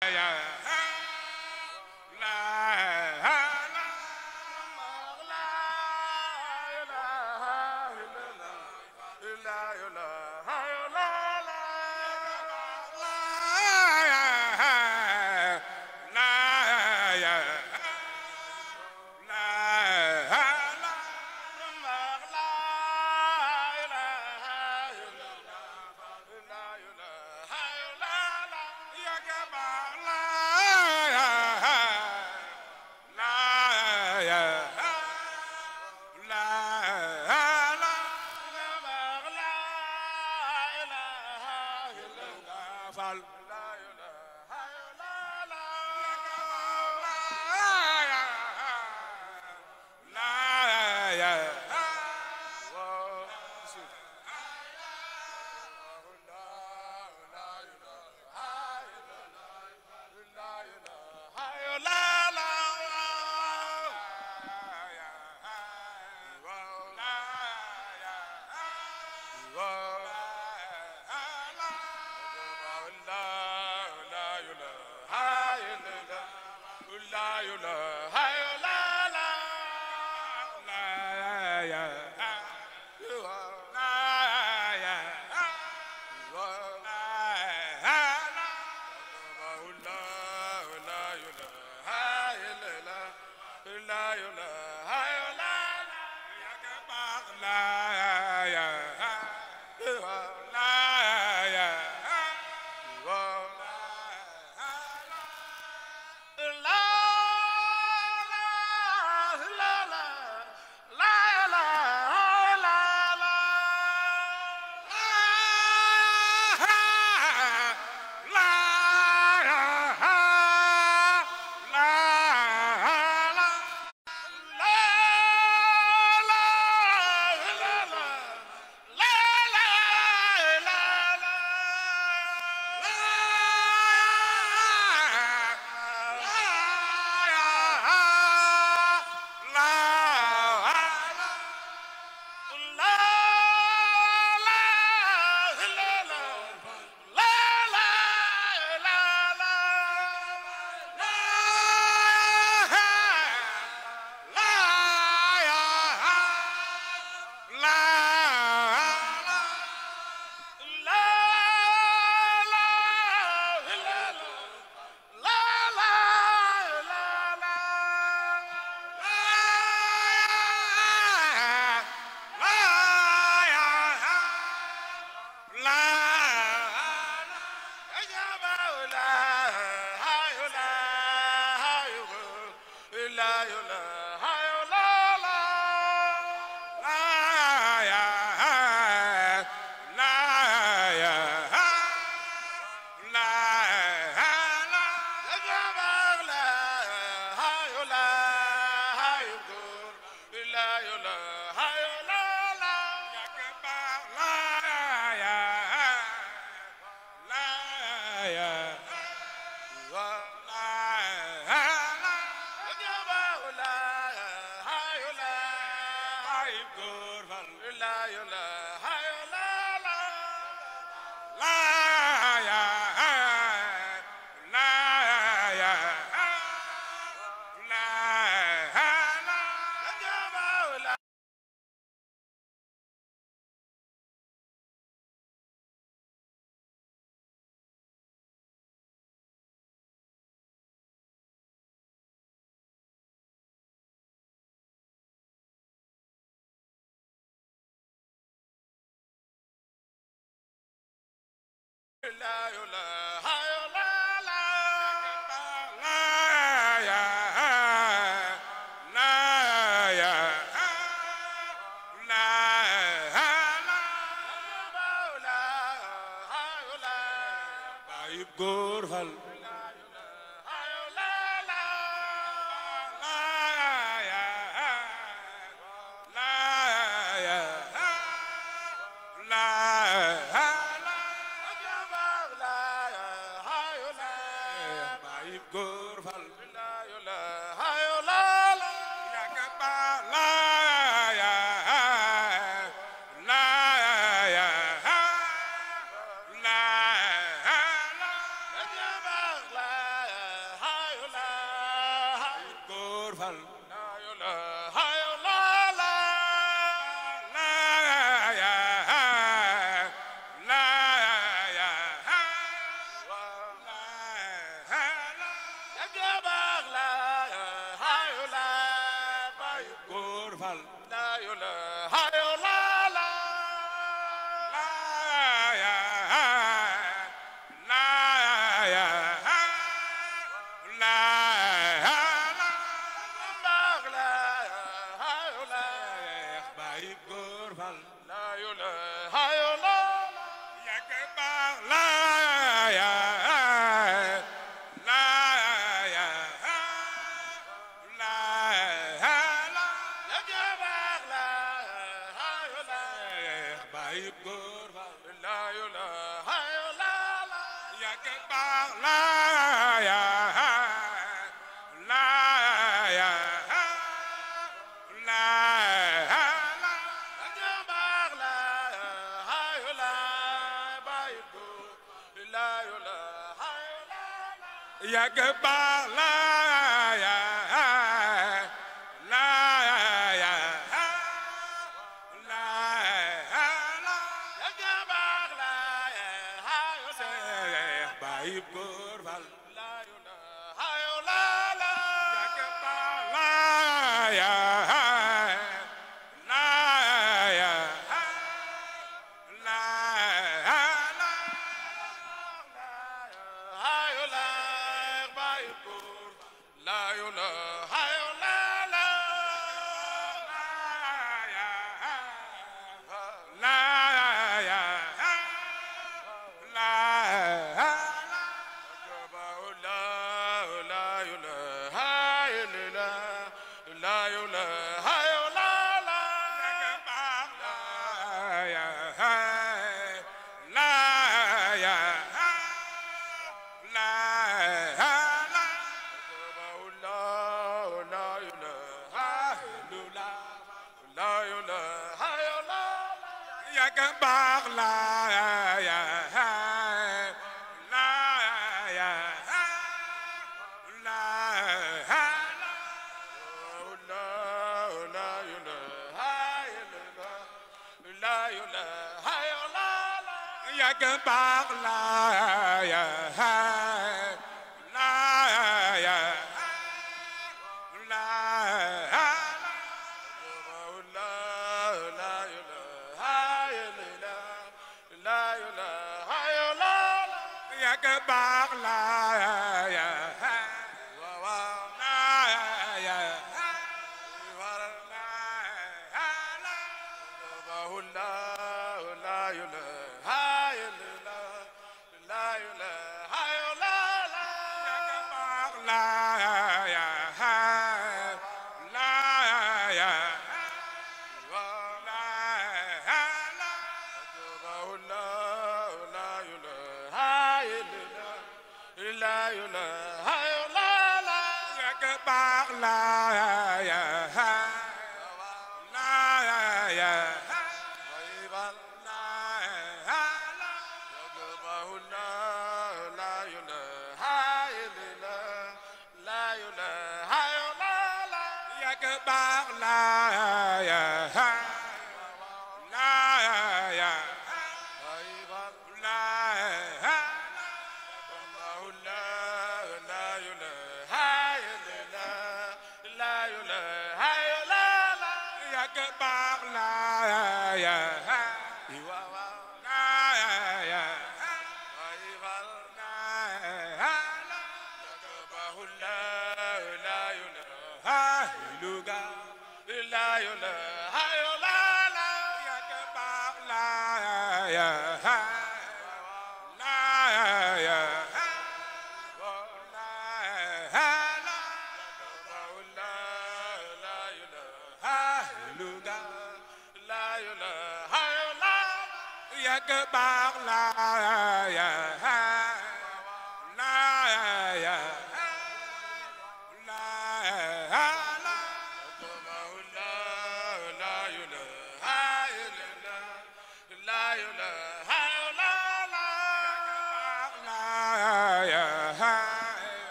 哎呀！la Goodbye.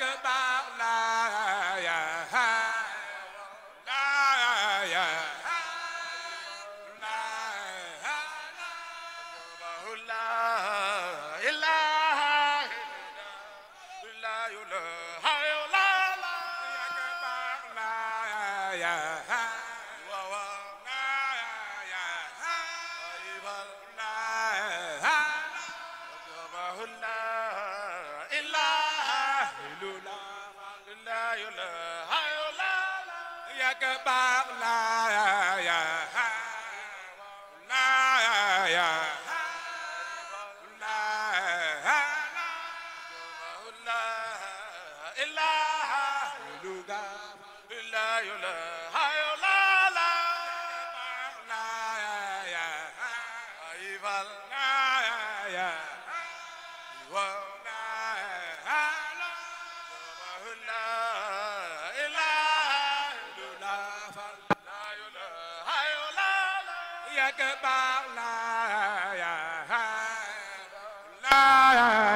goodbye.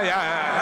yaa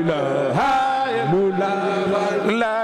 la la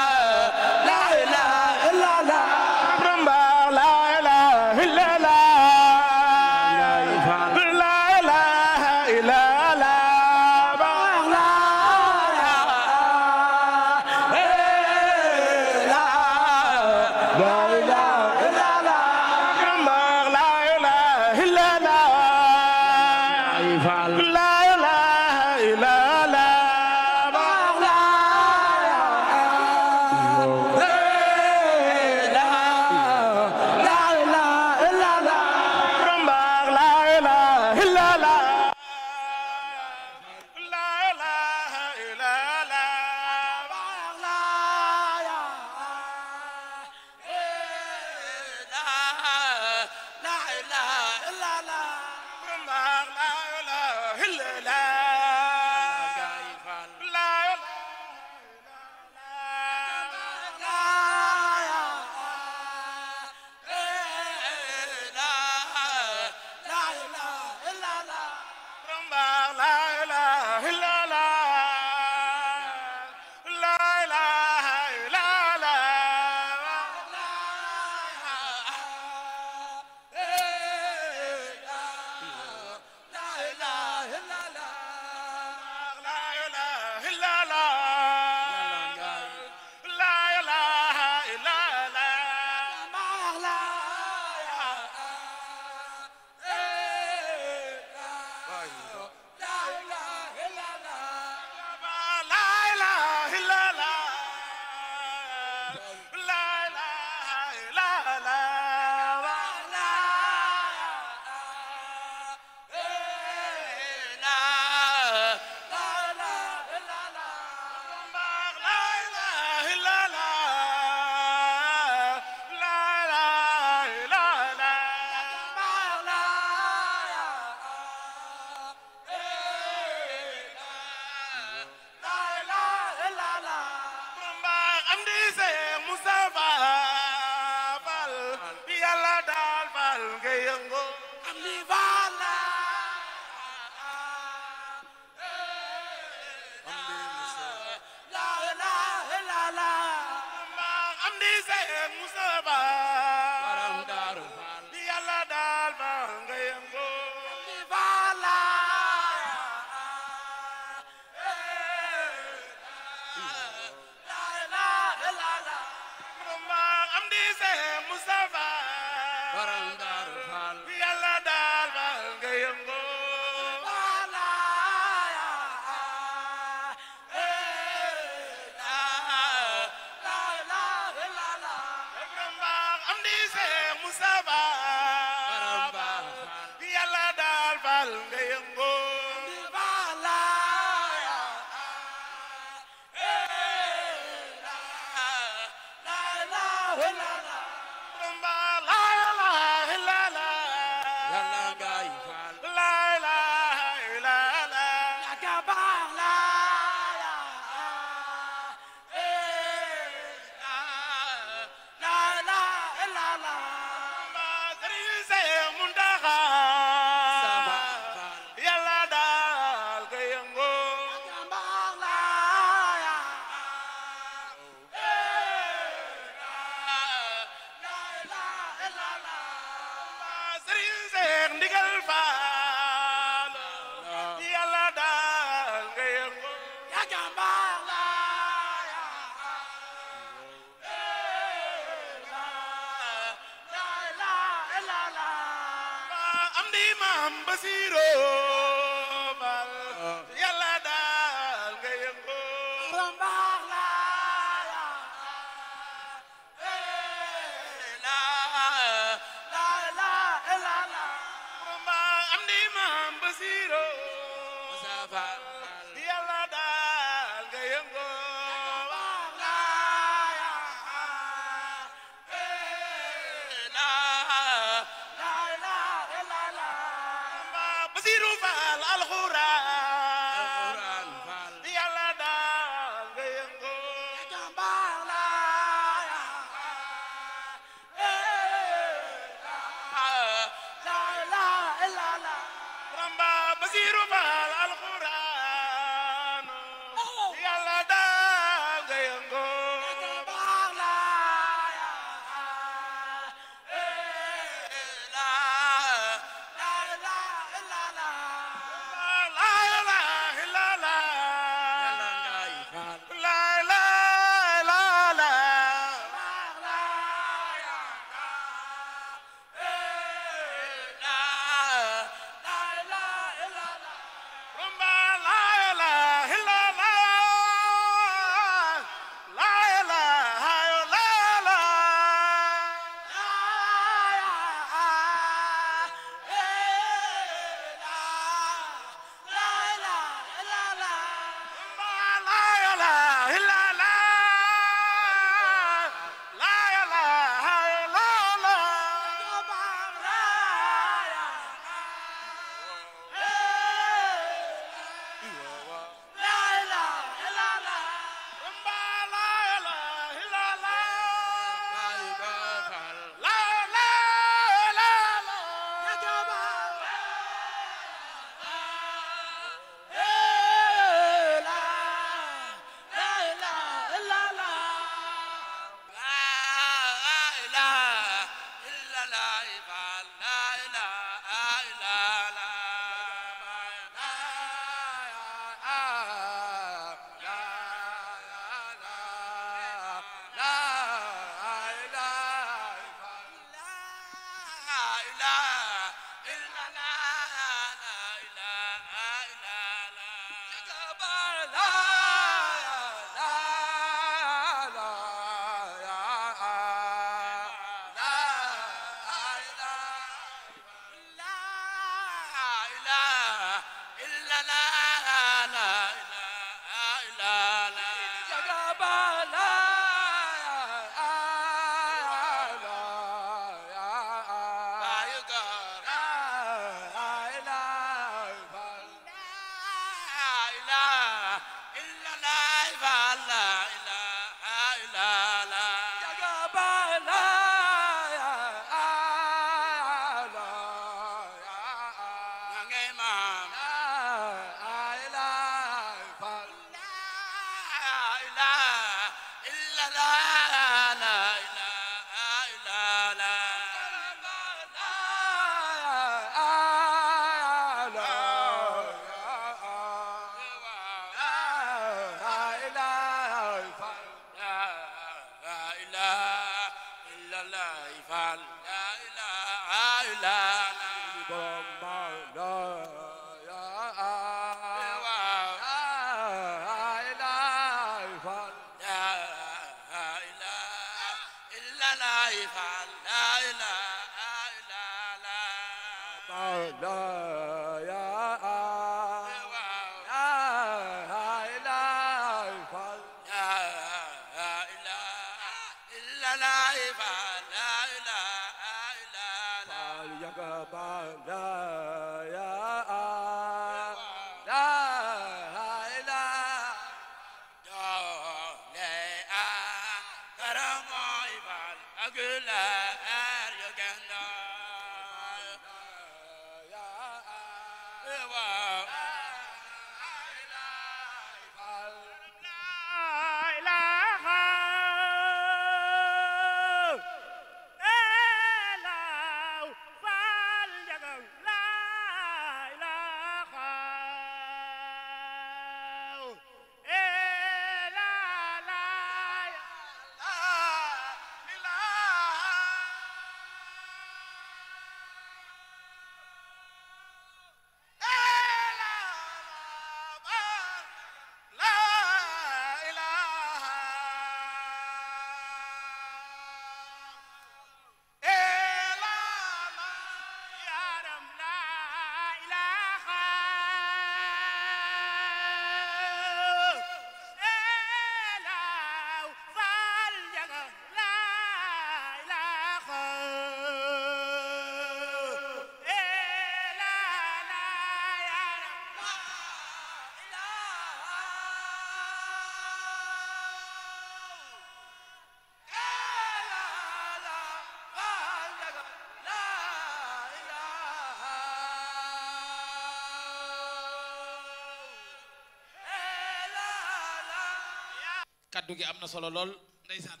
kaddu gi am na solo lool ndeysaan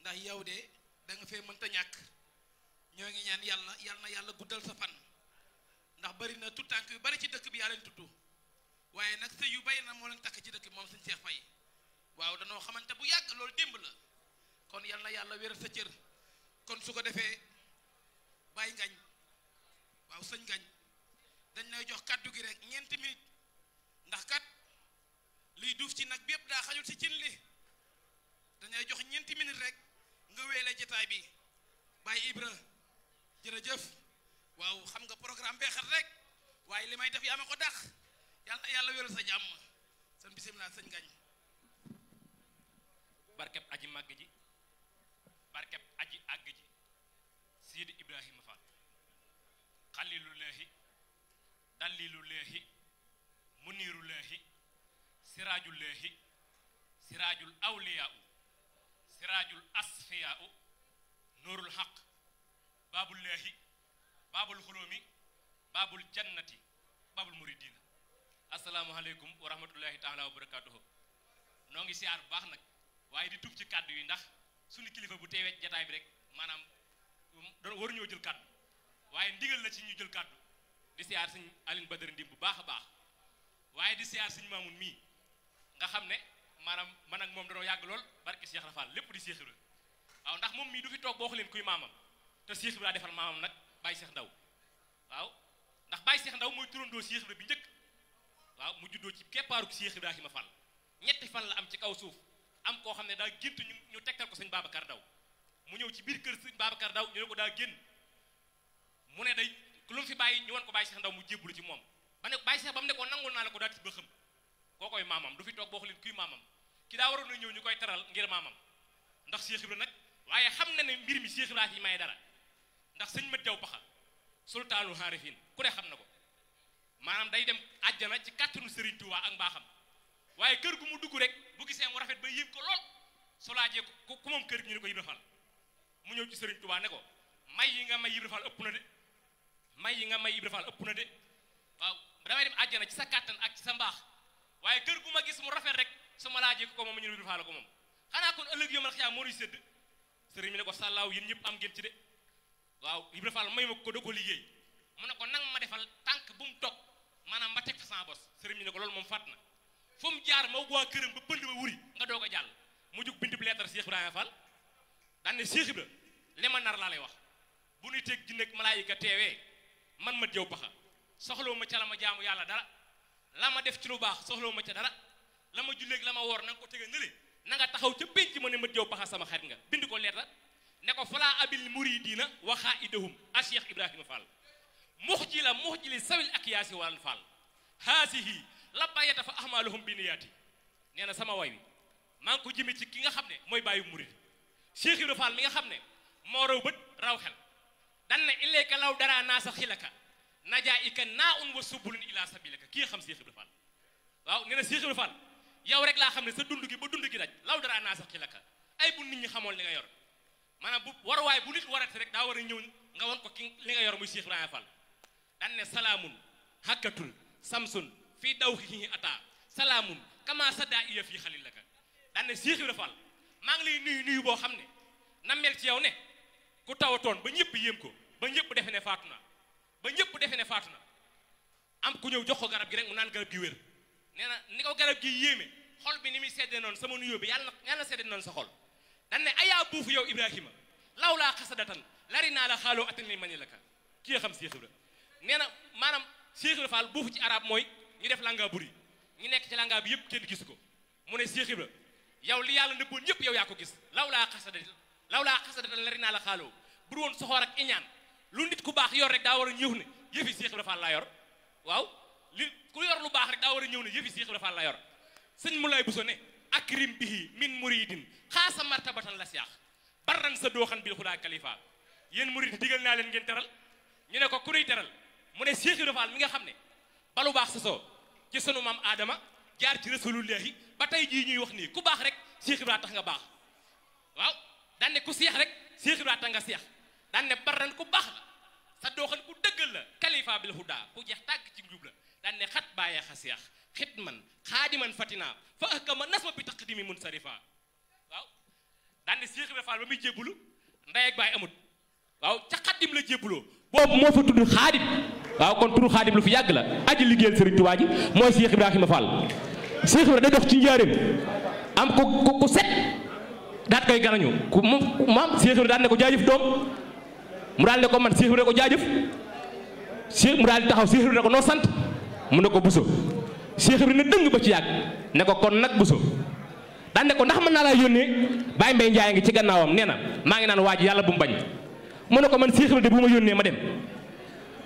ndax yow de da nga fee mënta ñàkk ñoo ngi ñaan yàlla yàlla na yàlla guddal sa fan ndax bari na tout tànk yu bari ci dëkk bi yaa leen tudd waaye nag sëy yu bay na moo leen takk ci dëkk bi moom suñ seex fay waaw danoo xamante bu yàgg loolu démb la kon yàlla na yàlla wéral sa cër kon su ko defee bàyyi ngañ waaw sëñ ngañ dañ lay jox kaddu gi rek ñeenti minutes ndax kat Liduf duuf ci nag bi yëpp daa xajul ci cin li dañay jox ñeenti minute rek nga weele jataay bi bàyyi ibra jërëjëf waaw xam nga programme beexat rek waaye li may def yaa ma ko dax yàlla yàlla wéral sa jàmm seen bisimilaa sëñ gañ barkeb aji màgg ji barkeb aji àgg ji sidi ibrahima fall xalilu leexi dalilu siraajullaahi siraajul awliyaa u siraajul asfiyaa u nuurul xaq baabullaahi baabul xulóomi baabul jannati baabul muridiina asalaamaaleykum wa rahmatullahi taala wa barakaatuhu noo ngi siyaar bu baax nag waaye di tub ci kàddu yi ndax suñu kilifa bu teewee jataay bi rek maanaam um, war ñoo jël kàddu waaye ndigal la ci ñu jël kàddu di siyaar sëñ Alioune Badara Ndim bu baax a baax waaye di siyaar sëñ Maamun mii nga xam ne maanaam man ak moom danoo yàgg lool barke Cheikh Rafal lépp di Cheikh Ibra waaw ndax moom mii du fi toog boo leen kuy maamam te Cheikh Ibra daa defar maamam nag baay seex Ndaw waaw ndax Baye Cheikh Ndaw mooy turandoo Cheikh bi njëkk waaw mu juddoo ci keppaaruk Cheikh Ibrahima Fall ñetti fan la am ci kaw suuf am koo xam ne daa gént ñu ñu tegtal ko sëñ Babacar mu ñëw ci biir kër sëñ Babacar Ndaw ñu ne ko daa génn mu ne day lu mu fi bàyyi ñu won ko Baye Cheikh Ndaw mu jébbalu ci moom ba ne Baye Cheikh ba mu ne ko nangul naa la ko daal ci bëxam kookoy maamam du fi toog boo xam leen kuy maamam ki daa waroon na ñëw ñu koy teral ngir maamam ndax Cheikh Ibra nag waaye xam na ne mbir mi Cheikh Ibra ci may dara ndax sëñ ma jaw paxa sultaanu haarifin ku ne xam na ko maanaam day dem àjjana ci kàttanu Serigne Touba ak mbaaxam waaye kër gu mu dugg rek bu gisee mu rafet ba yéem ko lool su laajee ko moom kër ñu ne ko Ibra mu ñëw ci Serigne ko may yi nga may Ibra Fall ëpp na de may yi nga may Ibra Fall ëpp na de waaw damay dem àjjana ci sa kàttan ak ci sa mbaax waye keur gu ma gis mu rafet rek suma laaji ko mom ñu ne faala ko moom xanaa kon ëllëg yomal xiyaam mo ri sedd sëriñ mi ne ko sallaw yeen ñëpp am ngeen ci de waaw Ibra Fall may mako ko da ko liggéey mu ne ko nang ma defal tank bu mu tok manam ma tek fa sama boss sëriñ mi ne ko lool mom fatna fu mu jaar ma waa kërëm ba bënd ba wuri nga do ko jall mu jug bindib lettre Cheikh ibrahim Fall daan ne Cheikh Ibra li ma nar la lay wax bu ñu tek jinne ak malaayika teewee man ma jëw baxa soxlo ma ci la ma jaamu yalla dara Lama def ci lu bax soxlo ma ci dara lama ma lama wor nang ko tege nële nga taxaw ci penc ne ma jow baxa sama xarit nga bind ko leer ne ko fala abil muridina wa khaidahum a cheikh ibrahim fall muhjila muhjili sawil ak wal walan fall haasihi labbayata fa ahmaluhum bi niyaati sama way wi mang ko jimi ci ki nga xamne moy mooy murid cheikh Ibrahim fall mi nga xamne mo raw dan na ilayka law dara nasakhilaka najaa'ika naa'un wa subulun ila sabilika ki xam Cheikh Ibra Fall waaw neena Cheikh Ibra Fall yow rek la xamne sa dundu gi ba dundu gi daj law dara na sax xilaka ay bu nit ñi xamol li nga yor manam bu way bu nit warat rek da wara ñew nga won ko li nga yor muy Cheikh Fall dan ne salamun hakatul samsun fi dawxihi ata Salamun kama sada iya fi khalilaka laka dan ne Cheikh Ibrahima Fall ma ngi lay nuyu nuyu bo xamne ne na mel ci yow ne ku tawaton ba ñepp yem ko ba ñepp ne ba ñëpp defe ne faatu na am ku ñëw jox ko garab gi rek mu naan garab gi wér nee na ni ko garab gi yéeme xol bi ni muy sedde noonu sama nuyoo bi yàlla na yàlla na sedde noonu sa xol dan ne ayaa buufu yow ibrahima law laa xasadatan lari naa la xaaloo attan li mani la ka kii xam Cheikh Ibra nee na maanaam Cheikh Ibra Fall ci arab mooy ñu def langa buri ñu nekk ci langa bi yëpp kenn gisu ko mu ne Cheikh Ibra yow li yàlla nëbboon yëpp yow yaa ko gis law laa xasadatan law laa xasadatan lari naa la xaaloo bur woon soxoor ak iñaan lu nit ku baax yor rek daa war a ñëw ne yëfi Seex Ibra Fall laa yor waaw li ku yor lu baax rek daa war a ñëw ne yëfi Seex Ibra la yor sëñ mu lay bu so ne akrim bihi min muridin xaasa martabatan la siyaax barran sa dooxan bil xudaa kalifa yéen murid digal naa leen ngeen teral ñu ne ko ku nuy teral mu ne Seex Ibra Fall mi nga xam ne balu baax sa soo ci sunu maam Adama jaar ci rasulullahi ba tey jii ñuy wax nii ku baax rek Seex Ibra tax nga baax waaw daan ne ku seex rek Seex Ibra tax nga seex daan ne barran ku baax la sa dooxal ku dëggal la kalifa bil huda ku jeex tàgg ci njub la daan ne xat bàyyee xasiyax xit man xaadiman fatina fa ahkama ma bi taqdimi mun sarifa waaw daan ne Seex Ibra Faal ba muy jébbulu waaw ca xaddim la jébbuloo boobu moo tudd xaadim waaw kon turu xaadim la aji liggéeyal Sëriñ Tuubaa ji mooy Seex Faal Seex Ibra day dox ci njaareem am ku ku set daat koy garañu ku maam Seex Ibra daat ko jaajëf doom mu daal ne ko man Cheikh Ibra ko jaajëf Cheikh mu daal taxaw Cheikh ne ko noo sant mu ne ko Bousso Cheikh Ibra ne dëng ba ci yàgg ne ko kon nag Bousso daan ne ko ndax mën naa laa yónnee Baye Mbaye Ndiaye ngi ci gannaawam nee na maa ngi naan waaj yàlla bu mu bañ mu ne ko man Cheikh Ibra de bu ma yónnee ma dem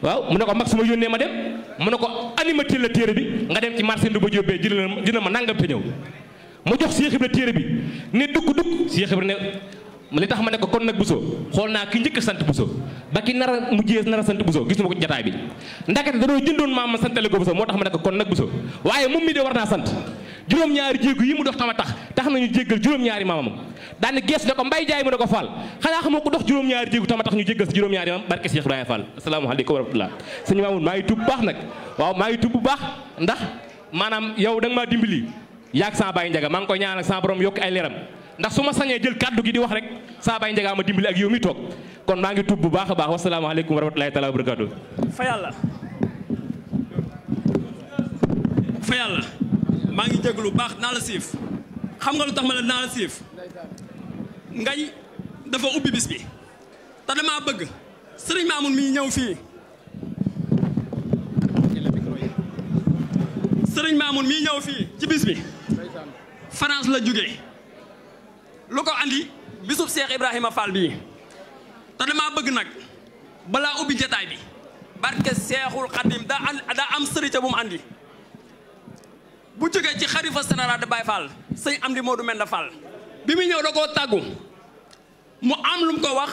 waaw mu ne ko mag su ma yónnee ma dem mu ne ko animateur la téere bi nga dem ci marché ndu ba jóbbee jël na ma nangam te ñëw mu jox Cheikh téere bi ne li tax ma ne ko kon nag Bousso xool naa ki njëkk sant Bousso ba ki nar a mujjee nar a sant Bousso gis na ko jataay bi ndakate danoo jëndoon maam ma santale ko Bousso moo tax ma ne ko kon nag Bousso waaye moom mi de war naa sant juróom-ñaari jéegu yi mu dox tama tax tax nañu jéggal juróom-ñaari maamam daane gees ne ko mbay jaay mu ne ko Fall xanaa xamoo ko dox juróom-ñaari jéegu tama tax ñu jéggal si juróom-ñaari maam barke Cheikh Ibrahima Fall asalaamaaleykum wa rahmatullah sëñ Mamoun maa ngi tub bu baax nag waaw maa ngi tub bu baax ndax maanaam yow da nga maa dimbali yaag sa bàyyi njaga maa ngi koy ñaanal sa borom yokk ay leeram ndax suma ma jël kàddu gi di wax rek sa bay njagaa ma dimbali ak yow mi tok kon ma ngi tub bu baax a baax wasalaamaaleykum wa rahmatullahi taala wa barakatuh fa yalla fa yalla ma ngi jéglu baax na la sif xam nga lu tax ma la naa la siif ngay dafa ubbi bis bi ta dama bëgg serigne Mamoun mi ñew fi serigne Mamoun mi ñew fi ci bis bi France la jógee lu ko andi bisub Cheikh Ibrahima Fall bii bëgg nag balaa ubbi jataay bi barke Seexul Xadim am daa am sërite bu mu ci xarifa général de sëñ Amdi Modou Menda Fall bi mu ñëw da koo tàggu mu am lum ko wax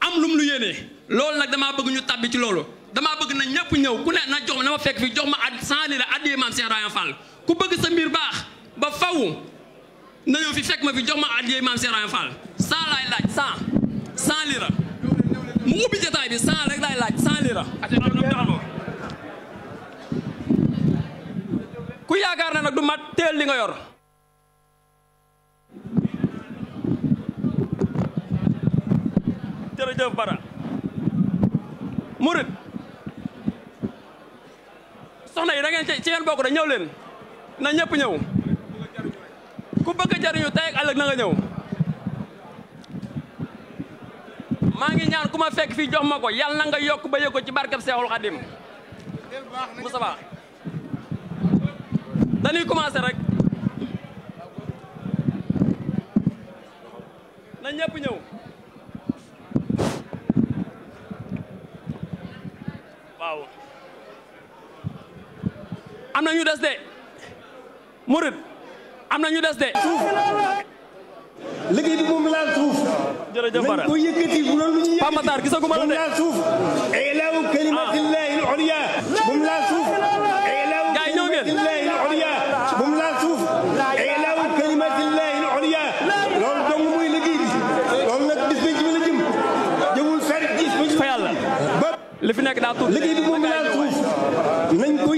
am lum lu yéenee loolu nag damaa bëgg ñu tabbi ci loolu damaa bëgg na ñëpp ñëw ku ne na jox na ma fekk fi jox ma at cent li la addiye maam ku bëgg sa mbir baax ba faw na ñëw fi fekk ma fi jox ma adiyee maam Serigne Fall cent laay laaj cent cent lira mu ubbi jotaay bi cent rek laay laaj cent lira. ku yaakaar ne nag du ma teel li nga yor. jërëjëf Bara Murit soxna yi da ngeen ci ci ngeen bokk rek ñëw leen na ñëpp ñëw. bëgg a jariñu tey ak ëllëg na maa ngi ñaan ku ma fekk fii jox ma ko yàlla na nga yokk ba yëg ko ci barkeb Seexul Xadim Moustapha dañuy commencé rek na ñëpp ñëw waaw am na ñu des de murit am na ñu des de. bi moom bu doon lu ma la de. moom laal suuf. ilaahu kalimatillahi al-ulya. moom laal suuf. ilaahu kalimatillahi al-ulya. moom laal suuf. ilaahu kalimatillahi al-ulya. loolu dong mooy liggéey bi. loolu nag gis nañ ci mën a jëm. jëmul fer gis. fa yàlla li fi nekk daa tuuti liggéey bi moom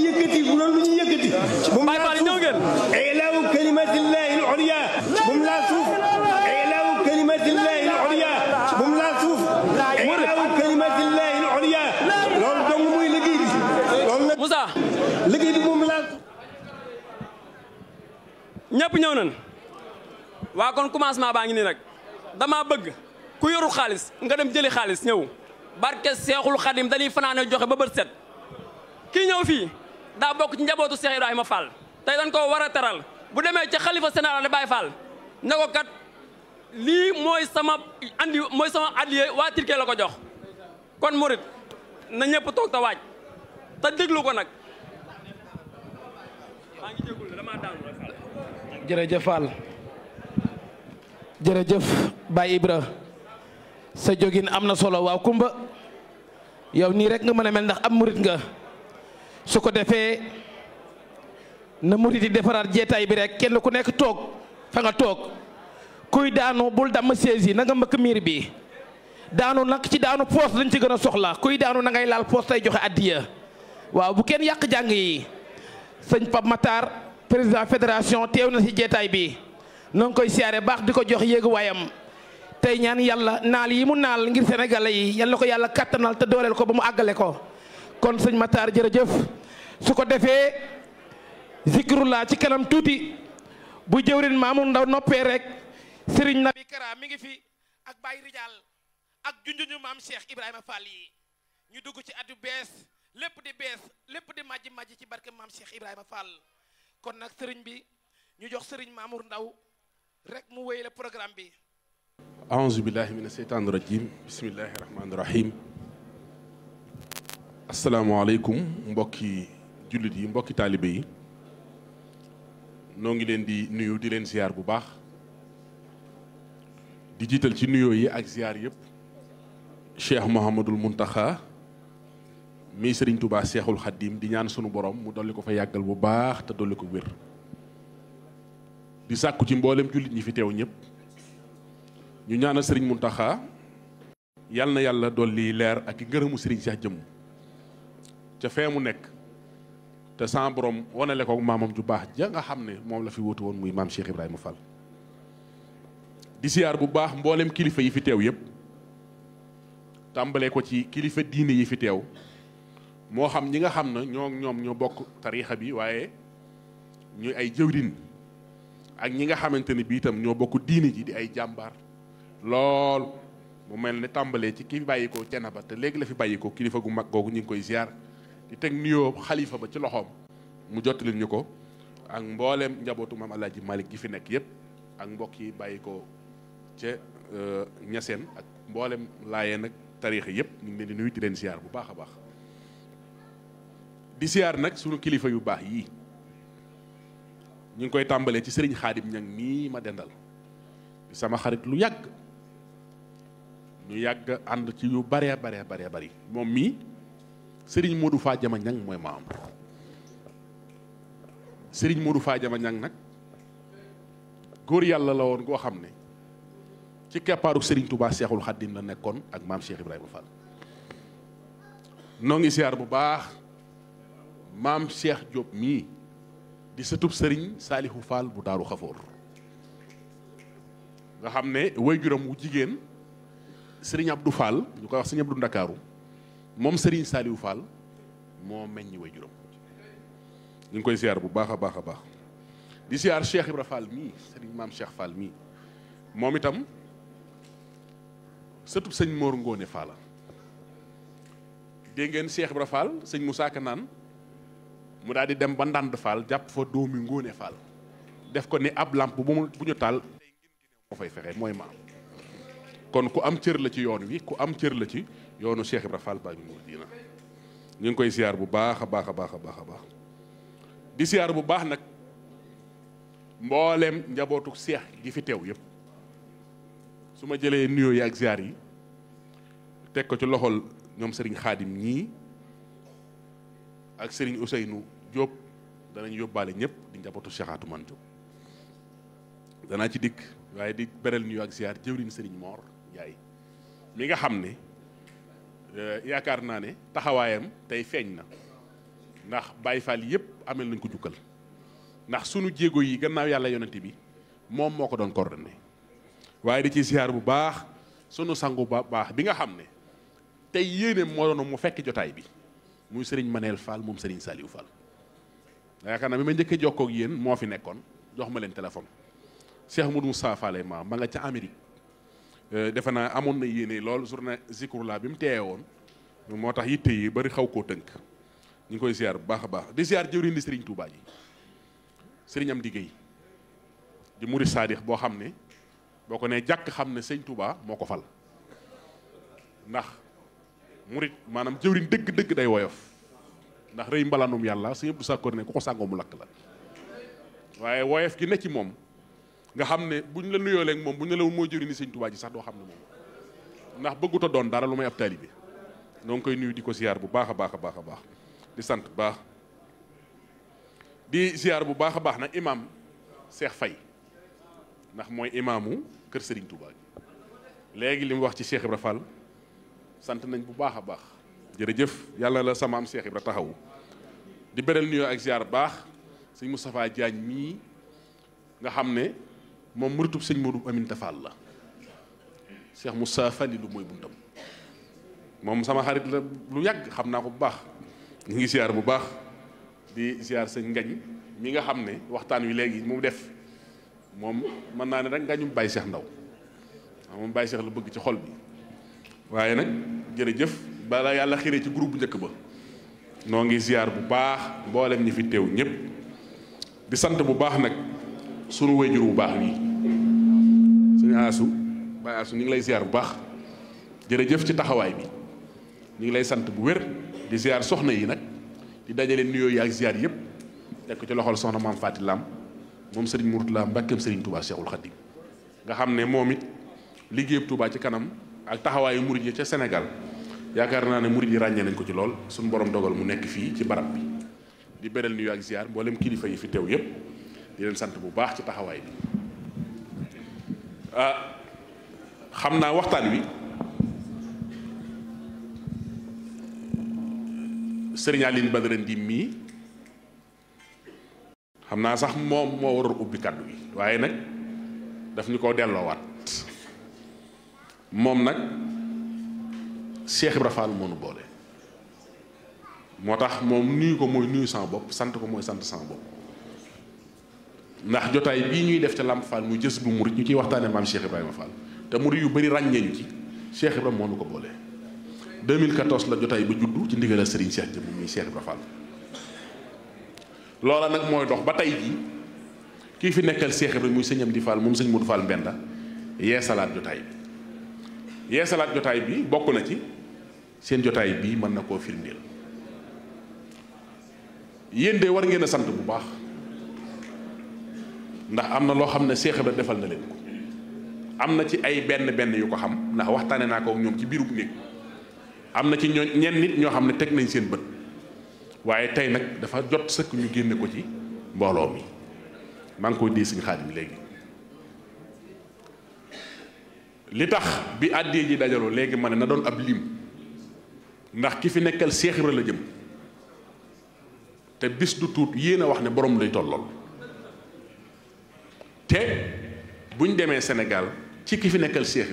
ñëpp ñew nañ wa kon commencement baangi ni nak dama bëgg ku yoru xaaliss nga dem jëli xaaliss ñew barke cheikhul khadim dañuy fanane joxe ba bër set ki ñew fi da bok ci njabootu cheikh Ibrahima Fall tay dañ ko wara teral bu démé ci khalifa sénégal de Baye Fall nako kat li moy sama andi moy sama addiye wa tirké la ko jox kon mourid na ñëpp tok ta waj ta déglu ko nak ma ngi jégul dama jërëjëf Fall jërëjëf Baye Ibra sa jogin amna solo wa kumba yow ni rek nga meuna mel ndax am murit nga suko defé na murit yi defaraat bi rek kenn ku nek tok fa nga tok kuy daanu bul dam saisi na nga mbëkk mir bi daanu nak ci daanu lañ ci gëna soxla kuy daanu na ngay laal poos tay joxe adiya waaw bu kenn yak jang yi sëñ pap Matar président fédération teew na ci jeetaay bi nang koy siaré bax diko ko jox wayam tay ñaan yalla naal yi mu naal ngir sénégalais yi yalla ko yalla kattanal te dolel ko ba mu agalé ko kon señ Matar jërëjëf su ko zikrullah ci kanam tuti bu jëwrin maamu ndaw noppé rek serigne Nabi Kara mi ngi fi ak Baye Rijaal ak junjuñu mam Cheikh Ibrahima Fall yi ñu dugg ci at yu lepp di bes, lepp di maji maji ci barke mam Cheikh Ibrahima Fall kon nag sëriñ bi ñu jox sëriñ Mamour Ndaw rek mu wéyale programme bi aouzu billahi min asheytaani rajim bismillahi rahmaani rahim asalaamaaleykum mbokki jullit yi mbokki taalibe yi noo ngi leen di nuyu di leen ziar bu baax di jiital ci nuyoo yi ak ziar yëpp cheikh mohamadul muntaxa mii sëriñ Touba Seexul Xaddiim di ñaan sunu borom mu dolli ko fa yàggal bu baax te dolli ko wér di sàkku ci mbooleem jullit ñi fi teew ñëpp ñu ñaanal sëriñ Muntaxa yal na yàlla dolli leer ak i ngërëmu sëriñ Seex jëm ca fee mu nekk te sans borom wanale ko maamam ju baax ja nga xam ne moom la fi wóotu woon muy maam Cheikh Ibrahima fal di bu baax mbooleem kilifa yi fi teew yëpp tàmbalee ko ci kilifa diine yi fi teew moo xam ñi nga xam ne ñoo ñoom ñoo bokk tariixa bi waaye ñuy ay jëwrin ak ñi nga xamante ni bii itam ñoo bokk diini ji di ay jàmbaar lool mu mel ne tàmbalee ci ki bàyyi ko Cenaba te léegi la fi bàyyi ko kilifa gu mag googu ñu ngi koy ziar di teg nuyoo xalifa ba ci loxoom mu jottali ñu ko ak mbooleem njabootu maam Alaaji Malick gi fi nekk yépp ak mbokk yi bàyyi ko ca euh, ñaseen ak mboolem laayeen ak tariixa yépp ñu ngi leen di nuyu di leen bu baax a baax. di siyaar nag sunu kilifa yu baax yii ñu ngi koy tàmbalee ci sëriñ xaadim ñang mii ma dendal sama xarit lu yàgg ñu yàgg ànd ci yu bare bare bare bari moom mii sëriñ Modou Faa Jama ñaŋ mooy maam sëriñ Modou Faa Jama ñang nag góor yàlla la woon goo xam ne ci keppaaru sëriñ Touba Seexul Xaddim la nekkoon ak maam Cheikh Ibrahima Fall noo ngi siyaar bu baax maam Cheikh joob mii di sëtub sëriñ Saalihu Fall bu Daaru Xafoor nga xam ne waajuram wu jigéen sëriñ du Fall ñu koy wax sëriñ Abdou Ndakaaru moom sëriñ Saalihu Fall moo meññ waajuram ñu ngi koy ziar bu baax a baax a baax di ziar Cheikh Ibra Fall mii sëriñ maam Cheikh Fall mii moom itam sëtub sëñ Mor ngoone Fall dégg ngeen Cheikh Ibra Fall sëñ Moussa Ka naan mu daal di dem ba ndànd faal jàpp fa doomi ngóone faal def ko ni ab làmp bu mu bu ñu taal moo fay fexe mooy maam kon ku am cër la ci yoon wi ku am cër la ci yoonu seex Ibra Fall baa ñu ngi koy siyaar bu baax a baax a baax a baax a baax di siyaar bu baax nag mbooleem njabootu seex gi fi teew yëpp su ma jëlee nuyoo yi ak ziar yi teg ko ci loxol ñoom sëriñ xaadim ñii ak sëriñ Ousseynou Diop danañ yóbbaale ñëpp di njabootu Cheikh Atoumane Diop danaa ci dikk waaye di beral nuyu ak ziar jëwriñ Serigne Mor yaay mi nga xam ne euh, yaakaar naa ne taxawaayam tey feeñ na ndax Baye Fall yëpp amel nañ ko jukkal ndax sunu jéego yi gannaaw yàlla yonente bi moom moo ko doon coordonné waaye di ci ziar bu baax sunu sangu ba baax bi nga xam ne tey yéene moo doon mu fekk jotaay bi muy Serigne Manel Fall mom Serigne Saliou Fall da naa bima ñëkke jokk ak yéen mo fi nekkon jox ma leen téléphone Cheikh mudou Moussa fallay ma ma nga ci Amérique euh defana amoon na yéene lool journa Zikrullah la mu téewon motax yitte yi bari xaw ko teunk ñu koy ziar bu baax baax di ziar jëwriñ ni Serigne Touba ji Serigne am digey di Mouride Sadikh bo xamné boko ne boo ko nee jàkk xam ne Touba moko ko fal ndax. murit maanaam jëwriñ dëgg-dëgg day woyof ndax rëy mbalaanum yàlla sëñ Abdou Sakkoor ne ku ko sàngoo mu lakk la waaye woyof gi ne ci moom nga xam ne buñ la nuyoo leeg moom buñ la lewul mooy jëwriñ ni sëñ Tuubaa ji sax doo xam ne moom ndax bëgguta doon dara lu may ab taalibe noo ngi koy nuyu di ko ziar bu baax a baax a baax di sant baax di ziar bu baax a baax nag imaam Cheikh fay ndax mooy imaamu kër Serigne Touba léegi li mu wax ci Cheikh Ibra sant nañ bu baax a baax jërëjëf yàlla la sama am Cheikh Ibra taxaw di beral nuyo ak ziar baax sëñ Moustapha Diagne mii nga xam ne moom muritub sëñ Modou amin Fall la Cheikh Moussa Falilou mooy buntam moom sama xarit la lu yàgg xam naa ko bu baax ñu ngi ziar bu baax di ziar sëñ ngañ mi nga xam ne waxtaan wi léegi mu def moom mën naa ne rek ngañum Baye Cheikh Ndaw moom Baye Cheikh la bëgg ci xol bi waaye nag jërëjëf bala yàlla xiree ci group bu njëkk ba noo ngi ziar bu baax mboolem ñi fi teew ñëpp di sant bu baax nag sunu wayjur bu baax wi suñu aasu baay aasu ñu ngi lay ziar bu baax jërëjëf ci taxawaay bi ñu ngi lay sant bu wér di ziar soxna yi nag di dajale nuyoo yi ak ziar yëpp teg ci loxol soxna maam Faati Lam moom Serigne Mourtala Mbàkkeem Serigne Touba Cheikhul Khadim nga xam ne moom it liggéeyub Touba ci kanam. ak taxawaayu murit yi ca senegal yaakaar naa ne murit yi ràññee nañ ko ci lool suñu borom dogal mu nekk fii ci barab bi di beral nuyu ak ziar mboolem kilifa yi fi teew yépp di leen sant bu baax ci taxawaay bi ah, xam naa waxtaan wi Serigne Aline Badara Ndim xam naa sax moom moo waroon ubbi kàddu gi waaye nag daf ñu koo delloowaat moom nag Cheikh Ibra Fall moo nu boole moo tax moom nuyu ko mooy nuyu sama bopp sant ko mooy sant san bopp ndax jotaay bii ñuy def ca Lamp Fall mu jës bu murit ñu ciy waxtaane maam Cheikh Ibrahima Fall te murit yu bëri ràññee ñu ci Cheikh Ibrahima moo ko boole. 2014 la jotaay ba juddu ci ndigalal Serigne Cheikh jëm muy Cheikh loola nag mooy dox ba tey jii kii fi nekkal Cheikh Ibrahima muy sëñ Amdi Fall moom sëñ Modou Fall Mbenda yeesalaat jotaay bi. yeesalaat jotaay bii bokk na ci seen jotaay bii mën na koo firndeel yéen de war ngeen a sant bu baax ndax am na loo xam ne Seex Ibra defal na leen ko am na ci ay benn benn yu ko xam ndax waxtaane naa ko ak ñoom ci bu néeg am na ci ñoo ñenn nit ñoo xam ne teg nañ seen bët waaye tey nag dafa jot sëkk ñu génne ko ci mbooloo mi maa koy di suñu xaaj léegi لتخ بأدي جي داجالو لغي مانا ندون اب ليم ناخ كي في نيكال شيخ لا جيم تي بيس دو توت يينا واخني بروم لاي تولول تي بون ديمي سينيغال تي كي في نيكال شيخ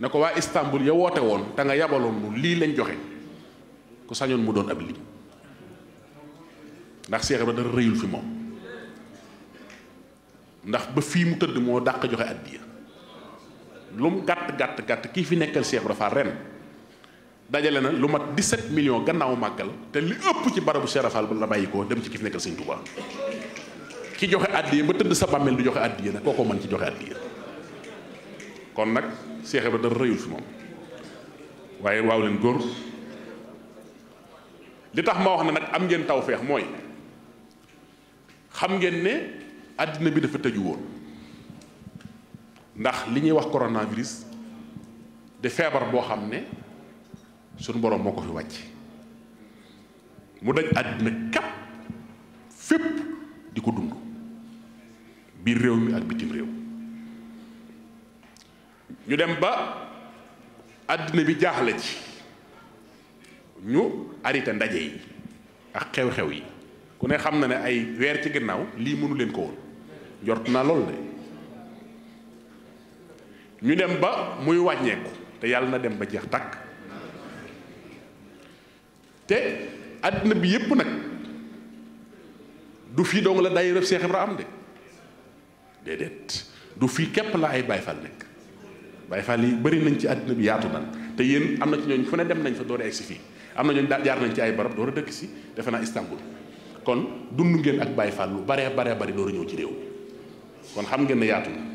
نكو وا استانبول يا ووتو وون تاغا يابالون لو لي لن جوخي كو سانيون مو دون اب ليم ناخ شيخ ريول في موم ناخ با في مو تد مو داك جوخي اديا lu mu gàtt gàtt gàtt kii fi nekkal Cheikh Ibra Fall ren dajale na lu mat 17 million gannaawu màggal te li ëpp ci barabu Cheikh Ibra Fall la bàyyi ko dem ci ki fi nekkal Sëñ Touba ki joxe addiya ba tëdd sa bàmmeel du joxe addiya nag ko mën ci joxe addiya kon nag Cheikh Ibra dara rëyul fi moom waaye waaw leen góor li tax ma wax ne nag am ngeen tawfeex mooy xam ngeen ne àddina bi dafa tëju woon ndax li ñuy wax coronavirus de feebar boo xam ne suñu boroom moo ko fi wàcc mu daj àddina kap fépp di ko dund biir réew mi ak bitim réew ñu dem ba àddina bi jaaxle ci ñu arrêté ndaje yi ak xew-xew yi ku ne xam na ne ay weer ci gannaaw lii mënu leen ko woon jort naa lool de ñu dem ba muy wàññeeku te yàlla na dem ba jeex tàkk te àddina bi yépp nag du fii dong la daayira Seex Ibra am de déedéet du fii képp la ay Baay nekk Baay Faal yi bëri nañ ci àddina bi yaatu nan te yéen am na ci ñooñ fu ne dem nañ fa door a fii am na ñooñ daal jaar nañ ci ay barab door a dëkk si defe naa Istanbul kon dund ngeen ak Baay Faal lu baree baree bari door ñëw ci réew mi kon xam ngeen ne yaatu na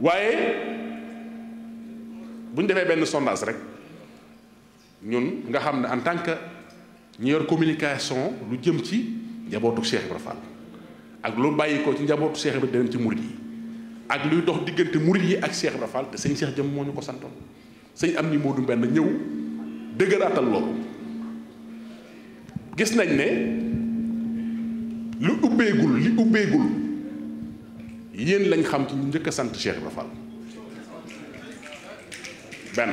waaye bu ñu defee benn sondage rek ñun nga xam ne en tant que ñu yor communication lu jëm ci njabootu Cheikh Ibra Fall ak lu bàyyi ko ci njabootu Cheikh Ibra dem ci murit yi ak luy dox diggante murit yi ak Cheikh Ibra Fall te sëñ Cheikh jëm moo ñu ko santoon sëñ am ni moo du benn ñëw dëgëraatal loolu gis nañ ne lu ubbeegul li ubbeegul yéen lañ xam ci ñu njëkk sant Cheikh Ibra Fall benn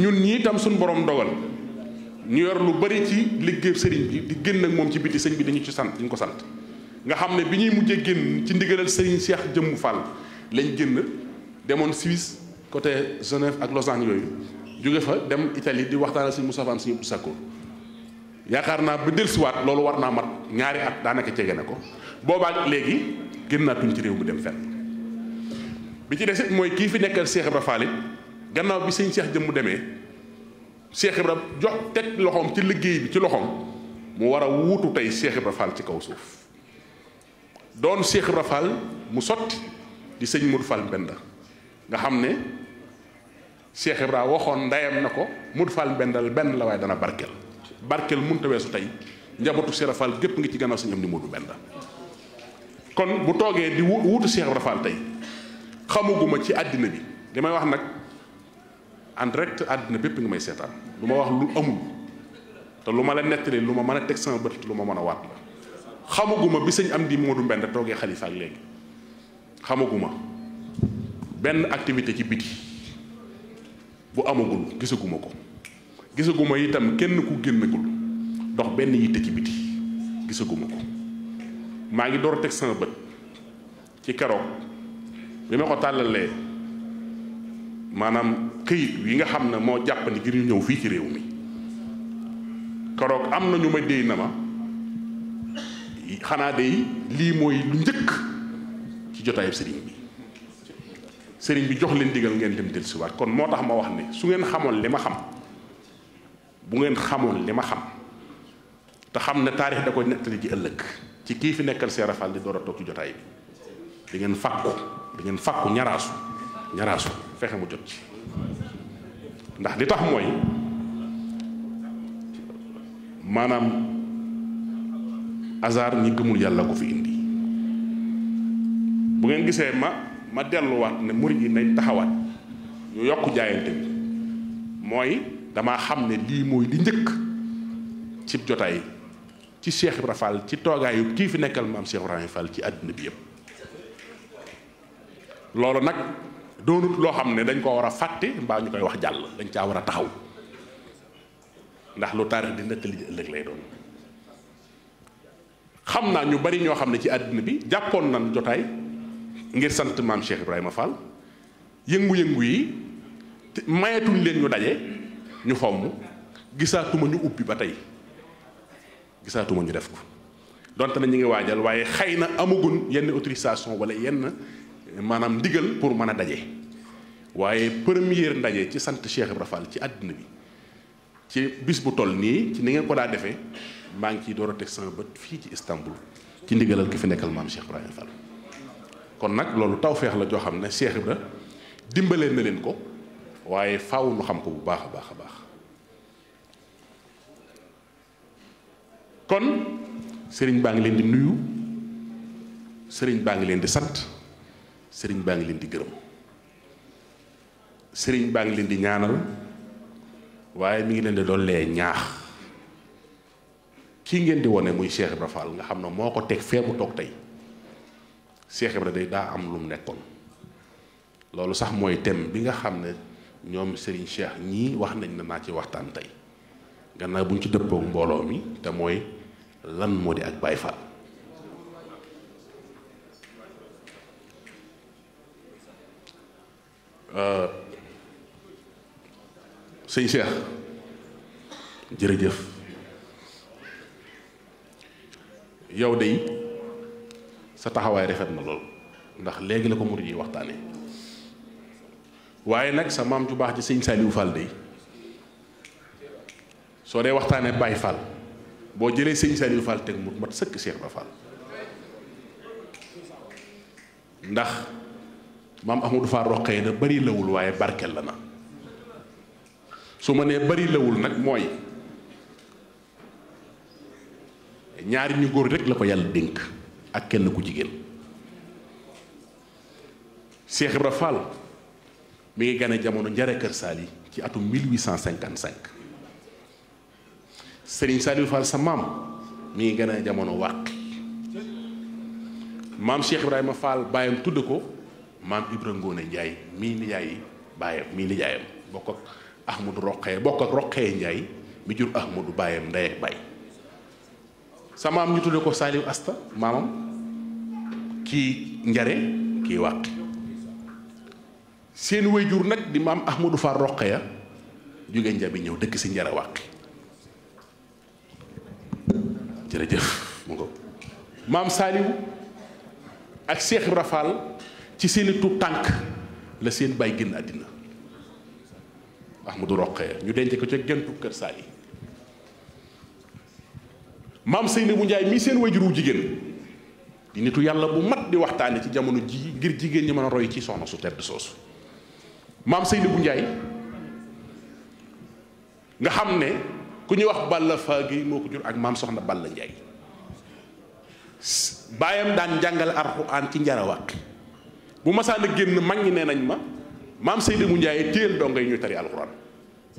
ñun ñii tam suñ borom dogal ñu yor lu bari ci liggéey sëriñ bi di génn ak moom ci biti sëñ bi dañu ci sant dañu ko sant nga xam ne bi ñuy mujjee génn ci ndigalal sëriñ Cheikh Jëmmu Fall lañ génn demoon Suisse côté Genève ak Lausanne yooyu jóge fa dem Italie di waxtaan si sëñ Moussa Fane sëñ Abdou yaakaar naa ba dellusiwaat loolu war naa mat ñaari at daanaka jege ne ko boobaak léegi génnaatuñ ci réew bu dem fenn bi ci des mooy kii fi nekkal Cheikh Ibra Fall gannaaw bi sëñ seex jëm mu demee Cheikh Ibra jox teg loxoom ci liggéey bi ci loxoom mu war a wuutu tey Cheikh Ibra ci kaw suuf doon Cheikh Ibra mu sotti di sëñ Modou Fall nga xam ne Cheikh Ibra waxoon ndeyam na ko Modou Fall Mbenda benn la waaye dana barkeel barkeel mënut a weesu tey njabootu Cheikh Ibra Fall gépp ngi ci gannaaw sëñ am ni Modou Mbenda kon bu toogee di wuutu Cheikh Ibra Fall tey xamuguma ci àddina bi li may wax nag en direct àddina bépp nga may seetaan lu ma wax lu amul te lu ma leen nettali lu ma mën a teg sama bët lu ma mën a waat la xamuguma bi sëñ am di Modou Mbend toogee xalifa ak léegi xamaguma benn activité ci biti bu amagul gisaguma ko gisaguma itam kenn ku génnagul dox benn yitte ci biti gisaguma ko maa ngi door teg sama bët ci keroog bi ma ko tàllalee maanaam këyit yi nga xam ne moo jàppandi ngir ñu fii ci réew mi keroog am na ñu ma déy na ma xanaa day lii mooy lu njëkk ci jotaayub sëriñ bi sëriñ bi jox leen digal ngeen dem dellusiwaat kon moo tax ma wax ne su ngeen xamoon li ma xam bu ngeen xamoon li ma xam te xam ne taarix da koy nettali ci ëllëg ci ki fi nekkal Seera rafal di doora tok ci jotay bi di ngeen fakku di ngeen fakku ñaraasu ñaraasu fexe mu jot ci ndax li tax moy manam azar ñi gëmul yalla ko fi indi bu ngeen gisee ma ma wat ne murid yi nañ taxawat ñu yokk jaayante bi mooy ci Cheikh Ibra ci toogaayu kii fi nekkal maam Cheikh Ibrahima Fall ci àddina bi yëpp loolu nag doonut loo xam ne dañ ko war a fàtte mbaa ñu koy wax jàll dañ caa war a taxaw ndax lu taarix di nettali ëllëg lay doon xam naa ñu bari ñoo xam ne ci àddina bi jàppoon nañ jotaay ngir sant maam Cheikh Ibrahima yëngu-yëngu yi mayetuñ leen ñu daje ñu fomm gisaatuma ñu ubbi ba tey gisaatuma ñu def ko donte na ñu ngi waajal waaye xëy na amagun yenn autorisation wala yenn eh, maanaam ndigal pour mën a daje waaye première ndaje ci sant Cheikh Ibra Fall ci àddina bi ci bis bu toll nii ci ni ngeen ko daa defee maa ngi ciy door a teg sama bët fii ci Istanbul ci ndigalal ki fi nekkal maam Cheikh Ibrahima kon nag loolu taw tawfeex la joo xam ne Cheikh Ibra dimbalee na leen ko waaye faaw nu xam ko bu baax a baax a baax kon sëriñ baa ngi leen di nuyu sëriñ baa ngi leen di sant sëriñ baa ngi leen di gërëm sëriñ baa ngi leen di ñaanal waaye mu ngi leen di dollee ñaax kii ngeen di wone muy Cheikh Ibra Fall nga xam ne moo ko teg feebu mu toog tey Cheikh Ibra day daa am lu mu nekkoon loolu sax mooy thème bi nga xam ne ñoom Serigne Cheikh ñii wax nañ ne naa ci waxtaan tey gannaaw bu ñu ci dëppook mbooloo mi te mooy lan moo di ak Baay Faal euh, sëñ Cheikh jërëjëf yow dey sa taxawaay rafet ma lool ndax léegi la ko murid yi waxtaane waaye nag sa maam ju baax ci sëñ Saliou Fall dey soo dee waxtaanee Baay Faal boo jëlee sëñ Saliou Fall teg mu mat sëkk Cheikh Ibra Fall ndax maam Amadou Fall roqee na bari lawul waaye barkel la na su ma nee bari lawul nag mooy ñaari ñu góor rek la ko yàlla dénk ak kenn ku jigéen Cheikh Ibra Fall mi ngi gane jamono njare kër Saali ci atum 1855 senin Saliou Fall sa mam mi gëna jamono wak mam Cheikh Ibrahima Fall bayam tudd ko mam jai Ngone ni yaay bayam mi ni yaayam bokk ak Ahmadou Roqee bokk ak Roqee Ndiaye mi jur Ahmadou bayam ndey ak bay sa mam ñu tudd ko Asta mamam ki njare ki wak seen wayjur nak di mam Ahmadou Fall Roqee ya jóge njabi ñëw dëkk si jërëjëf mu ngo maam Saliou ak Cheikh Ibra ci seen i tànk la seen bàyyi génn àddina Ahmadu Roqee ñu denc ko ca gentu kër Saali maam Seynabou Ndiaye mii seen wajuru jigéen di nitu yàlla bu mat di waxtaane ci jamono ji ngir jigéen ñi mën a roy ci soxna su tedd soosu maam Seynabou Ndiaye nga xam ne ku ñuy wax Balla Fagué moo ko jur ak maam soxna la Njaay baayam daan jàngale alxuraan ci njarawaat bu masaan génn mag ñi nee nañ ma maam Seydou mu Njaay téyel dongo yi ñuy tari alxuraan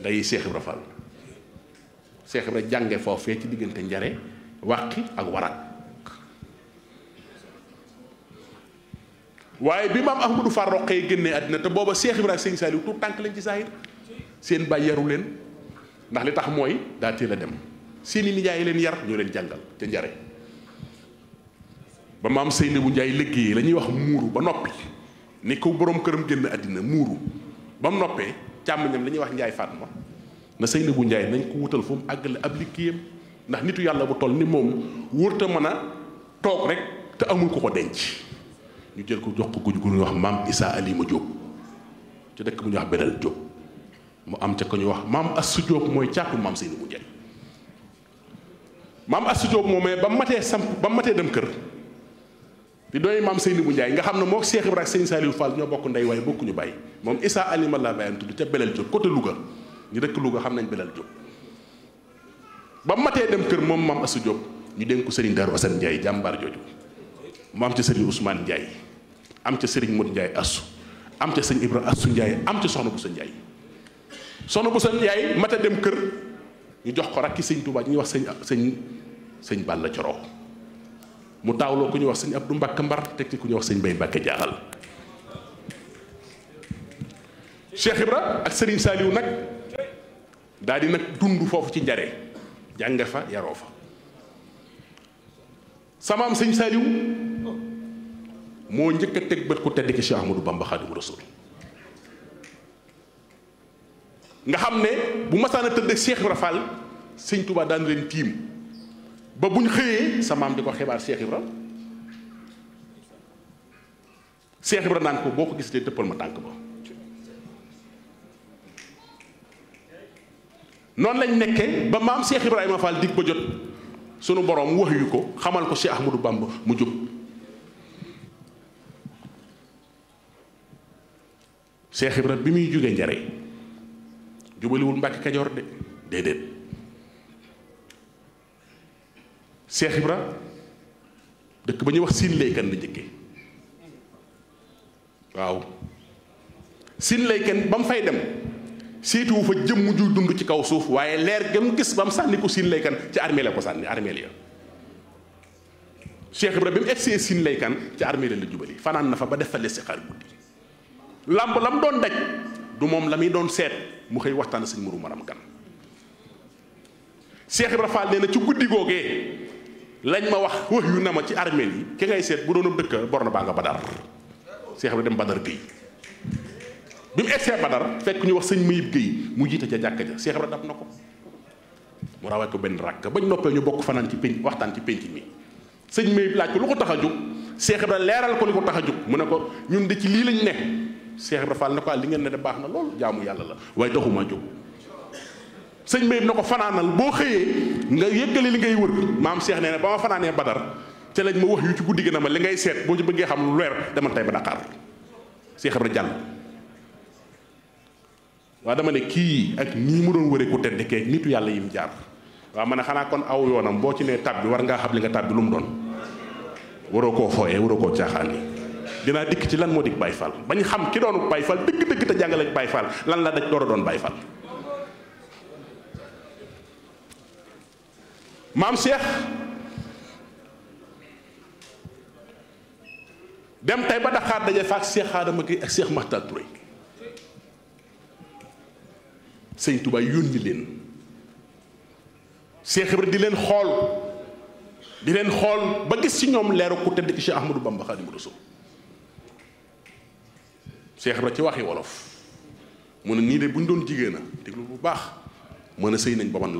nday Seex Ibra Fall Seex Ibra jànge foofee ci diggante njare wàqi ak warat waaye bi maam Ahmadou Far roqee génnee àddina te booba Seex Ibra ak Sëñ Saaliw tu tànk leen ci saahir seen bàyyi yaru leen ndax li tax mooy daa teel a dem seeni nijaay yi leen yar ñoo leen jàngal ca njare ba maam Seynabou bu liggéeyee la lañuy wax muuru ba noppi ni ko borom këram génn àddina muuru ba mu noppee càmmiñam lañuy wax wax faat ma na bu njaay nañ ko wutal foofu àgg àggale ab liggéeyam ndax nitu yàlla bu toll ni moom wóor te mën a toog rek te amul ko ko denc ñu jël ko jox ko guñ gu ñuy wax maam Issa Alima Diop ci dëkk bu ñuy wax Bédal Diop. mu am ca ko ñu wax maam Astou Diop mooy càkku maam Seydou Mujjee maam Astou Diop moomee ba matee samp ba mu matee dem kër di doy maam Seydou Mujjee nga xam ne moo Cheikh Ibrahima Sëñ Saliou Fall ñoo bokk ndey waaye bokkuñu bàyyi moom Issa Alima la bàyyam tudd ca Belel Diop Louga ñu dëkk Louga xam nañ Belel mu matee dem kër moom maam Astou Diop ñu dénk ko Serigne Darou Assane Ndiaye jàmbaar jooju am ca Serigne Ousmane Ndiaye am ca am ca sëñ Ibrahima Astou Ndiaye am ca soxna bu sa Ndiaye. soxna bu sa yaay mat a dem kër ñu jox ko rakki sëñ Tuubaa ñu ñuy wax sëñ sëñ sëñ Balla Coro mu taawloo ku ñuy wax sëñ Abdu Mbàkke Mbar teg ku ñuy wax sañ Bay Mbàkke Jaaxal Cheikh Ibra ak Sëriñ Saaliw nag daal nag dund foofu ci njare jànge fa yaroo fa samaam sëñ Saaliw moo njëkk a teg bët ku tedd ki Cheikh Ahmadou Bamba Xaadimu Rasuul nga xam ne bu masaana tëdd ak Cheikh Ibra Fall sëñ Touba daan leen tiim xëyee sa maam di ko xibaar Cheikh Ibra Cheikh naan ko boo ko gisatee dëppal ma tànk ba noonu lañ nekke ba maam Cheikh Ibrahima Fall dig ba jot sunu borom wax ko xamal ko si Cheikh Ahmadou Bamba mu jóg Cheikh Ibra bi muy jógee njare jubaliwul mbàkke kajoor de dedet Cheikh Ibra dekk bañu sinlekan wax siin sinlekan la jëkke waw sin lay kan cikau fay dem situ fa jëm ju dund ci kaw suuf waye leer gem gis bam sanni ko sin lay kan ci armée la ko sanni armée la Cheikh Ibra bim exé sin lay kan ci armée la jubali fanan na fa ba def fa lam doon daj du mom set muy doon seet mu xëy waxtaan sëñ muru maram gan Cheikh ibrahim Fall neena ci guddi googee lañ ma wax wax yu nama ci yi ki ngay seet bu dëkk borna ba nga badar Cheikh ibrahim dem badar gi bi mu egsee badar fekk ñu wax sëñ Mayib gi mu jiite ca jakka ja Cheikh ibrahim dab nako mu rawee ko ben rak bañ noppé ñu bokk fanaan ci pénc waxtaan ci pénc mi sëñ Mayib laaj ko lu ko taxaju Cheikh ibrahim leeral ko li ko mu ne ko ñun di ci li lañ ne Cheikh Ibra Fall nako ah, li ngeen ne de baax na loolu jaamu yalla la way taxuma jóg sëñ mbey nako fananal bo xeye nga yeggali li ngay wër maam Cheikh neena bama fanane badar ci lañ ma wax yu ci guddi gëna ma li ngay seet bo ci bëgge xam lu wër dama tay ba Dakar Cheikh Ibra jall wa dama ne ki ak ni mu doon wëré ku tedd ke nitu yalla yim jaar wa ma xana kon aw yonam bo ci nee tab bi war nga xam li nga tab lu mu doon waroko koo fooyee waroo koo dinaa dik ci lan moo dig Baye Fall bañ xam ki doonu Baye Fall deug deug ta jangale Baye Fall lan la daj doro doon Baye Fall mam Cheikh dem tay ba Dakar dajé faak Cheikh Adama Gueye ak Cheikh Makhtar Touré seigne Touba yónni len Cheikh ibrahim di len xol di len xol ba gis ci ñom leeru ku tedd ci Cheikh Ahmadou Bamba khadim rasoul Cheikh Ibra ci waxi wolof mu ne nii de bu doon jigéen a déglu bu baax mën a sëy nañ ba man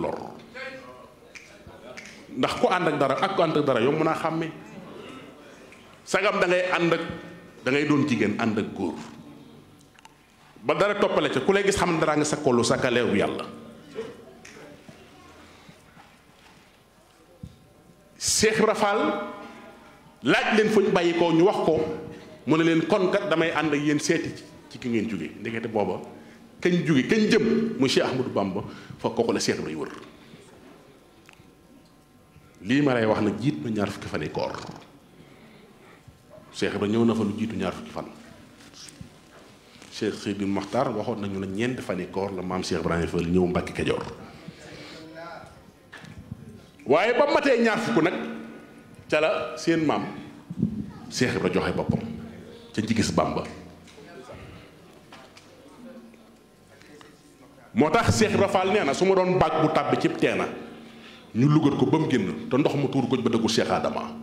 ndax ku ànd ak dara ak ku ànd ak dara yomb xàmme sagam da ngay ànd doon jigéen ànd ak góor ba dara toppale ca ku lay gis xam ne daraa ngi sa kollu sa kaleew yàlla Cheikh Ibra Fall laaj leen fu ñu bàyyi ko ñu wax ko mune len kon kat damay and ak yeen setti ci ki ngeen jugge ndegete bobo kañ jugge kañ jëm mu Cheikh Ahmadou Bamba fa kooku la setti lay wër li ma lay wax nag jitt ma ñaar fukki fane yi koor Cheikh ba ñew na fa lu jiitu ñaar fukki fan Cheikh Sidi Mokhtar waxon nañu ne ñent fane yi koor la mam Cheikh ibrahim Fall ñëw Mbàkke Kajoor waye ba matee ñaar fukku nak ci la seen mam Cheikh ba joxe bopam ci ci gis Bamba motax Cheikh rafal neena suma don bag bu tab ci teena ñu lugat ko bam genn génn te ndox mu tour ko ba dëggu Cheikh Adama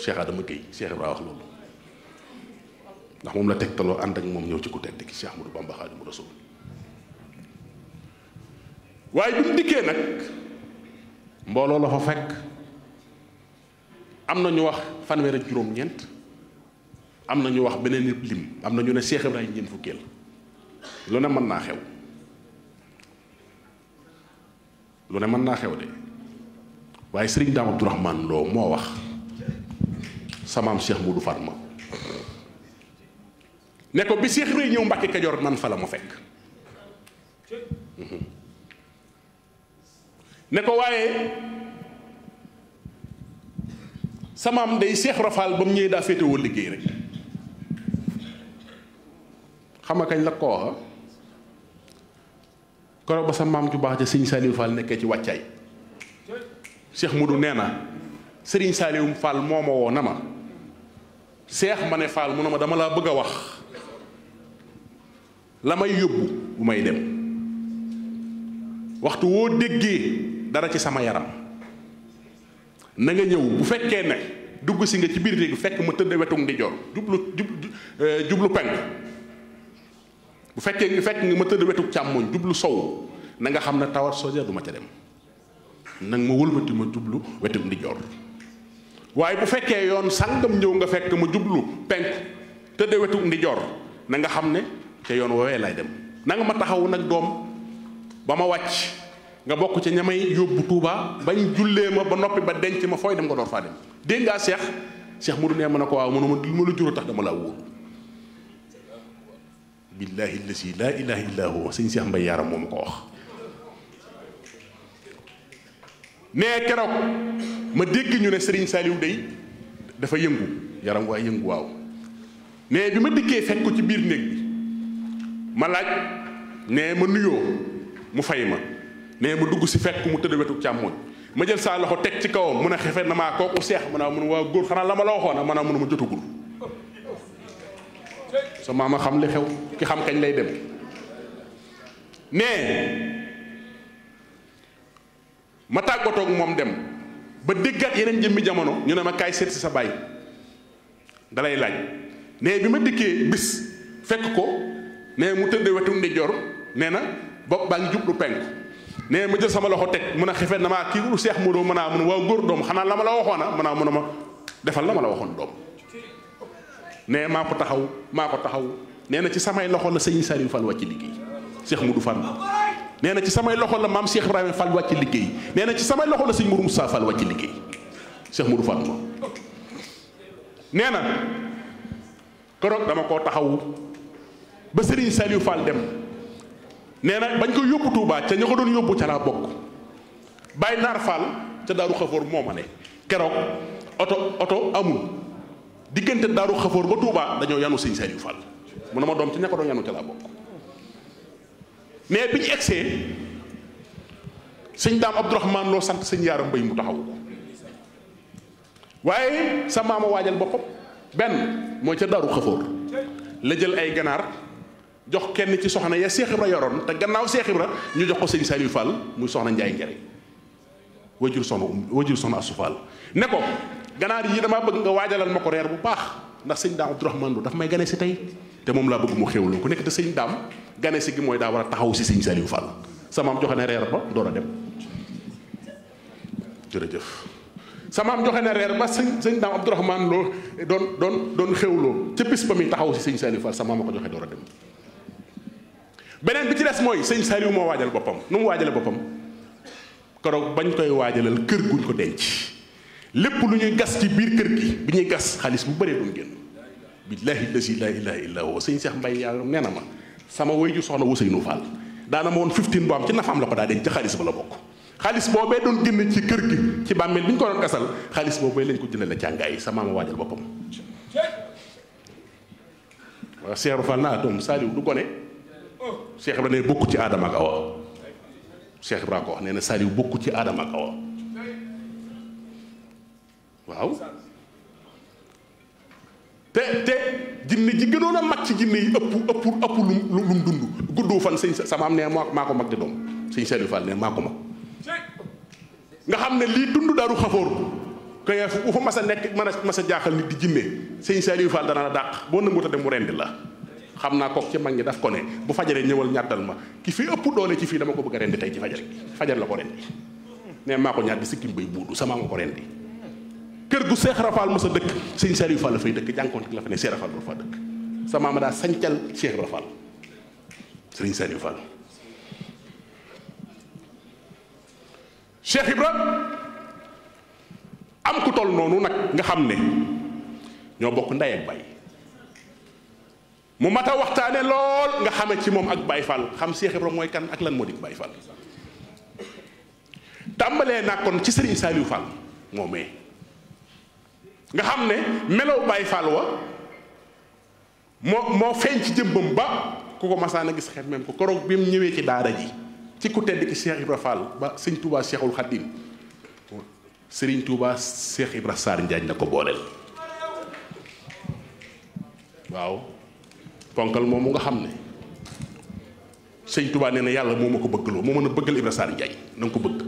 Cheikh Adama gey Cheikh ibrahim wax lolu ndax mom la tek talo and ak mom ñew ci ku tedd ki Cheikh Ahmadou Bamba Khadimu Rasul way bu dikke nak mbolo la fa fek amna ñu wax fanweer juroom ñent am na ñu wax beneen lim am ñu ne Cheikh ibrahim ñeen fukkeel lu ne man na xew lu ne man na xew de waaye sëriñ daam abdourahman lo mo wax neko Cheikh modou farma ne ko bi Cheikh Ibrahima ñëw Mbàkke man fa la mu fek ne ko sama am day Cheikh Rafal bam ñew da fété rek xam nga kañ la ko waxa keroog ba sa maam ju baax ja sëñ Saliou Fall nekkee ci wàccaay mu du nee na sëriñ Saliou Fall moo ma woo na ma seex ma ne Fall mu ne ma dama laa bëgg a wax la may yóbbu bu may dem waxtu woo déggee dara ci sama yaram nanga nga ñëw bu fekkee ne dugg si nga ci biir néeg fekk ma tëdd wetu ndijoor jublu eh, jublu penk bu fekkee ngi fekk nga ma tëdd wetu càmmoñ jublu sow na nga xam ne tawat soojee du ma ca dem nag ma wëlbati ma jublu wetu ndijoor waaye bu fekkee yoon sàngam ñëw nga fekk ma jublu penk tëdd wetu ndijoor na nga xam ne te yoon woowee laay dem na nga ma taxaw nag doom ba ma wàcc nga bokk ca ñamay yóbbu Touba bañ jullee ma ba noppi ba denc ma fooy dem nga door faa dem dégg ngaa seex seex mu du nee ma ne ko waaw mënuma lu ma la juróo tax dama laa wóor بالله الذي لا اله الا هو سين شيخ مبي يارم مو مكو واخ مي كرو ما ديغ ني ني سيرين ساليو داي دا فا ييغو يارم واي ييغو واو مي بما ديكي فكو سي بير نيك بي ما لاج ني ما نيو مو فايما ني ما دوغ سي فكو مو تدو ويتو تيامو ما جيل سا لوخو تك سي كاو مو نخي فنا ما كوكو شيخ مو نا مو واو غور خنا لما لا واخو نا مو نا مو جوتو غور sa maama xam li xew ki xam kañ lay dem mais ma tàggatoog moom dem ba déggaat yeneen jëmmi jamono ñu ne ma kaay seet si sa baay dalay laaj mais bi ma dikkee bis fekk ko mais mu tëdd wetu ndijoor nee na bopp baa ngi jublu penk nee ma jël sama loxo teg mun a xefet na maa kii u seex mu doo mën mun góor doom xanaa la ma la waxoona ah, mën a mun a ma defal la ma la waxoon doom nee maa ko taxaw maa ko taxaw nee na ci samay loxo la sëñ Saliou Fall wàcc liggéey Cheikh Moudou Fall nee na ci samay loxo la maam Cheikh Ibrahima Fall wàcc liggéey nee na ci samay loxo la sëñ Mourou Moussa Fall wàcc liggéey Cheikh Moudou Fall nee na keroog dama koo taxaw ba Serigne Saliou Fall dem nee na bañ ko yóbbu Touba ca ña ko doon yóbbu ca laa bokk Baye Naar Fall ca Daaru Xafoor moo ma ne keroog oto oto amul. diggante daaru xafoor ba Touba dañoo yanu sëñ Saliou Fall mu ne ma doom ci ña ko doon yanu ca laa bokk mais bi ñu egsee sëñ daam Abdourahman loo sant sëñ yaaram mbay mu taxaw ko waaye sa maama waajal bokk benn mooy ca daaru xafoor la jël ay ganaar jox kenn ci soxna ya Seex Ibra yoroon te gannaaw Seex Ibra ñu jox ko sëñ Saliou Fall muy soxna Njaay Njare wajur soxna um wajur soxna Asou Fall ne ko ganaar yi damaa bëgg nga waajalal ma ko reer bu baax ndax sëñ daam Abdourahmane Lo daf may gane si tey te moom laa bëgg mu xéwloo ku nekk te sëñ daam gane si gi mooy daa war a taxaw si sëñ Saliou Fall sama am joxe ne reer ba door a sama am joxe ne sëñ sëñ daam Abdourahmane Lo doon doon doon xéwloo ca pis ba muy taxaw si sëñ sama ma ko joxe door a beneen bi ci des mooy sëñ Saliou moo waajal boppam nu mu waajale boppam keroog bañ koy waajalal kër guñ ko denc lépp lu ñuy gas ci biir kër gi bi ñuy gas xaalis bu baree doon génn billaahi lasi laa ilaaha illa huwa Seex Mbay yaaram nee na ma sama way ju soxna Ousseynou Fall daana ma woon 15 boo am ci nafaam la ko daa denc ca xaalis ba la bokk xaalis boobee doon génn ci kër gi ci bàmmeel bi ñu ko doon gasal xaalis boobee lañ ko jëndale càngaay yi sa maama waajal boppam waaw Seex Fall naa doom Saaliw du gone Seex Ibra ne bokku ci aadama ak awa Seex Ibra ko ci aadama ak waaw te te jinni ji gënoon mak ci jinni yi ëpp ëpp ëpp lu lu mu dund guddou fan sëñ sama am ne mako ko mag di doom sëñ Seydou Fall ne mako mak nga xam ne lii dund daru ko yef u fa massa nek mana massa jaaxal nit di jinné sëñ cheikh Fall dana la dàq boo nangu ta dem mu rendi la xamna ko ci magni daf ko ne bu fajare ñëwal ñàttal ma ki fi ëpp doole ci fi dama ko bëgg a rendi tey ci fajare fajar la ko rendi ne mako ko ñaar di sikkim bay buudu sama ma ko rendi kër gu cheikh rafal mos a dëkk sëñ Saliou Fall la fay dëkk jànkoonte la fa ne cheikh rafal ba fa dëkk sa mama da sancal cheikh rafal sëriñ Saliou Fall Cheikh ibrahim am ku toll nonu nak nga xam ño bokk ak bay mu mata waxtane lol nga xamé ci mom ak bay Fall xam Cheikh ibrahim moy kan ak lan modik bay Fall tambalé naa ci Serigne Saliou Fall momé nga xamne ne melaw bàyyi fàll wa mo moo feeñ ci jëmbam ba ku ko masaana gis xet même ko korok bim mu ci daara ji ci ku tedd ci cheikh ibra fall ba serigne touba cheikhul khadim serigne touba cheikh ibra sar njaañ na ko booleel waaw ponkal momu nga xamne serigne touba neena yalla yàlla ko bëgg lo mën na bëggal ibra sar njaañ na ko bëgg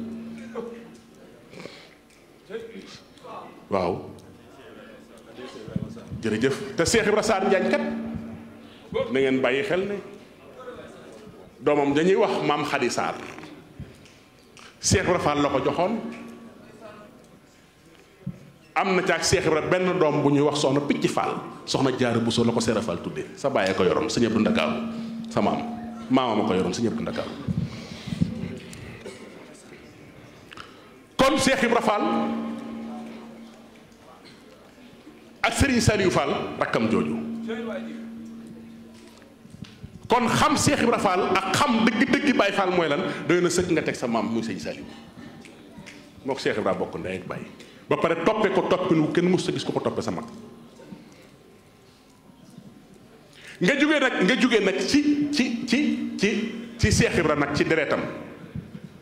waaw jerejeuf te Cheikh ibrahim Sarr kat na ngeen baye xel ne domam dañuy wax mam hadisar, Cheikh Ibra la ko joxoon am na caag Cheikh ibrahim ben dom bu ñuy wax soxna picci Fall soxna Jaara Buso la ko Seera Fall tuddee sa baye ko yoron sa ñëpp ndakaw sa mam mamama ko yoron sa ñëpp ndakaw kon Cheikh ibrahim ak Serigne Saliou Fall rakkam jooju kon xam Cheikh Ibra Fall ak xam dëgg-dëgg Baye Fall mooy lan doy na sëkk nga teg sa maam muy sëñ Saliou moo ko Cheikh Ibra bokk ndey ak Baye ba pare toppe ko toppin wu kenn mës sa gis ko ko toppee sa mag nga jógee nag nga jóge nag ci ci ci ci ci Cheikh Ibra nag ci deretam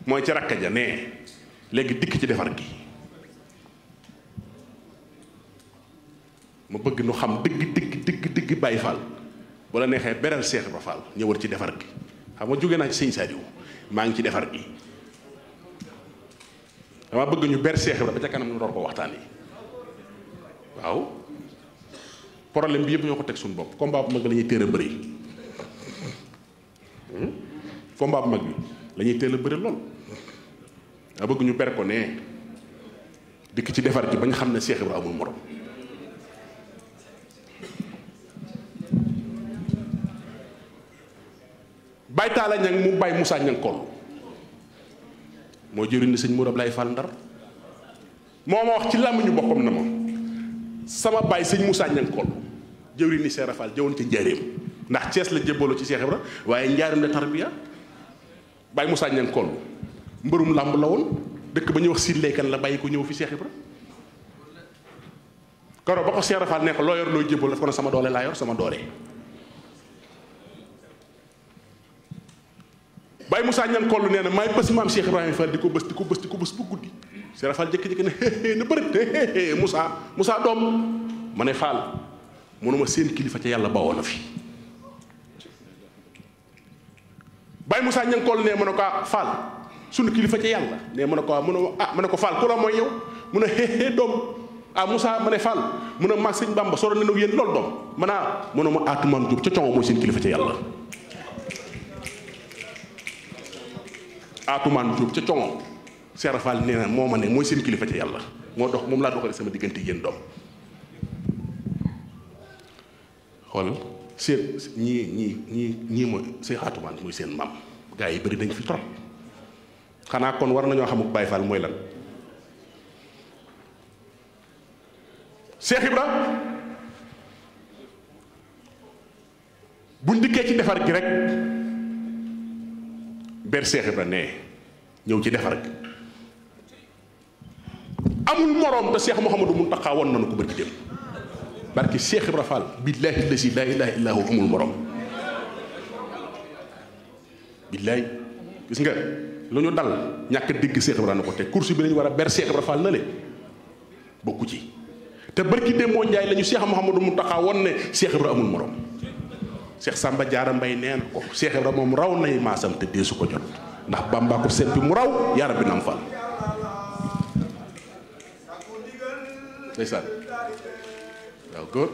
mooy ci rakka ja nee léegi dikk ci defar gi ma bëgg nu xam dëgg dëgg digg dëgg Baye Fall bu la neexee beral Cheikh Ibra Fall ñëwal ci defar gi xam nga jóge naa ci sëñ Saliou maa ngi ci defar gi dama bëgg ñu ber Cheikh Ibra ba ca kanam ñu door ko waxtaan yi waaw problème bi yëpp ñoo ko teg suñu bopp combat bu mag la ñuy teel a bëri hmm? combat bu bi la ñuy a bëri lool dama bëgg ñu ber ko ne dikk ci defar gi ba ñu xam ne Cheikh Ibra amul moroom Baye Talla Niang mu Baye Moussa Niang Koll moo jëriñ ni sëñ Modou Ablaye Fall Ndar moo ma wax ci làmmiñu boppam na ma sama baay sëñ Moussa Niang Koll jëwriñ ni Seera Fall jëwoon ca njaareem ndax Cees la jébbaloo ci Seex Ibra waaye njaareem la tarbiya Baye Moussa Niang mbërum làmb la woon dëkk ba ñuy wax Sile kan la bàyyi ko ñëw fi Seex Ibra ba ko Seera Fall ne ko loo yor looy jébbal daf ko sama doole laa yor sama doole musa ñan ko lu neena may bëss mam Cheikh Ibrahim Fall diko bëss diko bëss diko bëss bu guddi Cheikh Fall jëk jëk ne na te musa musa dom mané Fall mënuma seen kilifa ci yalla bawo na fi musa ñan ko lu ne mëna ko Fall sunu kilifa ci yalla ne mëna ko mëna ah mëna ah, ko Fall ku la moy yow mëna he dom a ah, musa mané Fall mëna ma Seigne Bamba soro na yeen lool dom mëna ah, mënuma atumam jub ci ciow mo seen kilifa ci yalla Atoumane Diop ca Coŋo Cheikh Fall nee na moo ma ne mooy seen kilifa ci yàlla moo dox moom laa doxale sama diggante yéen doom xoolal seen ñii ñii ñii mooy Cheikh Atoumane mooy seen maam gaa yi bari dañ fi trop xanaa kon war nañoo xam ak Baye mooy lan Cheikh Ibra buñ dikkee ci defar gi rek ber Seex Ibra nee ñëw ci defar amul moroom te Seex Mouhamadou Mountakha won nañu ko bërki dem barki Seex Ibra Fall billaahi lazi laa ilaaha amul moroom billaay gis nga lu ñu dal ñàkk dégg Seex Ibra na ko te course bi lañu war a ber Seex Ibra Fall na le bokku ci te bërki dem moo njaay lañu Seex Mouhamadou Mountakha won ne Seex Ibra amul moroom Cheikh Samba Diarra Mbaye nee na ko Cheikh Ibra moom raw nay maasam te deesu ko jot ndax Bamba ko seppi mu raw yara bi nam fal ndeysaan waaw góor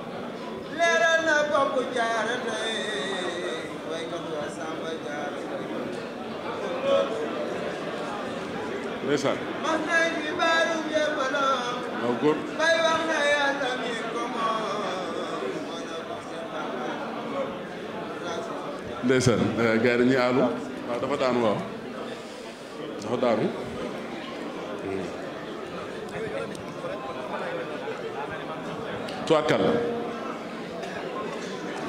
leeral na boppu jaara tey waykat wa Samba Jaara ndeysaan mas nay fi baaru jébbalam aw góor bay wax na yàlla mi ko moom ndeysaan eh, gars yi dañuy aalu waaw dafa daanu waaw dafa daanu hmm. tuwaat kan la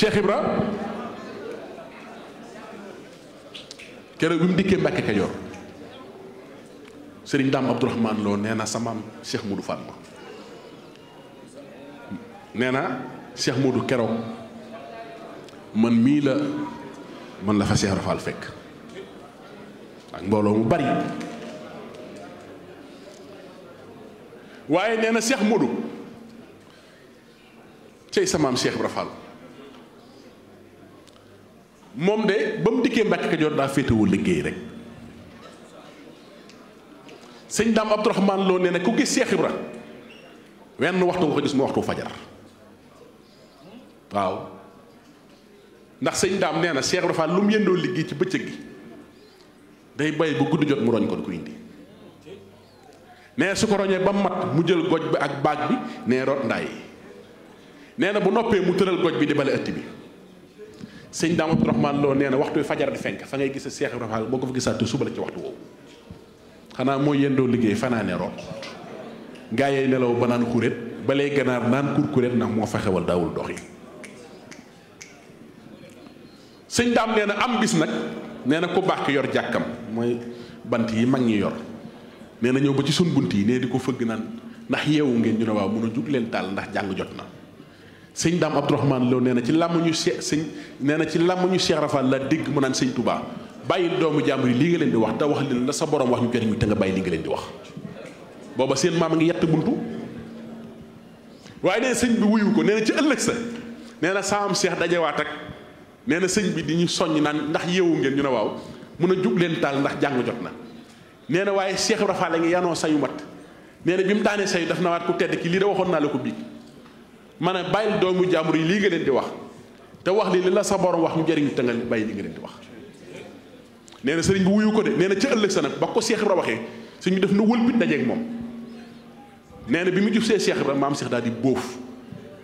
Cheikh Ibra keroog bi mu dikkee Mbàkke Kajoor sëriñ Daam Abdourahman Lo néna na sama Cheikh Modou Fatma nee na Cheikh Modou kéro man mi la man la fa Cheikh Rafal fekk ak mbolo mu bari néna Cheikh Modou cey samam Cheikh Rafal mom de dikke mbacke dikkee jor da fete wu liggey rek seigne dam abdourahman lo nee ku gis cheikh ibra wenn waxtu ko gis mo waxtu fajar waw ndax seigne dam neena cheikh seex ibra faal lu mu ci bëccëg gi day bay bu gudd jot mu roñ ko ko indi ne su ko roñe ba mat mu jël goj bi ak baaj bi ne ro nday neena bu noppé mu teural goj bi di balé ëtt bi seigne daam abdourahman loo nee na waxtu fajar di fenk fa ngay gis cheikh ibrahima boo ko fa gisaatee suba la ci waxtu wo xana moo yendo liggey fanaane root gaa yee nelaw banan kuret balay ganar nan kur kuréet ndax moo fexewal dawul doxi seigne daam neena na am bis nak neena na ku baax yor jakam moy bant yi mag ñi yor neena na ba ci sun bunti ne diko feug nan ndax yewu ngeen ñu na wa mu len tal ndax jang jotna sëñ daam Abdourahmane Lo nee na ci làmm ñu se sëñ nee na ci làmm ñu Cheikh Rafal la dégg mu naan sëñ Touba bàyyil doomu jàmbur yi lii nga leen di wax te wax leen la sa borom wax ñu jëriñu te nga bàyyi li nga leen booba seen maam a ngi yett buntu waaye sëñ bi ko nee ci ëllëg sa nee na saam seex dajewaat ak nee na sëñ bi di ñu soññ naan ndax yeewu ngeen ñu ne waaw mun a jub leen taal ndax jàng jot na nee na waaye Cheikh Rafal la ngi yanoo sayu mat nee na bi mu taanee sayu daf na waat ku tedd ki lii da waxoon naa la ko bii ma ne bàyyil doomu jàmbur yi lii nga leen di wax te wax li li la sa borom wax ñu jëriñu te nga bàyyi li nga leen di wax nee sëriñ bi wuyu ko de nee na ca ëllëg sa nag ba ko Cheikh Ibra waxee suñu def na wëlbit dajeeg moom nee na bi mu jub see Cheikh Ibra maam Cheikh daal di bóof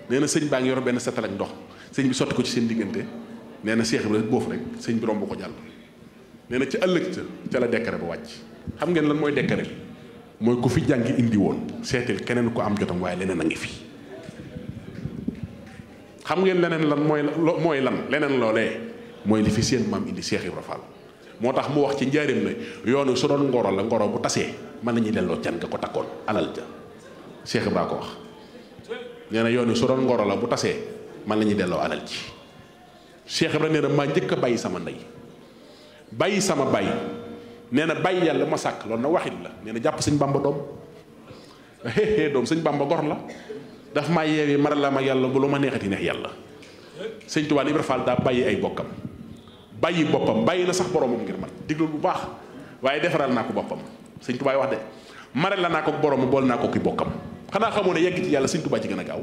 nee na sëñ baa ngi yor benn setal ak ndox sëñ bi sotti ko ci seen diggante nee na Cheikh Ibra bóof sëñ bi romb ko jàll nee na ca ëllëg ca ca la décret ba wàcc xam ngeen lan mooy décret bi mooy ku fi jàngi indi woon seetal keneen ko am jotam waaye leneen a ngi fi xam ngeen lenen lan mooy mooy lan leneen loolee mooy li fi seen mam indi Cheikh Ibra Fall motax mu wax ci njaarim ne yoonu su doon ngoro la ngoro bu tasee man nañu delloo can ka ko takkoon alal ja Cheikh Ibra ko wax nee na yoonu su doon ngoro la bu tasee man nañu delloo alal ji Cheikh Ibra nee na maa njëkk a bàyyi sama ndey bàyyi sama bàyyi nee na bàyyi yàlla ma sàkk loolu na waxit la nee na jàpp sëñ bamba doom doom sëñ bamba gor la daf ma yeewi maral la ma yàlla bu lu ma neexati neex yàlla sëñ Tuubaa Ibra Faal daa bàyyi ay bokkam bàyyi boppam bàyyi na sax boromam ngir man diglu bu baax waaye defaral naa ko boppam sëñ Tuubaa wax de maral la naa ko boromam bool naa ko ki bokkam xanaa xamoo ne yegg ci yàlla sëñ Tuubaa ci gën a gaaw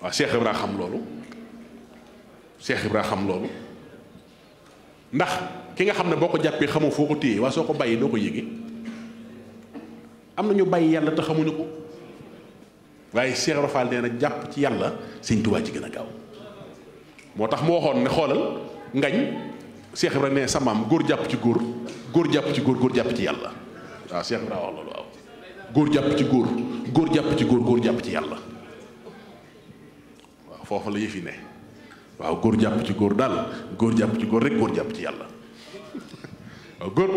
waaw Cheikh Ibra xam loolu Cheikh Ibra xam loolu ndax ki nga xam ne boo ko jàppee xamoo foo ko téye waaye soo ko bàyyi doo ko yéege am na ñu bàyyi yàlla xamuñu ko. waye cheikh rofal neena japp ci yalla seigne touba ci gëna a gaaw moo tax mu ne xolal ngagn cheikh ibrahim ne samam gor japp ci gor gor japp ci gor gor japp ci yalla wa cheikh ibrahim wax lolu waaw góor jàpp ci gor gor japp ci gor gor japp ci yalla wa fofu la yefi ne wa gor japp ci gor dal gor japp ci gor rek gor japp ci yalla gor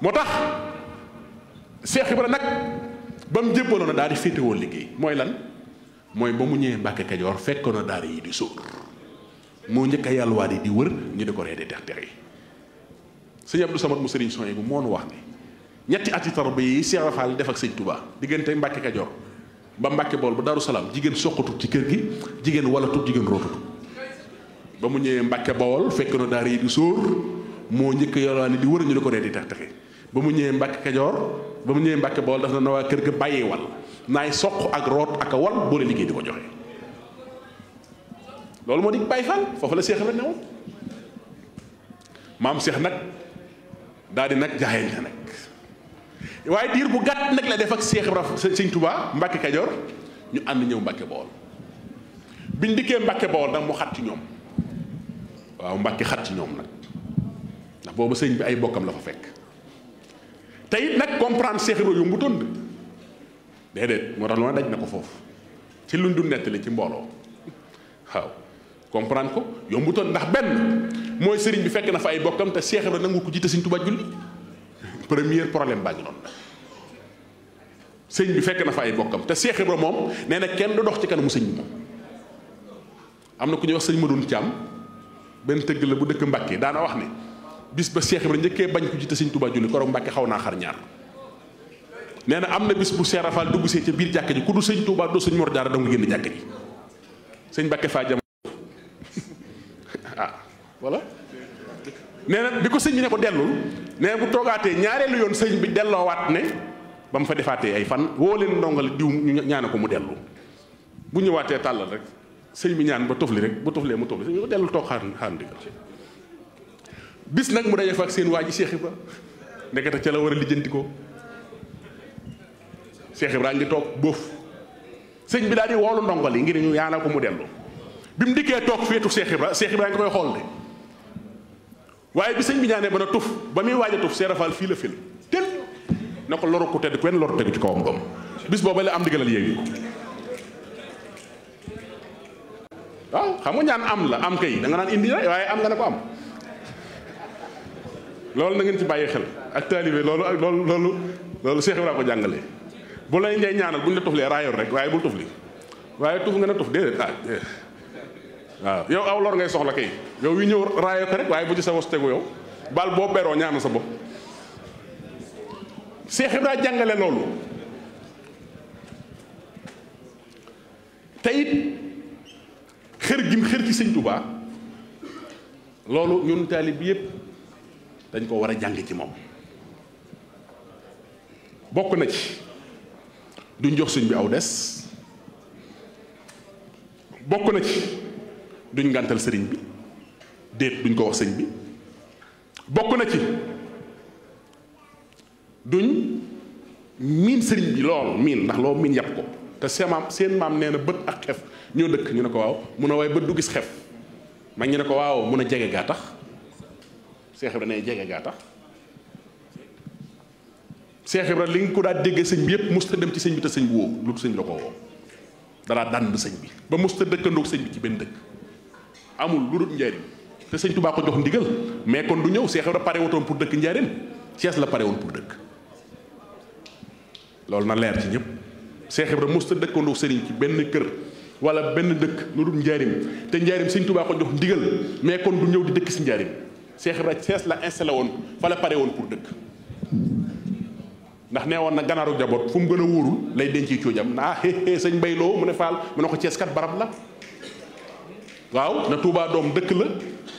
motax cheikh ibrahim nak bam jeppono na daal fete wol liggéey moy lan moy bamu ñewé mbacké kadior kajoor fekkoon na daara yi di sóor mo ñëk a waadi di wër ñu diko rédé ree yi seigne abdou samad mu sëriñ son bu moonu wax ni ñetti ati tarbi yi cheikh rafal def ak seigne touba digënté mbacké kadior ba mbacké bol bu daru salam jigen soqatut ci kër gi jigen wala jigéen jigen rotu bamu ñewé mbacké bol fekk na yi di mo ñëk njëkk yàlluwaadi di wër ñu diko rédé ree ba mu ñëwee Mbàkke Kajoor ba mu ñëwee Mbàkke Bool daf na na kër ga bàyyee wal naay soq ak root ak a wal boole liggéey di ko joxe loolu moo di Baay Faal foofu la seex la newoon maam seex nag daal nag jaayeen waaye diir bu gàtt nag la def ak Seex Ibra Sëñ Tuubaa Mbàkke Kajoor ñu ànd ñëw Mbàkke Bawol biñ dikkee Mbàkke Bawol nag mu xat ci ñoom waaw Mbàkke xat ci ñoom nag ndax boobu sëñ bi ay bokkam la fa fekk tey nag comprendre Cheikh Ibra yombutoon de déedéet moo tax lu ne daj na ko foofu ci luñ du nettali ci mbooloo waaw comprendre ko yombutoon ndax benn mooy sëriñ bi fekk na fa ay bokkam te Cheikh Ibra nangu ko jiite Sëriñ Tuubaa julli premier problème baa ngi noonu sëñ bi ay bokkam te Cheikh Ibra moom nee na kenn du dox ci kanamu sëñ bi moom am na ku ñuy wax sëñ Madoune Thiam benn tëgg la bu dëkk Mbàkke daana wax ne bis ba Cheikh ibrahim njëkkee bañ ko te seigne Touba julli koroog Mbàkke xaw naa xar ñaar nee amna bis bu Cheikh Rafal dugg ci ca biir jakk ji ku du seigne Touba do seigne Mor Jaara dong genn jakk ji seigne Mbàkke fa jam ah voilà nee na bi ko sëñ bi ne ko dellul nee na bu toogaatee ñaareelu yoon sëñ bi delloowaat ne ba mu fa defaatee ay fan wo leen ndongal diw ñu ñaane ko mu dellu bu ñëwaatee talal rek seigne bi ñaan ba tofli rek bu tofle mu tofli seigne ko xaar xaar ndigal bis nak mu daje fa ak seen waji Cheikh Ibra nekata ci la wara a ko Cheikh Ibra ngi tok bof seigne bi daal wolu ndongali ngir ñu yaana ko mu dellu bim mu tok fetu Cheikh Ibra Cheikh Ibra ngi koy xol de waye bi seigne bi ñane bana tuf ba muy waaj a tuf seerafal fii la fil tel nako ko loru ko tedd kenn loru tegg ci kawam gam bis bobale am diggalal yéegi ko waaw xam ñaan am la am kay da nga nan indi waye am nga ne ko am lolou na ngeen ci baye xel ak talibé lolou ak lolou lolou lolou Cheikh Ibrahima ko jangalé bu lay ndey ñaanal buñ la tuflee raayoon rek waye bu tufli waye tuf nga na tuf déedéet ah waaw yow aw lor ngay soxla kay yow wi ñew raayo ko rek waye bu ci sa wosté go yow bal bo béro ñaanal sa bop Cheikh Ibrahima jangalé lolou tayit it xër gim xër ci seigne Touba lolou ñun talib yépp dañ ko wara jang ci mom bokku na ci duñ jox suñ bi aw dess bokku na ci duñ ngàntal sëriñ bi deet duñ ko wax sëñ bi bokku na ci duñ min sëriñ bi lool min ndax lo min yàpp ko te seen maam seen maam nee ak xef ñu dëkk ñu ne ko waaw mu du gis xef mag ñu ne ko waaw mu tax Cheikh Ibra ne jege gaa tax Cheikh Ibra li nga ko daal déggee sëñ bi yëpp musta dem ci sëñ bi te sëñ bi woo lu sëñ la ko woo dalaa dànd sëñ bi ba musta dëkkandoog sëñ bi ci benn dëkk amul lu dul njaarim te sëñ Tuubaa ko jox ndigal mais kon du ñëw Cheikh Ibra pare pour dëkk njaarim Cees la pare woon pour dëkk leer ci ñëpp Cheikh Ibra musta dëkkandoog ci benn kër wala benn dëkk lu dul njaarim te njaarim sëñ Tuubaa ko mais kon du ñëw di dëkk si njaarim Cheikh Ibra Cees la installé woon fa la pare woon pour dëkk ndax nee woon na ganaaru jaboot fu mu gën a wóorul lay denci coojam na ah hé sëñ Bayloo mu ne Fall mu ne ko Cees kat barab la waaw na tuubaa doom dëkk la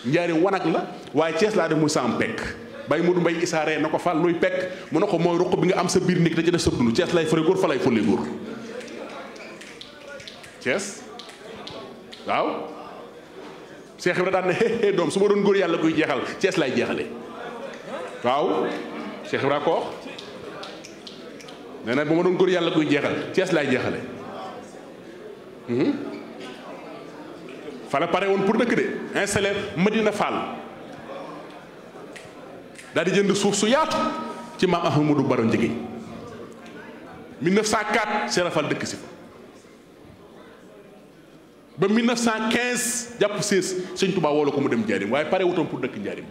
njaari wanag la waaye Cees laa def muy saam pekk bay mu du mbay isaaree na ko Fall luy pekk mu ne ko mooy ruq bi nga am sa biir néeg da ci def sa dund Cees lay fëri góor fa lay fële Cees waaw Cheikh Ibra daan ne doom su ma doon góor yàlla kuy jeexal Cees lay jeexale waaw Cheikh Ibra koox ma doon góor yàlla kuy jeexal Cees lay jeexale hmm? fala pare woon pour dëkk de installé ma Fall daal di jënd suuf su yaatu ci maam Ahmadou Baro Njëgéen 1904 Serafal dëkk si fa ba quinze jàpp 16 sëñ Touba woo la ko mu dem Njaarim waaye pare wutoon pour dëkk Njaarim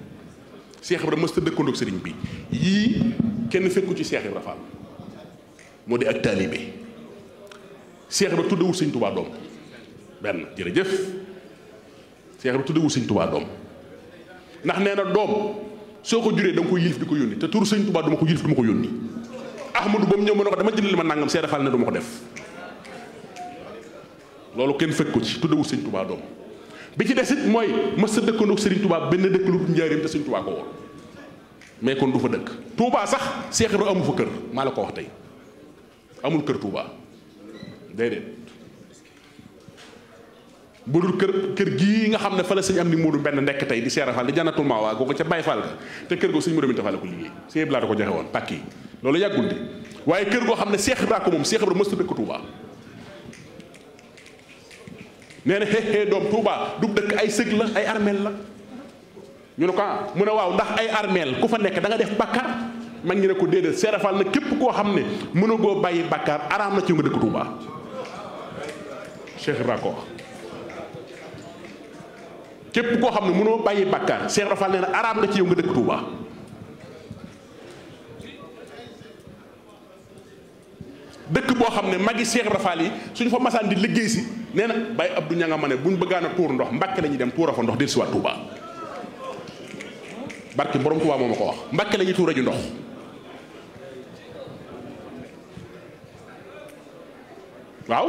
Cheikh Ibra mës ta dëkkandoog sëriñ bi yii kenn fekku ci Cheikh Ibra Fall moo di ak taalibe Cheikh Ibra tuddewul sëñ Touba doom benn jërëjëf Cheikh Ibra tuddewul sëñ Touba doom ndax nee na doom soo ko juree da nga ko yilif di ko yónni te turu sëñ Touba du ko yilif du ma ko yónni Ahmadou ba mu ñëw ma ne ko dama jënd li ma nangam Cheikh Ibra Fall ne du ma ko def. loolu kenn fekk ko ci tuddewul sëñ tubaa doom bi ci desit mooy mës a dëkkandoo sëriñ tubaa benn dëkk lu njaareem te sëñ tubaa ko woon mais kon du fa dëkk tuubaa sax Seex Ibra amu kër maa la ko wax tey amul kër tuubaa déedéet bu kër kër gii nga xam ne fa la sëñ am ni moodu benn nekk tey di seera Fall di jànnatul maa waa googu ca Baye Fall ga te kër googu sëñ Moodu Binta Fall la ko liggéey Seex Ibra da ko joxe woon pàkk yi loolu yàggul de waaye kër goo xam ne Seex Ibra ko moom Seex Ibra mës a dëkk tuubaa nee na xeexee doom Touba du dëkk ay sëg la ay armeel la ñu ne ko ah, mu ne waaw ndax ay armeel ku fa nekk danga nga def bàkkaar mag ñi ne ko déedéet seerafal na képp koo xam ne mënu goo bàyyi bàkkaar araam na ci nga ko wax képp koo xam ne mënoo bàyyi bàkkaar Cheikh Rafal nee na araam nga ci yow nga dëkk Touba dëkk boo xam ne magi Cheikh Ibra Fall yi suñu fa masaan di liggéey si nee na Baye Abdou ña nga ma ne buñ bëggaan a tuur ndox Mbàkke la ñuy dem tuura fa ndox dir si waat Touba barki borom Touba moo ma ko wax Mbàkke la ñuy tuura ju ndox waaw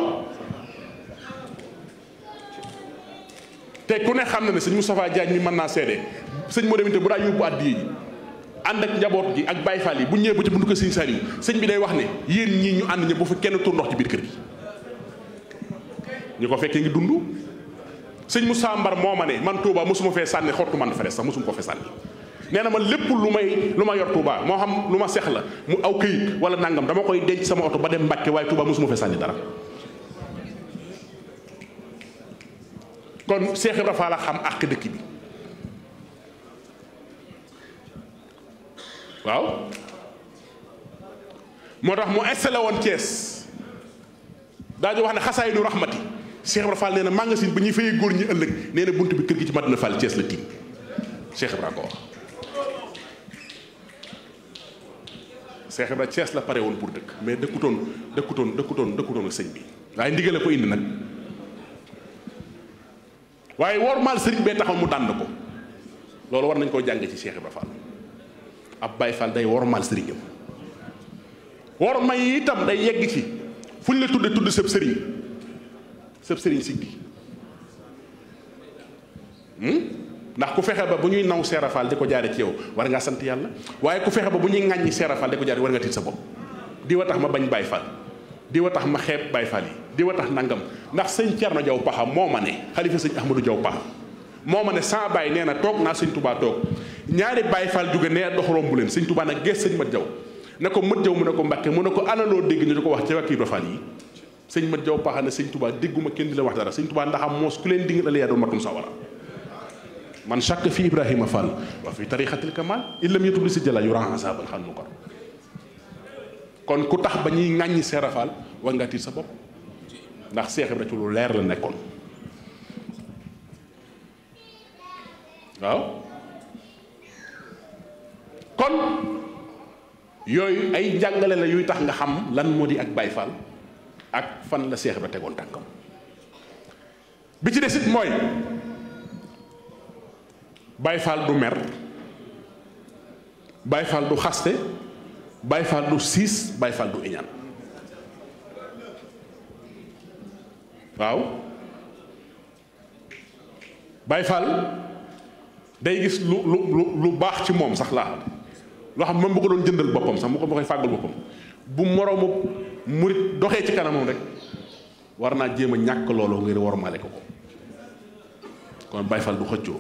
te ku ne xam na ne sëñ Moustapha Diagne mi mën naa seede sëñ moo demite bu daa yóbbu addiye ji ànd ak njaboot gi ak Baye Fall yi bu ñëwee ba ci buntu ko sëñ Saliou sëñ bi day wax ne yéen ñii ñu ànd ñëpp bu fa kenn tur ndox ci biir kër gi ñu ko fekkee ngi dund sëñ Moussa Mbar moo ma ne man Touba mosuma fee sànni xottu man fere sax mosuma ko fee sànni nee na ma lépp lu may lu ma yor Touba moo xam lu ma seex la mu aw këyit wala nangam dama koy denc sama oto ba dem Mbàkke waaye Touba mosuma fee sànni dara kon Cheikh Ibrahima la xam àq dëkk bi waaw moo tax mu installé woon Thiès daa di wax ne xasaayidu rahmati Cheikh Ibra Fall nee na magasin ba ñuy fayee góor ñi ëllëg nee na bunt bi kër gi ci Madina Fall Thiès la tiim Cheikh Ibra ko wax Cheikh Ibra Thiès la pare woon pour dëkk mais dëkkutoon dëkkutoon dëkkutoon dëkkutoon ak sëñ bi waaye ndigal la ko indi nag waaye wormaal sëriñ bee taxaw mu dànd ko loolu war nañ koo jàng ci Cheikh Ibra Fall ab Baay Faal day wormaal sëriñam worma yi itam day yegg ci fuñ la tudde tudd sëb sëriñ sëb sëriñ siggi hmm? ndax ku fexe ba bu ñuy naw Seera Faal di ko jaare ci yow war ngaa sant yàlla waaye ku fexe ba bu ñuy ŋàññi Seera Faal di ko jaare war nga tiit sa bopp di wa tax ma bañ Baay Faal di wa tax ma xeeb Baay Faal yi di wa tax nangam ndax sëñ na Jaw Paxa moo ma ne xalifa sëñ Ahmadou Jaw Paxa moo ma ne saa baay nee na toog naa sëñ Tubaa toog ñaari Baay fal jóge nee dox rombu leen sëñ Tuubaa nag gees sëñ Mat Jaw ne ko Mat Jaw mu ne ko Mbàkke mu ne ko ana dégg ñu di ko wax ci wàkki Ibra Faal yi sëñ Mat Jaw paxal ne sëñ Tuubaa dégguma kenn di la wax dara sëñ Tuubaa ndaxam moos ku leen dingal aliyaa doon matum sawara man shakka fi Ibrahima Fall wa fi tariqatil kamal illam yatub li si jëla yuran azaban xal mukar kon ku tax ba ñuy ŋàññi Seera Fall nga tiit sa bopp ndax Seex Ibra ci lu leer la nekkoon waaw kon yooyu ay jàngale la yuy tax nga xam lan moo di ak Baay Faal ak fan la seex ba tegoon tànkam bi ci desit mooy Baay Faal du mer Baay Faal du xaste Baay Faal du siis Baay Faal du iñaan waaw Baay Faal day gis lu lu lu baax ci moom sax laa loo xam moom bu ko doon jëndal boppam sax mu ko ma koy fàggal boppam bu moroomu murit doxee ci kanamam rek war naa jéem a ñàkk loolu ngir wormaale ko ko kon Baay Faal du xëccoo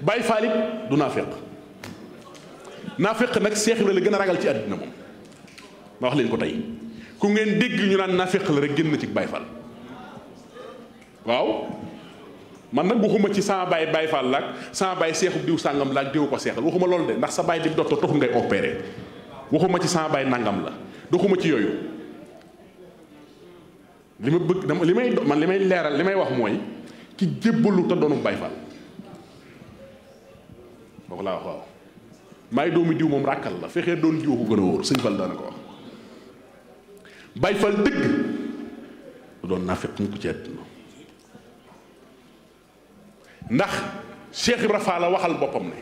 Baay Faal it du naafeq naafeq nag Seex Ibra la gën a ragal ci àddina moom ma wax leen ko tey ku ngeen dégg ñu naan naafeq la rek génn ci Baay Faal waaw man nag waxuma ci sama baay Baay Faal laag sama baay seexub diw sàngam laag diw ko seexal waxuma loolu de ndax sa baay di docteur taxul ngay opéré waxuma ci sama baay nangam la doxuma ci yooyu li ma bëgg dama li may li may leeral li may wax mooy ki jébbalu te doonum Baay Faal kooku laa wax waaw maay doomi diw moom ràkkal la fexee doon diw ko gën a wóor sëñ Fall daana ko wax Baay Faal dëgg doon naa fekk mu ci àdduna ndax Cheikh Ibra Fall la waxal bopam ne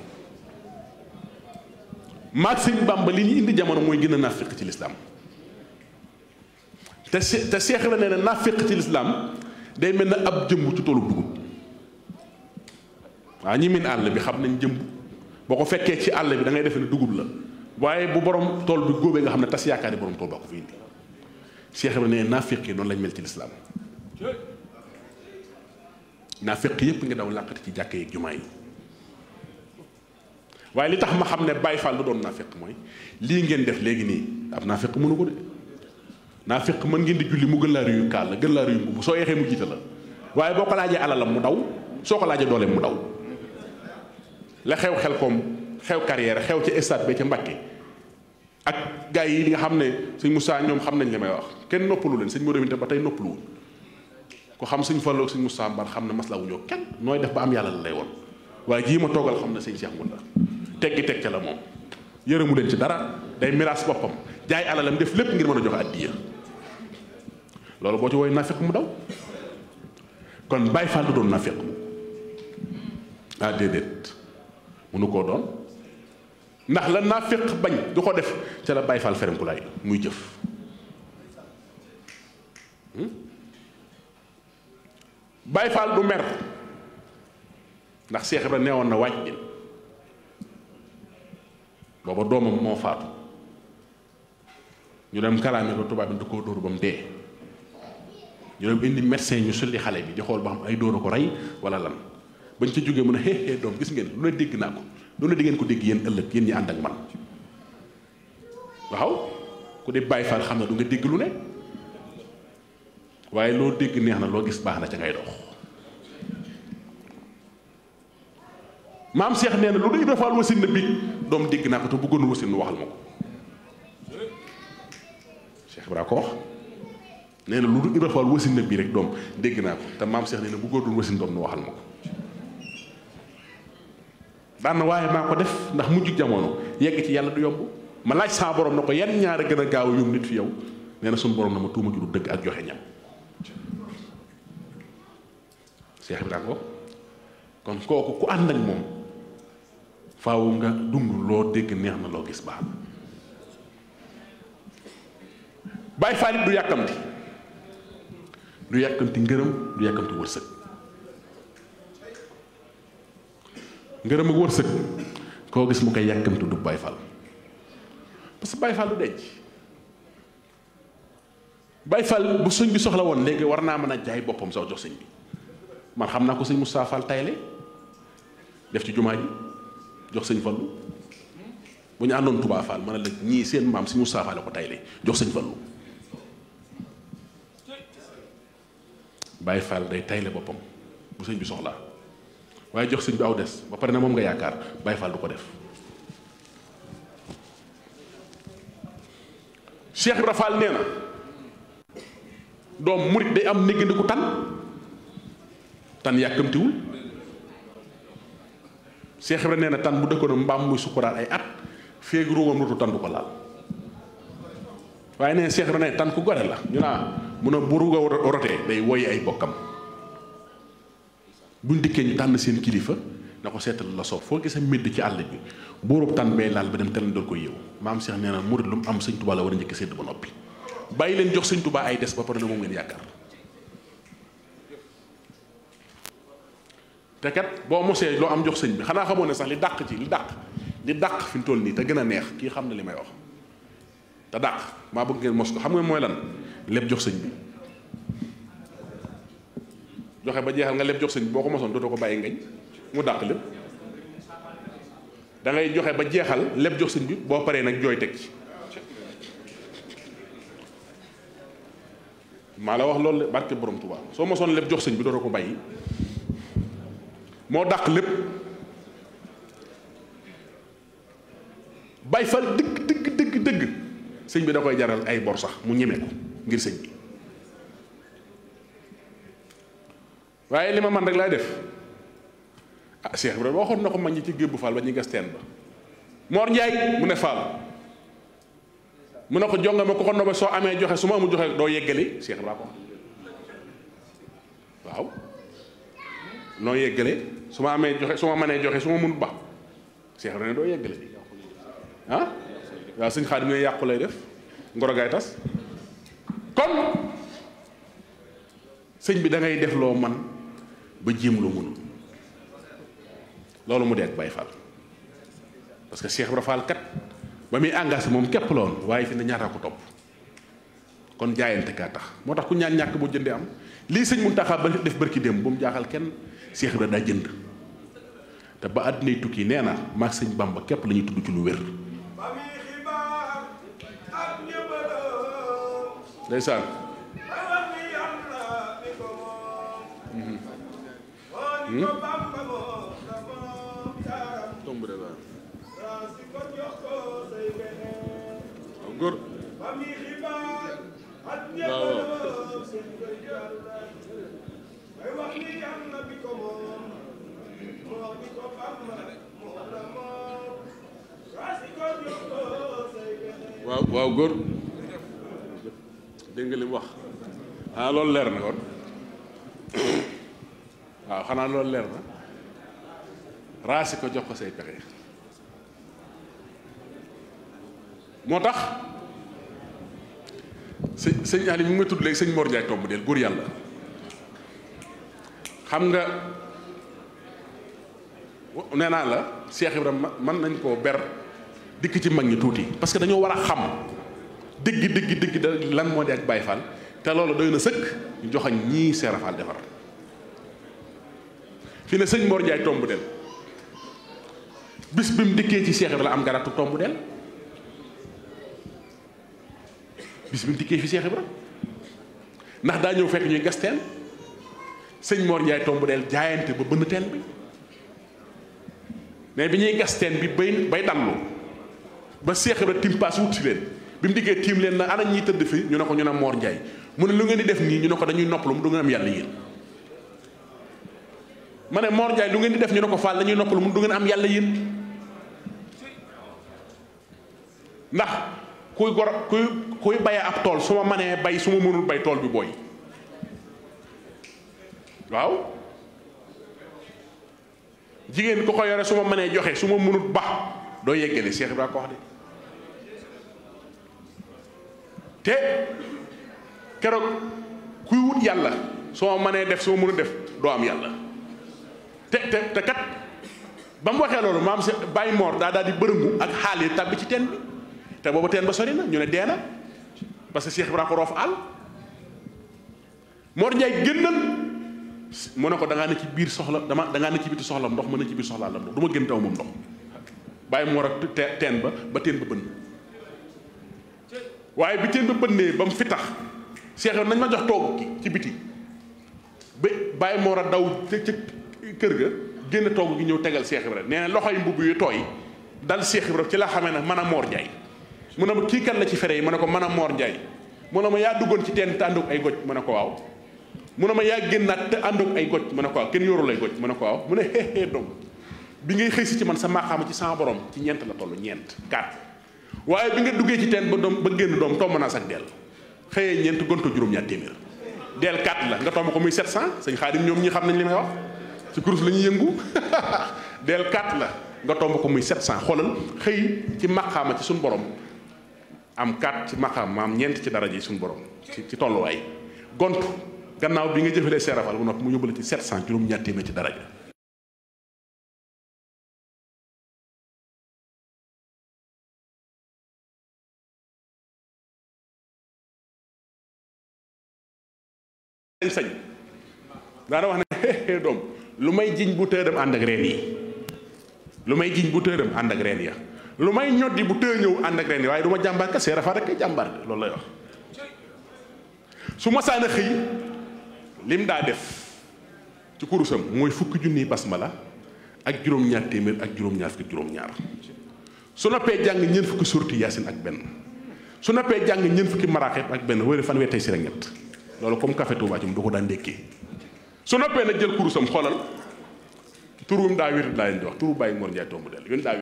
maag Bàmba li ñu indi jamono moy gëna nafiq ci l'islam te Cheikh la neena nafiq ci l'islam day mel ab jëm ci tolu dugub wa ñi min àll bi xam nañ jëmb boo ko ci àll bi da ngay def ne dugub la waye bu borom tol bi gobe nga xamne tas yakari borom tool bako fi indi Cheikh Ibra nee naafiq yi lañ mel ci l'islam naa féq yépp ngi daw làqati ci jàkk yeeg jumaa yi waaye li tax ma xam ne Baay Faal lu doon naafiq mooy lii ngeen def léegi nii ab naafiq mënu ko de naafiq mën ngeen di julli mu gën laa réyu kàll gën laa réyu mbubb soo yeexee mu jiite la waaye boo ko laajee alalam mu daw soo ko laajee dooleem mu daw la xew xel koom xew carrière xew ca stade ba ca Mbàkke ak gars yi nga xam ne sëñ Moussa ñoom xam nañ li may wax kenn noppalu leen sëñ Modou Minta ba tey noppaluwul ku xam sëñ Fallu ak mu Moussa xam na masla wuñoo kenn nooy def ba am yàlla la lay woon waaye jii ma toogal xam na sëñ Cheikh Ngounda teggi teg ca la moom yërëmu leen ci dara day miraas boppam jaay alalam def lépp ngir mën a joxe addiya loolu boo ci woy nafiq mu daw kon Baay Faal du doon nafiq ah déedéet mënu koo doon ndax la nafiq bañ du ko def ca la Baay Faal ferenku muy jëf hmm? Baay Faal du mer ndax Seex Ibra neewoon na waaj bi booba doomam moo faatu ñu dem kalaame ko tubaab bi du koo dóor ba mu dee ñu dem indi médecin ñu sulli xale bi di xool ba xam ay dóor ko rey wala lan bañ ca jógee mu ne hee hee doom gis ngeen lu ne dégg naa ko lu ne di ngeen ko dégg yéen ëllëg yéen ñi ànd ak man waaw ku di Baay Faal xam ne du nga dégg lu ne waaye loo dégg neex na loo gis baax na ca ngay dox maam Cheikh nee na lu dul Ibra Fall wasin bi doom dégg naa ko te bëggoon wasin waxal ma ko Cheikh ko wax nee na lu dul Ibra Fall wasin na bi rek doom dégg naa ko te maam Cheikh nee na bëggoon wasin doom nu waxal ma ko daan na waaye maa ko def ndax mujj jamono yegg ci yàlla du yomb ma laaj saa boroom na ko yan ñaar a gën a gaaw a yomb nit fi yow nee na suñu borom na ma tuuma ju du dëgg ak joxe ñam cheikh ibra ko kon koku ku and ak mom faaw nga dund lo deg neex na lo gis baax bàyyi faalit du yakamti du yakamti ngërëm du yakamti wërsëg ngërëm ak wërsëg ko gis mu koy yakamti du bay fal parce que bàyyi fal du denc bay fal bu sëñ bi soxla won léegi war naa jaay bopam soo jox señ bi man xam naa ko sëñ Moustapha Fall tayle def ci jumaa ji jox sëñ Fallu bu ñu àndoon Touba Fall ma ne la ñii seen maam sëñ Moustapha Fall ko tayle jox sëñ Fallu Baye Fall day tayle boppam bu sëñ bi soxlaa waaye jox sëñ bi aw des ba pare na moom nga yaakaar Baye Fall du ko def Cheikh Ibra Fall nee na doom murit day am néggandiku tan tan yàkkamtiwul Cheikh Ibra nee na tan bu dëkkoon mbaam muy sukkuraat ay at feeg ruumam lutu tan du ko laal waaye nee Cheikh Ibra nee tan ku gore la ñu naa mun a bu ruuga rotee day ay bokkam buñ dikkee ñu tànn seen kilifa na ko seetal la soob foo gisa medd ci àll bi buurub tànn bay laal ba dem te leen doon ko yëw maam Cheikh nee na murit lu mu am sëñ Tuubaa la war a njëkk sédd ba noppi bàyyi leen jox sëñ tubaa ay des ba pare na moom ngeen yaakaar te kat boo mosee loo am jox sëñ bi xanaa xamoon ne sax li dàq ci li dàq li dàq fi mu toll nii te gën a neex kii xam na li may wax te dàq maa bëgg ngeen mos ko xam nga mooy lan lépp jox sëñ bi joxe ba jeexal nga lépp jox sëñ boo ko mosoon dootoo ko bàyyi ngañ mu dàq lépp da joxe ba jeexal lépp jox sëñ boo paree nag jooy teg ci maa la wax loolu barke borom Tuubaa soo mosoon lépp jox sëñ bi dootoo ko bàyyi moo dàq lépp bay fal dëgg dëgg dëgg dëgg sëñ bi da koy jaral ay bor sax mu ñeme ko ngir sëñ waaye li ma man rek laay def ah Cheikh Ibrahima waxoon na ko mañ ñi ci gébbu faal ba ñuy gas teen ba Mor Njaay mu ne faal mu ne ko jonga ma ko ko nobe soo amee joxe su ma amul joxe doo yeggali Cheikh Ibrahima ko waaw noo yeggale su ma amee joxe su ma mënee joxe su ma mënut ba cheikh ne do yeggale han ya seigne khadim ne yàqu lay def ngoro gay tas kon seigne bi da ngay def lo man ba jéem lu mënu lolu mu dét bay fal parce que cheikh rafal kat ba mi engagé mom képp la waye fi ne ñaataa ko top kon jaayante ka tax motax ku ñaan ñak bu jëndee am li seigne mun ba def barki dem bu mu jaaxal kenn cheikh da da jënd te ba àddinay tukki nee na maag sëñ Bamba képp la ñuy tudd ci lu wér. ndeysaan. góor hmm? waaw. waaw waaw góor dégg nga li wax ah loolu leer na kon waaw xanaa loolu leer na raasi ko jox ko say pexe moo tax sëñ sëñ Ali mu ngi may tudd léegi sëñ Mor Ndiaye tomb del góor yàlla xam nga nena la Cheikh ibrahim man nañ ko ber dik ci magni touti parce que dañu wara xam deug deug deug da lan moo di ak Baye Fall te loolu doy na ñu joxañ ñi Seera Fall defar fi ne seigne Mor jay tombu del bis bim dikke ci Cheikh ibrahim am garatu tombu del bis bim dikke fi Cheikh ibrahim ndax da ñëw fekk ñuy gas seigne Mor Ndiaye tombu del jaayante ba bënn tel bi mais bi ñuy gas teen bi bay bay dallu ba Seex Ibra timpaas wut si leen bi mu diggee tiim leen na ana ñiy tëdd fi ñu ne ko ñu ne Mor Ndiaye mu ne lu ngeen di def nii ñu ne ko dañuy noppalu du yàlla yéen ne Mor Ndiaye lu ngeen di def ñu ne ko Fall dañuy noppalu mu du ngeen am yàlla yéen ndax kuy gor kuy kuy baye ab tool su ma manee bay su ma mënul bay tool bi booy waaw jigéen ku ko yore su ma mënee joxe su ma mënut ba doo yeggale Cheikh Ibrahima ko wax de te keroog kuy wut yàlla su ma mënee def su ma mënut def doo am yàlla te te te kat ba mu waxee loolu maam si bàyyi moor daa daal di bërëngu ak xaal yi tàbbi ci teen bi te booba teen ba sori ñu ne dee na parce que Cheikh Ibrahima ko roof àll Mor Ndiaye génnal mono ko da nga ne ci bir soxla dama da nga ne ci biti soxla ndox mo ne ci bir soxla la ndox duma gën taw mom ndox bàyyi mo rak ten ba ba ten ba bënn waye bi ten ba bënnee ba fi tax cheikh nañ ma jox tok ci biti mo ra daw ci ga gën tok gi ñew tégal cheikh ibrahim na loxo yu toy dal cheikh ibrahim ci la xamé nag mën mor jaay mu ne kan la ci féré yi ko mor jaay mu ma ci ten tanduk ay goj ko waaw mun ne ma yaa génnaat te àndoog ay goj mu ne ko waaw kenn yorul ay goj mu ne ko waaw mu ne xeexee donc bi ngay xëy si ci man sa maqaama ci sama borom ci ñeent la toll ñeent quatre waaye bi nga duggee ci teen ba doom ba génn doom tomb naa sax dell xëyee ñeent gonto juróom-ñaar téeméer dell quatre la nga tomb ko muy sept cent sëñ xaadim ñoom ñi xam nañ li may wax ci kurus la ñuy yëngu del quatre la nga tomb ko muy sept cent xoolal xëy ci maqaama ci suñ borom am quatre ci maqaama maam ñeent ci yi suñ borom ci ci tolluwaay gontu gannaaw bi nga jëfalee seerafal bu noppi mu yóbbale ci 700 juróom ñaar téeméer ci daraja sañ daana wax ne doom lu may jiñ bu tëram ànd ak reen yi lu may jiñ bu tëram ànd ak reen ya lu may ñoddi bu tëë ñëw ànd ak reen yi waaye du ma jàmbaar ka seerafa rek jàmbaar loolu lay wax su ma saan a xëy lim daa def ci kurusam mooy fukki junniy basmala ak juróom-ñaar téeméer ak juróom-ñaar fukki juróom-ñaar su noppee jàng ñeent fukki sorti yaasin ak benn su noppee jàng ñeent fukki maraaxeeb ak benn wéri fanweer tey si rek ñett loolu comme café Touba ci mu du ko daan dékkee su noppee nag jël kurusam xoolal turum daa wér daa leen di wax turu bàyyi Mor Ndiaye tombu del yoon daa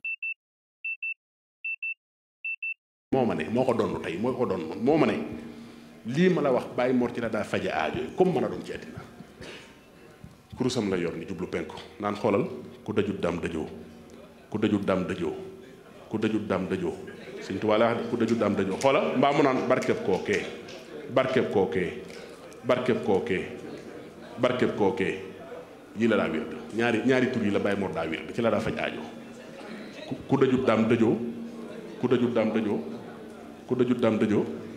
moo ma ne moo ko doon tey lima ma la wax bàyyi mor ci la da faja aajo yi comme mën doon ci àddina kurusam la yor ni djublu penko nan xolal ku dajju dam dajjo ku dajju dam dajjo ku dajju dam dajjo seigne touba la ku dajju dam dajjo xolal mba mu naan ko ke barkeb ko ke kookee ko ke yi la da wird ñaari ñaari tur yi la bàyyi mor daa wird ci la da faja aajo ku dajju dam dajjo ku dajju dam dajjo ku dajju dam dajjo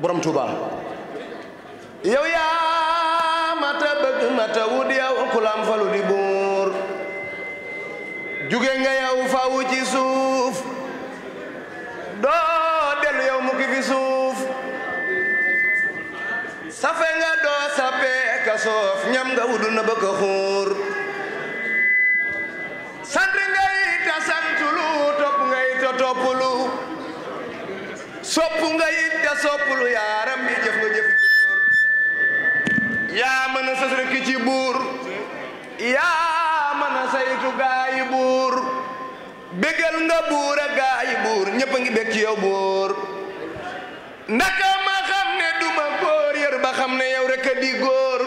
borom Touba yow ya mata bëgg mata wut yow ya, kulam falu di bur juge nga ya, yow faawu ci suuf do dellu yow ya, mukki fi suuf fe nga sa sape ka soof ñam nga wudu na bëgg xoor xuur ngay ta santulu top ngay to topulu sopp nga it te soppulu yaaram bi jëf nga jëfi góor yaa mën a sës ci buur yaa mën a saytu gaayi buur bégal nga buur a gaayi buur ñëpp ngi bég ci yow buur ndaka ma xam ne duma góor yër ba xam ne yow rek a di góor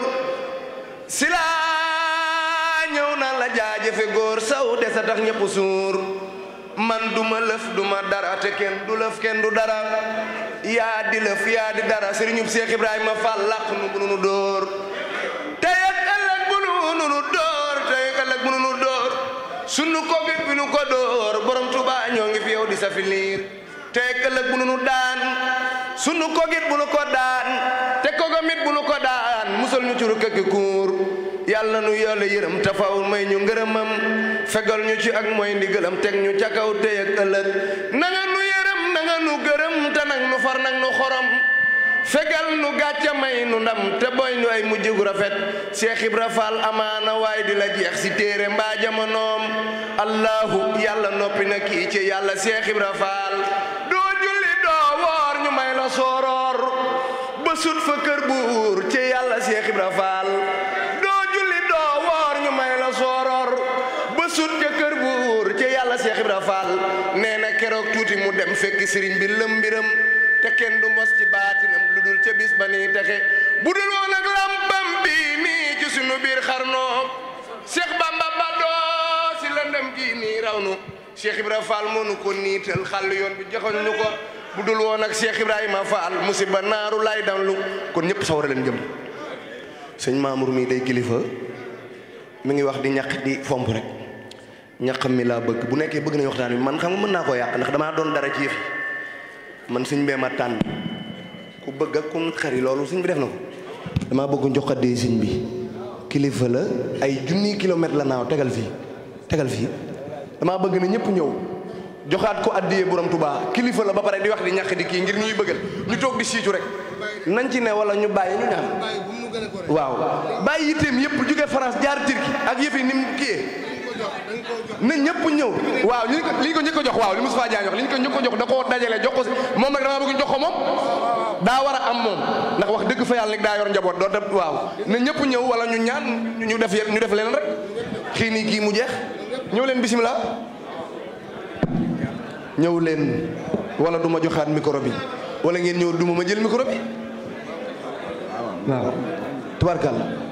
si laa ñëw na la jaajëfe góor saw de sa tax ñëpp suur man duma lëf duma dara te kenn du lëf kenn du dara yaa di lëf yaa di dara sëriñub Cheikh Ibrahima Fall làq nu bu nu dóor tey ak ëllëg bu nu nu sunu ko bi bi nu ko dóor borom Tuubaa ngi fi yow di safiliir tey ak ëllëg bu nu daan sunu kogit bu nu ko daan te kogomit bu nu ko daan musal ñu ci kuur yàlla nu yàlla yërëm tafaw may ñu ngërëmam fegal ñu ci ak mooy ndigalam teg ñu ca kaw tey ak ëllëg na nga nu yërëm na nga nu gërëm te nag nu far nag nu xorom fegal nu gàcca may nu ndam te boy nu ay mujj gu rafet Cheikh Ibra Fall amaana waaye di la jeex si téere mbaa jamonoom allahu yàlla noppi na kii ci yàlla Cheikh Ibra Fall doo julli doo woor ñu may la sooroor ba sut fa kër buur ci yàlla Cheikh Ibra Fall mu fekki sëriñ bi lëm mbiram te kenn du mos ci baatinam lu dul ca bis ba nii texe bu dul woon ak làmpam bi nii ci sunu biir xarnoo Cheikh Bamba badoo si lëndëm gi nii raw nu Cheikh Ibra Fall mënu ko niital xàll yoon bi joxoñ ñu ko bu dul woon ak Cheikh Ibrahima Fall musiba naaru lay danlu kon ñëpp sawara leen jëm sëñ Mamour mii day kilifa mu ngi wax di ñaq di fomp rek ñaqam mi laa bëgg bu nekkee bëgg na waxtaan bi man xam nga mën naa koo yàq ndax damaa doon dara ci yëf man suñ bee ma tànn ku bëgg ak ku xari loolu suñ bi def na ko damaa bëgg jox addi suñ bi kilifa la ay junni kilomètre la naaw tegal fii tegal fii damaa bëgg na ñëpp ñëw joxaat ko addiyee borom Tuubaa kilifa la ba pare di wax di ñàkk di kii ngir ñuy bëggal ñu toog di siicu rek nañ ci ne wala ñu bàyyi ñu ñaan waaw bàyyi yitteem yëpp jóge France jaar Turquie ak yëf yi ni na ñepp ñew waaw ñu li ko njëkk jox waaw li Moustapha Diagne jox li ko jox da dajale jox ko mom rek dama bëgg jox ko mom da wara am mom ndax wax deug fa yalla nek da yor njabot do dem waaw na ñepp ñew wala ñu ñaan ñu def ñu def leen rek xini gi mu jeex ñew leen bismillah ñew leen wala duma joxaat micro bi wala ngeen ñew duma ma jël micro bi waaw tabarakallah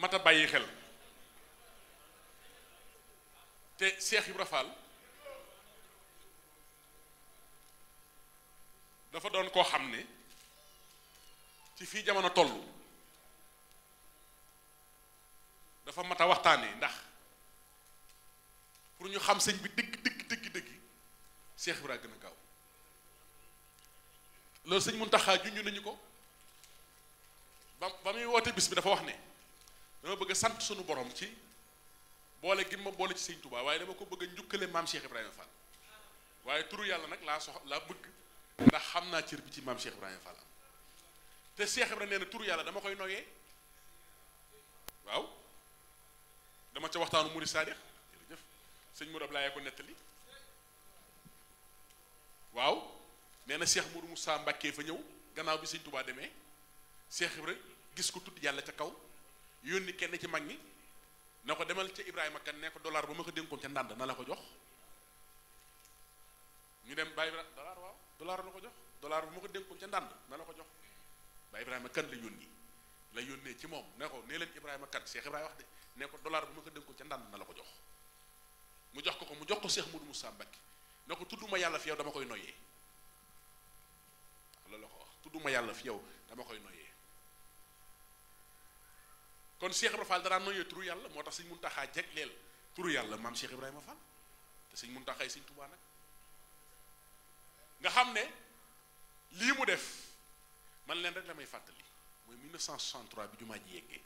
mat a bàyyi xel te Cheikh Ibra Fall dafa doon koo xam ne ci fii jamono toll dafa mat a waxtaanee ndax pour ñu xam sëñ bi dëgg dëgg dëgg dëgg Cheikh Ibra gën a gaaw loolu sëñ taxaa junj nañu ko ba ba muy woote bis bi dafa wax ne dama bëgg sant suñu borom ci boole gi ma boole ci sëñ Touba waaye dama ko bëgg a njukkale maam Cheikh Ibrahima Fall waaye turu yàlla nag laa sox laa bëgg xam naa cër ci maam Cheikh Fall te Cheikh Ibrahima nee na turu yàlla dama koy noyee waaw dama ca waxtaanu Mouride Sadikh jërëjëf sëñ Mouride Ablaye ko nettali waaw nee na Cheikh Mourou Moussa Mbacke fa ñëw gannaaw bi sëñ tubaa demee Cheikh rek gis ko tudd yàlla ca kaw. yónni kenn ci mag ñi na ko demal ca Ibrahima kan ne ko dollar ba ma ko dénkoon ca ndànd na la ko jox ñu dem bàyyi dollar waaw dollar na ko jox dollar ba ma ko dénkoon ca ndànd na la ko jox ba Ibrahima kan la yónni la yónnee ci moom ne ko nee leen Ibrahima kan Cheikh Ibrahima wax de ne ko dollar ba ma ko dénkoon ca ndànd na la ko jox mu jox ko ko mu jox ko Cheikh Modou Moussa Mbacké ne ko tudduma yàlla fi yow dama koy noyyee loolu la ko wax tudduma yàlla fi yow dama koy noyyee. kon Cheikh Ibrahima Fall danaa noyyee turu yàlla moo tax sëñ Muntaxa jagleel turu yàlla maam Cheikh Ibrahima Fall mun sëñ Muntaxa ay sëñ Tuubaa nag nga xam ne lii mu def man leen rek la may fàttali mooy 1963 bi jumaa ji yeggee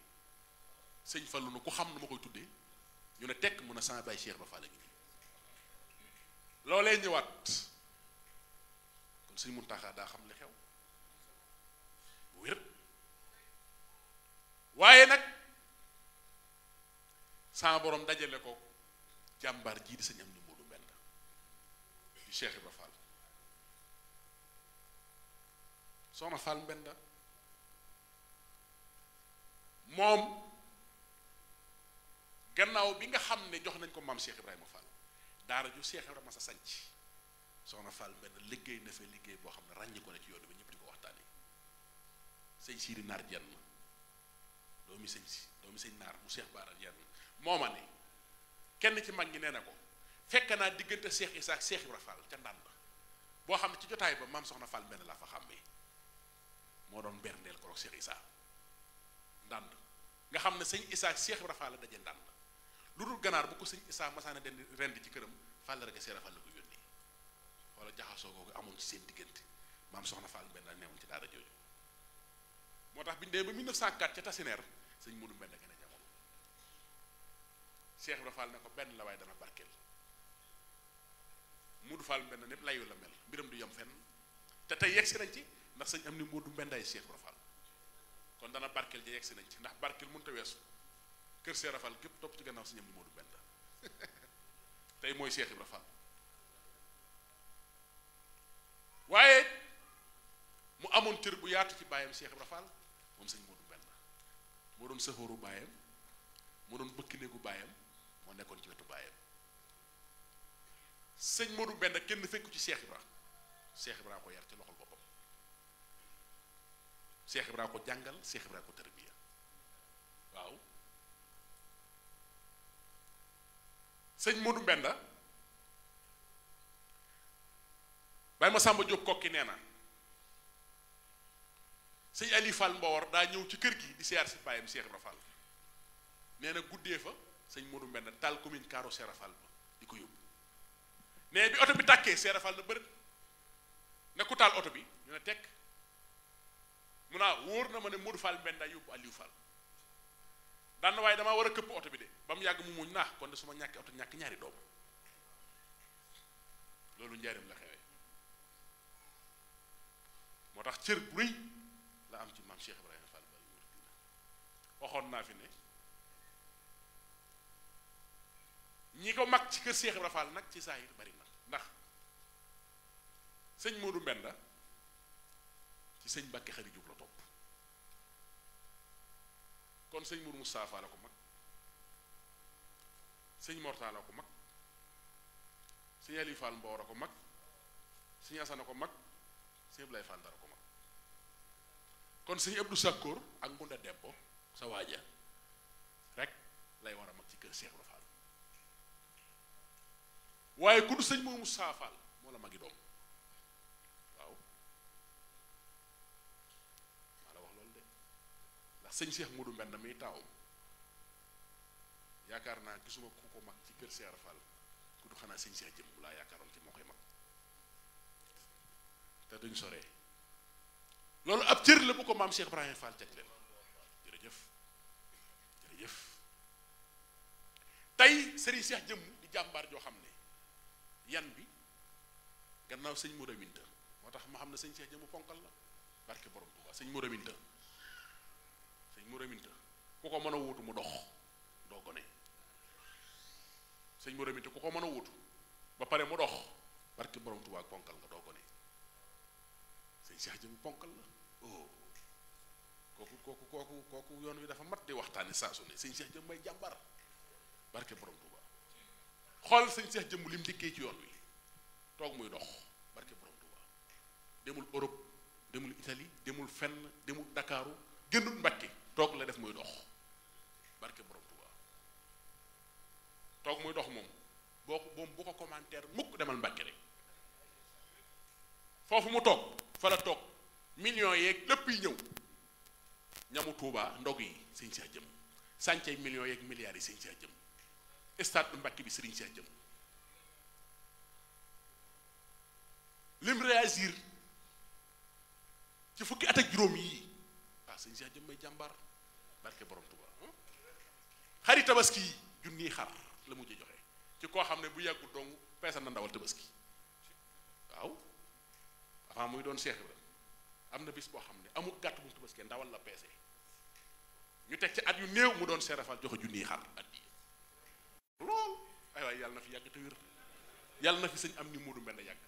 sëñ Fallu na ku xam nu ma koy tuddee ñu ne tekk mun a sama baay Cheikh Ibrahima Fall ngi nii loolee ñëwaat kon sëñ Muntaxa daa xam li xew wér waaye nag sama boroom dajale ko jàmbaar jii di sañ am ni Moodu Mbenda di Cheikh Ibra Fall soxna Fall Mbenda moom gannaaw bi nga xam ne jox nañ ko maam Cheikh Ibrahima Fall daara ju Cheikh Ibrahima sa sanc soxna Fall Mbenda liggéey na fa liggéey boo xam ne ràññi ko na ci yoon bi ñëpp di ko waxtaanee sëñ di Naar jenn doomi sëñ si doomi sëñ Naar mu Cheikh Baara jenn moo ne kenn ci mag ñi nee na ko fekk naa diggante Cheikh Issa ak Cheikh Ibra ca ndànd boo xam ne ci jotaay ba maam soxna Fall benn laa fa xàmmee moo doon berndeel ko seex Issa ndànd nga xam ne sëñ Issa ak Cheikh Ibra Fall la daje ndànd lu dul ganaar bu ko sëñ Issa masaana den rend ci këram Fall rek Cheikh Ibra Fall la ko yónnee wala jaxasoo googu amoon ci seen diggante maam soxna Fall benn newoon ci daara jooju moo tax bi ñu dee ba 1904 ca Tasineer sëñ Modou Mbène Cheikh Ibra Fall ne ko benn la waaye dana barkeel Moodu Fall mbenn népp layu la mel mbiram du yem fenn te tey yegsi nañ ci ndax sañ am ni Moodu mbendaay Cheikh Ibra Fall kon dana barkeel ji yegsi nañ ci ndax barkeel mënut a weesu kër see Ibra Fall gépp topp ci gannaaw sëñ am ni Moodu mbenda tey mooy Cheikh Ibra waaye mu amoon cër bu yaatu ci bàyyam Cheikh Ibra Fall moom sëñ Moodu mbenn moo doon sëfooru bàyyam moo doon bëkk néegu bàyyam moo nekkoon ci wetu bàyyam sëñ Modou benn kenn fekku ci Cheikh Ibra Cheikh Ibra ko yar ci loxol boppam Cheikh Ibra ko jàngal Cheikh Ibra ko tarbiya waaw sëñ Modou Mbenda bàyyi ma Samba Diop kokki sëñ Ali Fall Mbawar daa ñëw ci kër gi di siyaar si bàyyam Cheikh Ibra Fall nee na guddee fa sëñ Modou Mbenn taal commune Kaaru Serafal ba di ko yóbbu ne bi oto bi tàkkee Serafal na bëri ne ku taal oto bi ñu ne tekk mun naa wóor na ma ne Modou Fall Mbenn daa yóbbu Aliou Fall daan na waaye damaa war a këpp oto bi de ba mu yàgg mu muñ naa kon de su ma ñàkkee oto ñàkk ñaari doom loolu njaarim la xewee moo tax cër bu rëy am ci maam Cheikh Ibrahima Fall ba waxoon naa fi ne. ñi ko mag ci kër Cheikh rafal Fall nag ci sahir bari na ndax sëñ Modou Mbenda ci sëñ bakki Xari la topp kon sëñ Modou Moustapha la ko mag sëñ la ko mag sëñ ali Fall Mbora ko mag sëñ assan ko mag sëñ Fall dara ko mag kon sëñ Abdou Sakor ak Ngunda Debbo sa waja rek lay wara mag ci kër Cheikh waaye ku du sëñ moomu saafaal moo la magi doom waaw maa la wax loolu de ndax sëñ Cheikh Modou Mbenn mi taawam yaakaar naa gisuma ku ko mag ci kër Cheikh Fall ku du xanaa sëñ Cheikh jëm laa yaakaaroon ci moo koy mag te duñ soree loolu ab cër la bu ko maam Cheikh Ibrahima Fall jagleel jërëjëf jërëjëf tey sëriñ seex jëm di jàmbaar joo xam ne yan bi gannaaw sëñ Modou Aminta moo tax ma xam na sëñ Cheikh jëmu ponkal la barke borom Tuubaa sëñ Modou sëñ Modou Aminta ko mën a wuutu mu dox doo gone sëñ Modou Aminta ko mën a wuutu ba pare mu dox barke borom Tuubaa ponkal nga doo gone sëñ Cheikh jëmu ponkal la oh kooku kooku kooku kooku yoon wi dafa mat di waxtaani saa su ne sëñ Cheikh jëm may jàmbar barke borom Tuubaa xool sëñ Seex jëmb li mu ci yoon wi toog muy dox barke borom Tuuba demul Europe demul Italie demul fenn demul Ndakaaru génnul Mbàkke toog la def muy dox barke borom Tuuba toog muy dox moom boo ko moom bu ko commentaire mukk demal Mbàkke rek foofu mu toog fa la toog millions yeeg lépp yi ñëw ñamu Tuuba ndog yi sëñ Seex jëmb sàncay millions yeeg milliards yi sëñ Seex jëmb stade bu Mbàkke bi Serigne see jëm lim réagir ci fukki at ak juróom yi waaw Serigne Cheikh jëm may jàmbaar barke borom Tuuba xari tabaski yi xar la mujj joxe ci koo xam ne bu yàggu dong peesal na ndawal tabaski waaw avant muy doon Cheikh Ibrahima am na bis boo xam ne amul gàtt bu mu ndawal la peese ñu teg ci at yu néew mu doon seerafal joxe junniy xar lool ay yàlla na fi yàgg te wér yàlla na fi sëñ am ni Moodu Mbend yàgg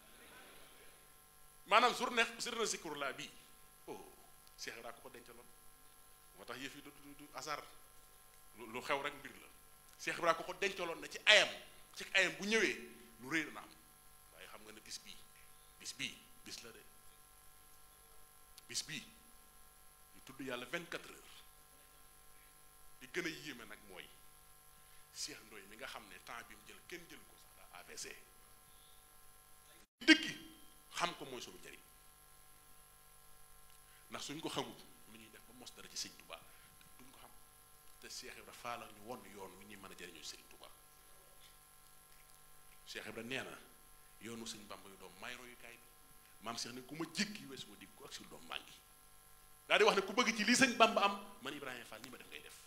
maanaam journée journée si laa bii oh Cheikh Ibra ko ko dencaloon moo tax yëf yi du du hasard lu xew rek mbir la Cheikh Ibra ko ko dencaloon na ci ayam ci ayam bu ñëwee lu réer na am waaye xam nga ne bis bi bis bi bis la de bis bi di tudd yàlla 24 heures di gën a yéeme nag mooy. Cheikh Ndoye mi nga xam ne temps bi mu jël kenn jël ko sax daa xam ko mooy suñu njëriñ ndax suñ ko xamul lu ñuy def ba mos ci sëñ Touba duñ ko xam te Cheikh Ibra faala ñu won yoon wi ñuy mën a jëriñoo sëñ Touba Cheikh Ibra nee na yoonu sëñ Bamba yu doom may royukaay bi maam Cheikh ne ku ma jékki weesu ma digg ko ak si doom maa ngi daal di wax ne ku bëgg ci lii sëñ Bamba am man Ibrahima Fall ñi ma def ngay def.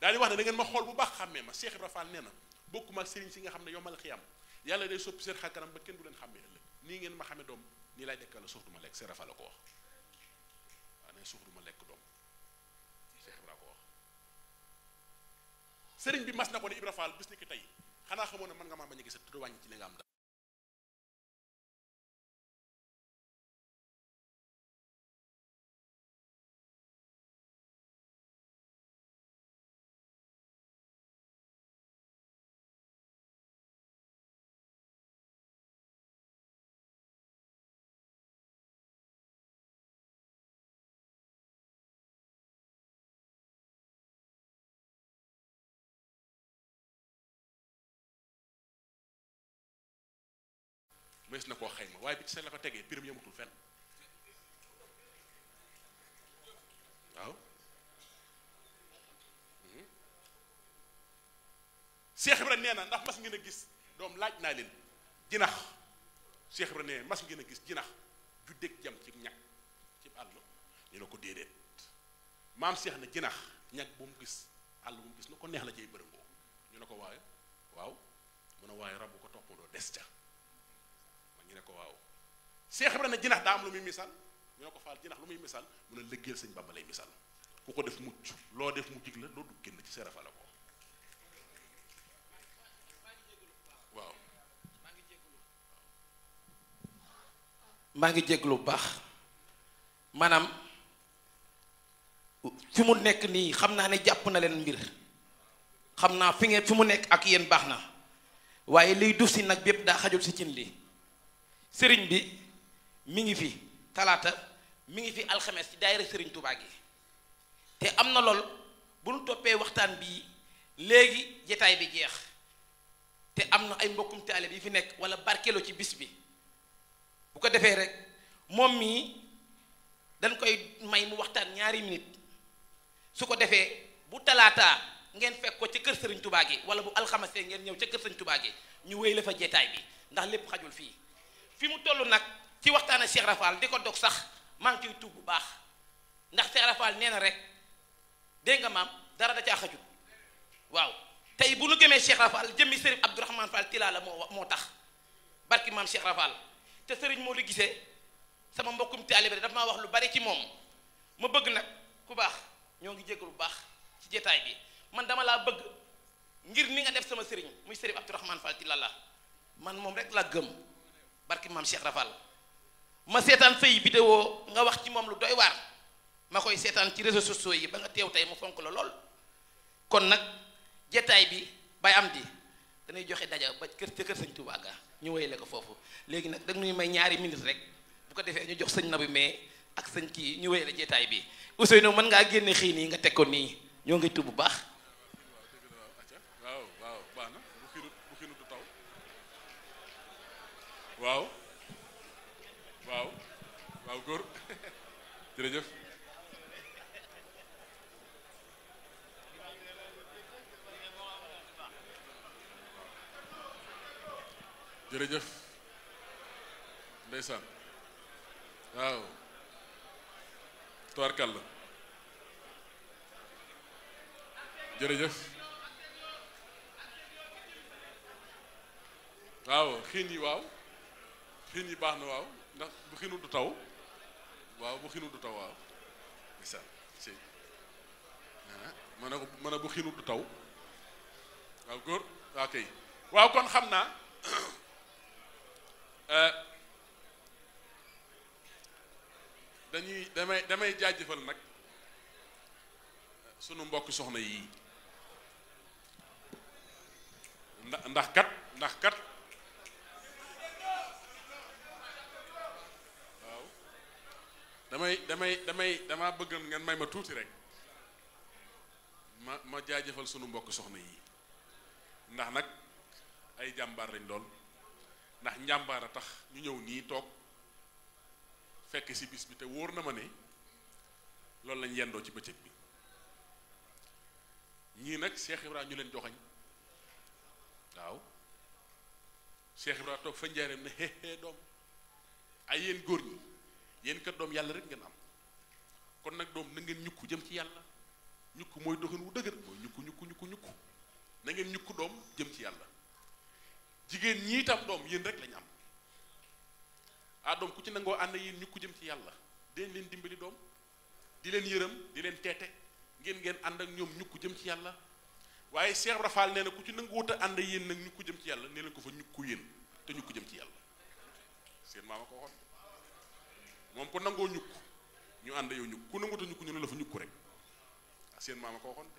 daal di wax ne da ngeen ma xool bu baax xàmmee ma Cheikh Ibra Fall nee na bokkuma ak sëriñ si nga xam ne yomal xiyam yàlla day soppi seen xarkanam ba kenn du leen xàmmee ëllëg nii ngeen ma xamee doom nii lay dekkal suuf du ma lekk Cheikh Ibra Fall la ko wax waaw ne suuf du ma lekk doom Cheikh Ibra ko wax sëriñ bi mas na ko ne Ibra Fall bis tey xanaa xamoon ne mën nga maa bañ a gis te du wàññi ci li nga am mënees na koo xayma waaye bi ci seen la ko tegee piram yamatul hmm? nee na ndax mas ngeen gis doom laaj naa leen jinax Cheikh Ibra nee na a gis jinax ju dégg jam ci ñag ci àll ñu ne ko déedéet maam Cheikh na jinax ñag bu mu gis àll bu mu gis nu ko neex la cay bërëngoo ñu ne ko waaye waaw mun a waaye rab bu ko toppandoo des ca ñu ne ko waaw Cheikh Ibrahima ne jinax daa am lu muy misaal ñu ne ko faal jinax lu muy misaal mun a lëggeel sëñ Bamba lay misaal ku ko def mucc loo def mu jig la loolu génn ci seerafa la ko maa ngi jéglu bu baax maanaam fi mu nekk nii xam naa ne jàpp na leen mbir xam naa fi ngeen fi mu nekk ak yéen baax na waaye liy duf si nag bépp daa xajul si cin li sëriñ bi mi ngi fi talaata mi ngi fi alxames ci daayira sëriñ tubaa gi te am na lool bu nu toppee waxtaan bii léegi jataay bi jeex te am na ay mbokkum taalibe yi fi nekk wala barkelo ci bis bi bu ko defee rek moom mii dañ koy may mu waxtaan ñaari minute su ko defee bu talaataa ngeen fekk ko ci kër sëriñ Touba gi wala bu alxames ngeen ñëw ca kër sëriñ Touba gi ñu wéy la fa jataay bi ndax lépp xajul fii fi mu toll nag ci waxtaan ak Cheikh Rafal di ko dog sax maa ngi ciy tuub bu baax ndax Cheikh Rafal nee na rek dégg nga maam dara da ca xajul waaw tey bu nu gëmee Cheikh jëmmi Serigne Abdourahmane Fall tilaa la moo wax moo tax barki maam Cheikh Rafal te Serigne moo lu gisee sama mbokkum taalibe dafa ma wax lu bari ci moom ma bëgg nag ku baax ñoo ngi jégg lu baax ci jotaay bi man dama laa bëgg ngir ni nga def sama Serigne muy Serigne Abdourahmane Fall tilaa la man moom rek la gëm. barki maam Cheikh Rafal ma seetaan say vidéo nga wax ci moom lu doy waar ma koy seetaan ci réseaux sociaux yi ba nga teew tey mu fonk la lool kon nag jetaay bi bay am di danay joxe daja ba kër ca kër sëñ Touba ga ñu woyale ko foofu léegi nag da ñuy may ñaari minutes rek bu ko defee ñu jox sëñ bi mais ak sëñ kii ñu woyale jetaay bi Ousseynou mën ngaa génne xiin yi nga teg ko nii ñoo ngi tudd bu baax waaw waaw waaw góor jërëjëf jërëjëf ndeysaan waaw tubaarkàll jërëjëf waaw xiin yi waaw xiin yi baax na waaw ndax bu xinu du taw waaw bu xinu du taw waaw misaal si ah, ma bu taw waaw góor waaw kay waaw kon xam naa eh, dañuy damay damay jaajëfal nag sunu mbokk soxna yii ndax ndax kat ndax kat damay damay damay dama bëgg ngeen may ma tuuti rek ma ma jaajëfal sunu mbokk soxna yi ndax nag ay jàmbaar lañ doon ndax njàmbaar tax ñu ñëw nii toog fekk ci bis bi te wóor na ma ne loolu lañ yendoo ci bëccëg bi ñii nag Cheikh ibrahim ñu leen joxañ waaw Cheikh ibrahim toog fa njaareem ne he he doom ay yéen góor ñi yéen kat doom yàlla rek ngeen am kon nag doom na ngeen ñukku jëm ci yàlla ñukk mooy doxin wu dëgër mooy ñukku ñukk ñukku ñukk na ngeen ñukku doom jëm ci yàlla jigéen ñi itam doom yéen rek lañu am ah doom ku ci nangoo ànd yéen ñukku jëm ci yàlla dinañ leen dimbali doom di leen yërëm di leen teete ngeen ngeen ànd ak ñoom ñukku jëm ci yàlla waaye Cheikh Ibra Fall nee ku ci nanguwut ànd yéen nag ñukku jëm ci yàlla nee leen ko fa ñukku yéen te ñukku jëm ci yàlla seen maama ko waxoon moom ko nangoo ñukk ñu ànd yow ñukk ku nanguta ñukk ñu ne la fa ñukk rek ah, seen maama ko waxoon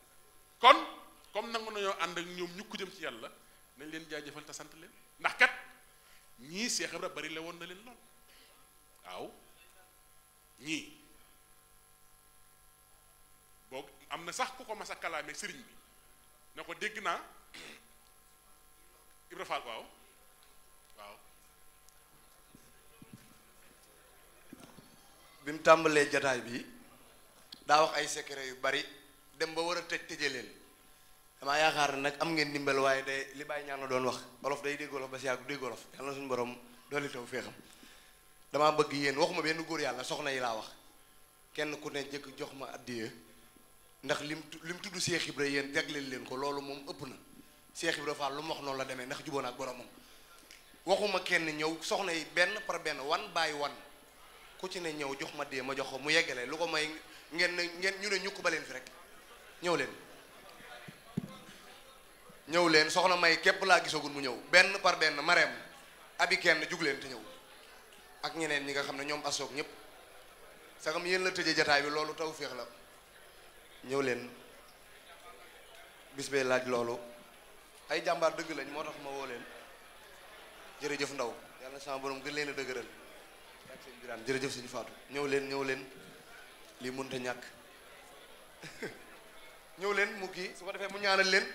kon comme nangu nañoo ànd ak ñoom ñukk jëm ci yàlla nañ leen jaajëfal te sant leen ndax kat ñii see Ibra bari la woon na leen lool waaw ñii boog am na sax ku ko mas a sëriñ bi na ko dégg naa Ibra Faal waaw bi mu tàmbalee jataay bii daa wax ay secret yu bari dem ba war a tëj tëje leen damaa yaakaar ne nag am ngeen ndimbal waaye day li bàyyi ñaan la doon wax olof day dégg olof ba si yàggu dégg olof yàlla na suñu borom damaa bëgg yéen waxuma benn góor yàlla soxna yi laa wax kenn ku ne jëkk jox ma addiya ndax lim lim tudd Cheikh Ibra yéen jagleel leen ko loolu moom ëpp na Cheikh Ibra Fall lu mu wax noonu la demee ndax jubóon ak boromam waxuma kenn ñëw soxna yi benn par benn wan bàyyi wan ku ci ne ñëw jox ma dee ma jox ko mu yeggale lu ko may ngeen ne ngeen ñu ne ñukk ba leen fi rek ñëw leen ñëw leen soxna may képp laa gisagul mu ñëw benn par benn mareem abi kenn jug leen te ñëw ak ñeneen ñi nga xam ne ñoom asoog ñëpp saxam yéen la tëjee jataay bi loolu taw féex la ñëw leen bis bee laaj loolu ay jàmbaar dëgg lañ moo tax ma woo leen jërëjëf ndaw yàlla na sama borom gën leen a dëgëral Birane jërëjëf sëñ Fatou ñëw leen ñëw leen lii mënut a ñàkk ñëw leen mu kii su ko defee mu ñaanal leen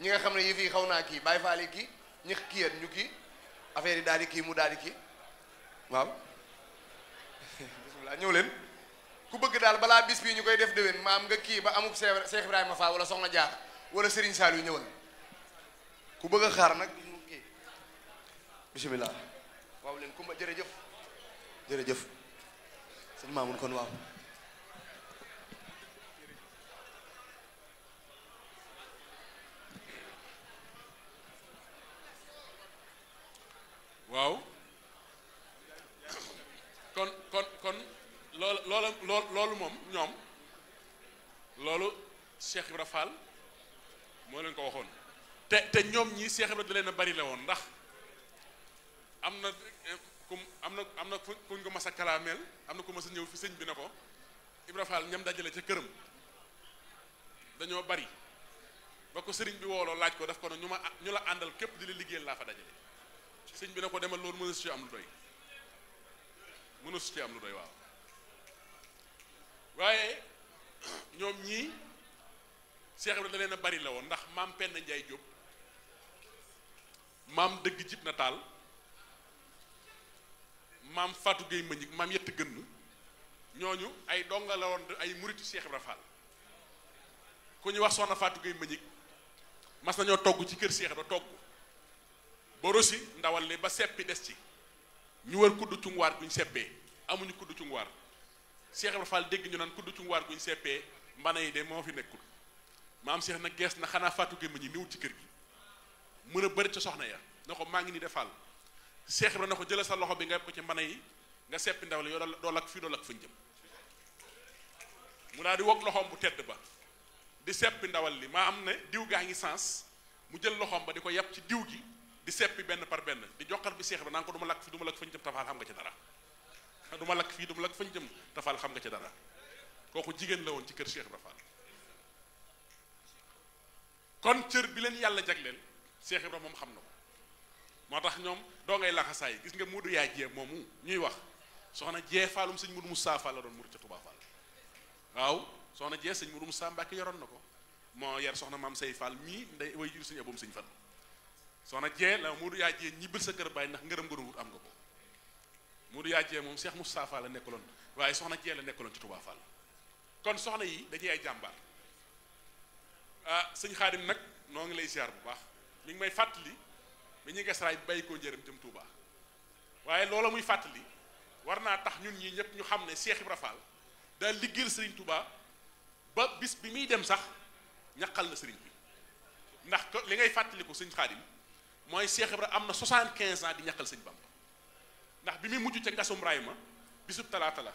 ñi nga xam ne yëf fii xaw naa kii bay faa kii ñi kii ñu kii affaire yi daal di kii mu daal di kii waaw bismillah ñëw leen ku bëgg daal balaa bis bii ñu koy def déwén maam nga kii ba amub Cheikh Ibrahima Fall wala Soxna Jaar wala Serigne Saliou yu ñëwal ku bëgg xaar nag ñu kii bismillah waaw leen kumba jërëjëf jërëjëf sëñ Mamoun kon waaw waaw kon kon kon loolu loolu moom ñoom loolu Cheikh Ibra Fall moo leen ko waxoon te te ñoom ñii Cheikh Ibra leen a bari la woon ndax am na am na am na kuñ ko ma a kalaameel am na ku mas a ñëw fi sëñ bi ne ko Ibra Fall ñam dajale ca këram dañoo bari ba ko sëriñ bi wooloo laaj ko daf ko ne ñu ma ñu la àndal képp di la liggéeyal laa fa dajale sëñ bi na ko demal loolu mënesu ci am doy mënesu ci am lu doy waaw waaye ñoom ñii Cheikh Ibrahima da leen a bari la woon ndax maam Penda Njaay Jóob maam dëgg jib na taal maam Fatou Gueye Mbagnick maam yett gën ñooñu ay donga la woon ay muritu Cheikh Ibra Fall ku ñu wax soxna faatu Gueye Mbagnick mas nañoo togg ci kër Cheikh Ibra togg ba ndawal li ba seppi des ci ñu wër kudd cunguwaar guñ seppee amuñu kudd cunguwaar Cheikh Ibra Fall dégg ñu naan kudd cunguwaar guñ seppee mbana yi de moo fi nekkul maam Cheikh na gees na xanaa Fatou Gueye Mbagnick niwut ci kër gi mën a bëri ca soxna ya na ko maa ngi ni defaal Seex Ibra na ko jëlee sa loxo bi nga yeb ko ci mbana yi nga seppi ndaw la yoo dool ak fii dool ak fañ jëm mu daal di wog loxoom bu tedd ba di seppi ndawal li maa am ne diw gaa ngi sens mu jël loxoom ba di ko yàpp ci diw gi di seppi benn par benn di joxar bi Seex Ibra naan ko du ma fii du ma lakk fañ jëm tafaal xam nga ci dara du ma lakk fii du lakk fañ jëm tafaal xam nga ci dara kooku jigéen la woon ci kër Seex Ibra Faal kon cër bi leen yàlla jagleel Seex Ibra moom xam na ko moo tax ñoom doo ngay laxasaay gis nga Modou yaa jee moomu ñuy wax soxna jee faalum sëñ Modou Moussa Fall la doon murid ca Touba Fall waaw jee sëñ Modou Moussa Mbacke yoroon na ko moo yar soxna maam say Fall mii nday way jur sëñ aboom sëñ Fall soxna jee la yaa jee ñibbil sa kër bàyyi ndax ngërëm nga doon wut am nga ko Modou yaa jee moom Cheikh Moussa Fall la nekk nekkaloon waaye soxna jee la nekkaloon ca Touba kon soxna yi dañuy ay jàmbaar ah sëñ Xaadim nag noo ngi lay ziar bu baax mi ngi may fàttali bi ñuy gas raay bi bàyyi koo njëriñ jëm Touba waaye loola muy fàttali war naa tax ñun ñi ñëpp ñu xam ne Cheikh Ibra Fall daal liggéeyal Serigne Touba ba bis bi muy dem sax ñaqal na Serigne bi ndax li ngay fàttaliku sëñ Xaadim mooy Cheikh Ibra am na 75 ans di ñaqal sëñ Bamba ndax bi muy mujj ca ngasum raay ma bisub talaata la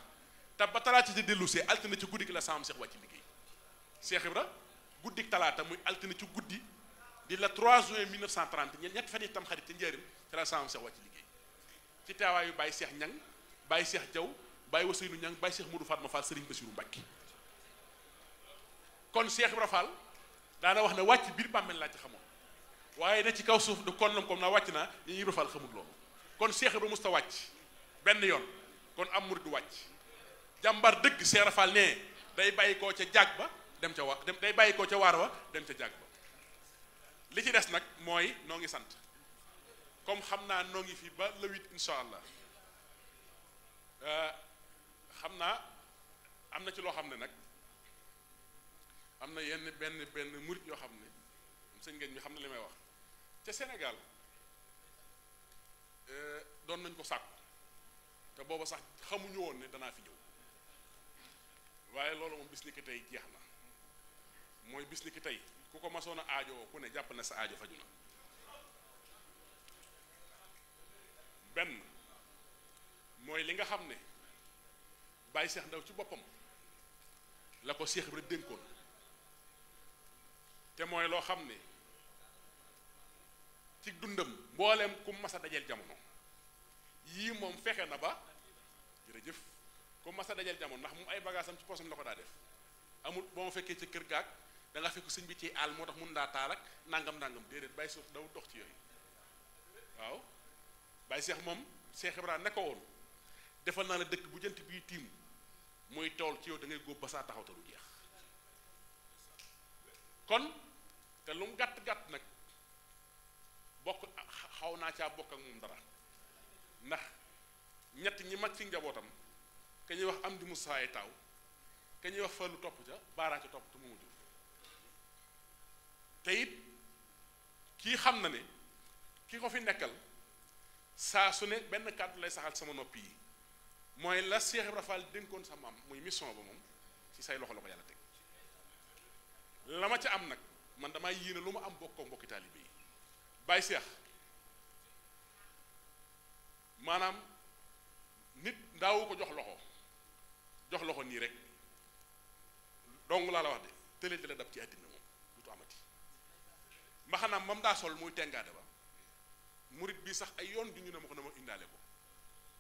te ba talaata ci dellu see altine ci guddi gi la saam Cheikh wàcc liggéey Cheikh Ibra guddik talaata muy altine ci guddi. di la 3 juin 1930 ñett fan yi tam xarit te njëriñ ci la saamam seex wàcc liggéey ci teewaayu Baye Seex Ñang bàyyi Seex Jaw bàyyi Baye Waseynu Ñang Baye Seex Modou Fatma Fall Serigne Bassirou Mbacké kon Seex Ibra Fall daana wax ne wàcc biir bàmmeel laa ci xamoon waaye ne ci kaw suuf du kon koom naa wàcc naa ñu Ibra Fall xamul loolu kon Seex Ibra musta wàcc benn yoon kon am murid du wàcc jàmbar dëgg Seex Ibra ne day bàyyi koo ca jàgg ba dem ca wa dem day bàyyi koo ca waar wa dem ca jàgg li ci des nag mooy noo ngi sant comme xam naa noo ngi fi ba le huit incha allah xam naa am na ci loo xam ne nag am na yenn benn benn murit yoo xam ne sëñ ngeen mi xam na li may wax ca Sénégal doon nañ ko sàkku te booba sax xamuñu woon ne danaa fi ñëw waaye loolu moom bis ni ki tey jeex na mooy bis ni ki tey ku ko masoon a aajowoo ku ne jàpp na sa aajo faju na benn mooy li nga xam ne bàyyi seex ndaw ci boppam la ko seex bi dénkoon te mooy loo xam ne ci dundam mbooleem ku mas a dajeel jamono yii moom fexe na ba jërëjëf ku masa a dajeel jamono ndax mu ay bagaasam ci posam la ko daa def amul boo ma fekkee ci kër gaag da nga fekk suñ bi ci nanggam nanggam tax mun daa taal ak nangam nangam déedéet bay suuf daw dox ci yoy waw bay cheikh mom cheikh ibrahim nako won defal na la dekk bu jent bi tim moy tol ci yow da ngay ba sa taxaw lu jeex kon te lu gatt gatt nak hau xawna ca bok ak moom dara ndax ñet ñi mag ci njabotam ka wax am di mu taw taaw wax fa lu top ca baaraa ca top tu mu jur te kii xam na ne ki ko fi nekkal saa su ne benn kàddu lay saxal sama nopp yi mooy la Cheikh Ibra Fall dénkoon sa maam muy mission ba moom ci say loxo la ko yàlla teg la ma ca am nag man damaa yéene lu ma am bokkoo mbokki taalibe yi bàyyi seex maanaam nit ndaawu ko jox loxo jox loxo nii rek dong laa la wax de tële la dab ci àddina mbaxanaam moom daa sol muy tengaate ba murit bii sax ay yoon junj na ma ko na ma indaale ko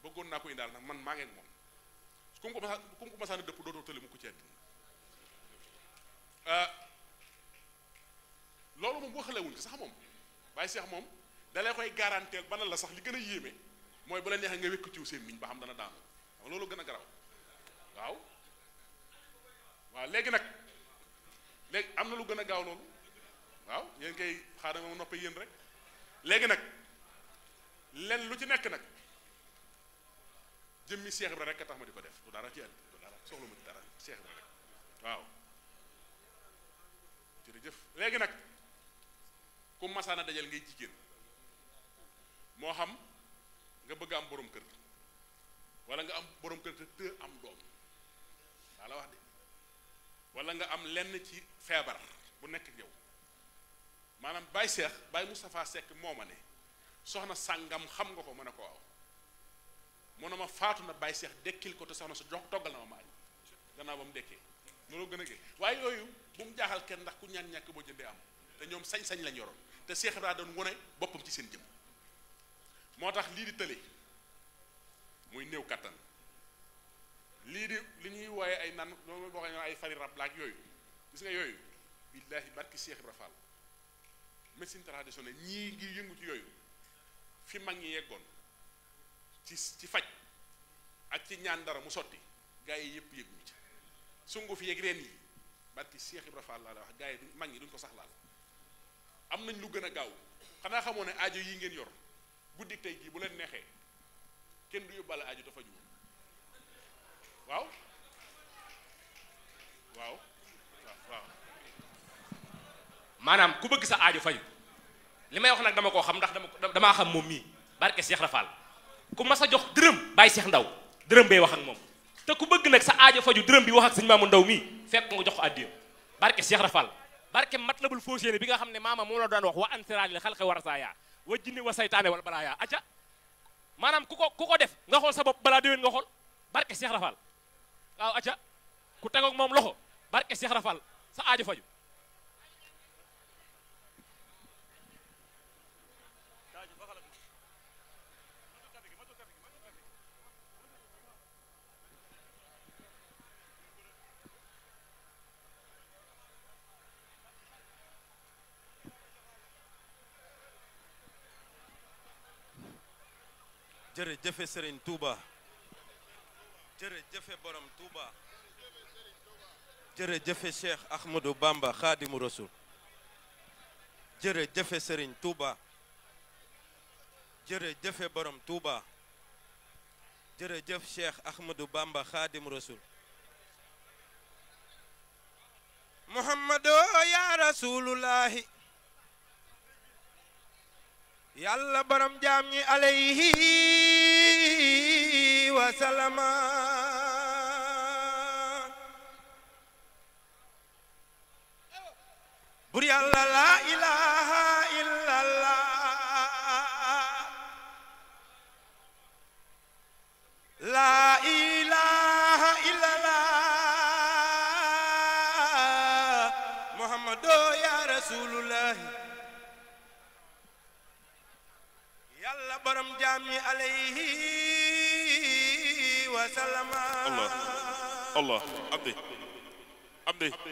bëggoon naa ko indaale nag man maa ngeen moom kum ko masa kum ko masaana dëpp dootoo tële mu ko ci àddina ah, loolu moom waxalewuñ ko sax moom bàyyi seex moom dalee koy garanteel bana la sax li gën a yéeme mooy bu la neexee nga wékk ciw seen miñ ba xam dana daanu xam loolu gën a garaw waaw waaw léegi nag léegi am na lu gën a gaaw loolu waaw yéen kay xaaral ma noppi yéen rek léegi nag len lu ci nekk nag jëmmi Cheikh Ibra rek a tax ma di ko def du dara ci àll du dara soxla ma ci dara Cheikh Ibra rek waaw jërëjëf léegi nag ku masaana dajal ngay jigéen moo xam nga bëgg am borom kër wala nga am borom kër te am doom daa la wax de wala nga am lenn ci feebar bu nekk yow manam bay cheikh bay mustapha sek moma ne soxna sangam xam nga ko mané ko waaw monama fatuna na bay cheikh dekkil ko to soxna sa jox togal na ma maañ gannaaw bam dekké dekkee loolu gën a gën waaye bu mu jaxal ken ndax ku ñaan ñak bo jëndé am té ñom sañ-sañ lañ yoroon te Seex Ibra doon woné bopam ci seen jëm motax li di muy new katan li di li ñuy woyé ay nan loolu ay fari rap laak yoyu gis nga yoyu billahi barki cheikh Ibra médecine traditionnelle ñii ngi yëngu ci yooyu fi mag ñi yeggoon ci ci faj ak ci ñaan dara mu sotti gaa yi yëpp yëguñu ci sungu fi yeeg reen yi barki Cheikh Ibra Fall la wax gaa yi mag ñi duñ ko sax laal am nañ lu gën a gaaw xanaa xamoo ne ajo yi ngeen yor guddi tey gii bu leen neexee kenn du yóbbaale ajo dafa juum waaw waaw waaw waaw maanaam ku bëgg sa aajo faju li may wax nag dama koo xam ndax dama damaa xam moom mii barke Cheikh Rafal ku mas a jox dërëm bàyyi Cheikh Ndaw dërëm bay wax ak moom te ku bëgg nag sa aajo faju dërëm bi wax ak sëñ maamu Ndaw mii fekk nga jox ko addiya barke Cheikh Rafal barke matlabul fawzayni bi nga xam ne maama moom la daan wax wa ansiralil xalqi wa rasaaya wa jinni wa saytaane wala balaaya aca maanaam ku ko ku ko def nga xool sa bopp balaa déwén nga xool barke Cheikh Rafal waaw aca ku tegoog moom loxo barke Cheikh Rafal sa aajo faju jërëjëfe Serigne Touba jërëjëfe borom Touba jërëjëfe Cheikh Ahmadou Bamba Khadimu Rasul jërëjëfe Serigne Touba jërëjëfe borom Touba jërëjëf Cheikh Ahmadou Bamba Khadimu Rasul Muhammadu ya Rasulullahi yàlla borom jaam ñi alayhi wa salama bur yàlla laa ilaha illallah laa ilaha illallah muhammadu ya rasulullah borom jaam ñi alayhi wa sallam allah allah abdi abdi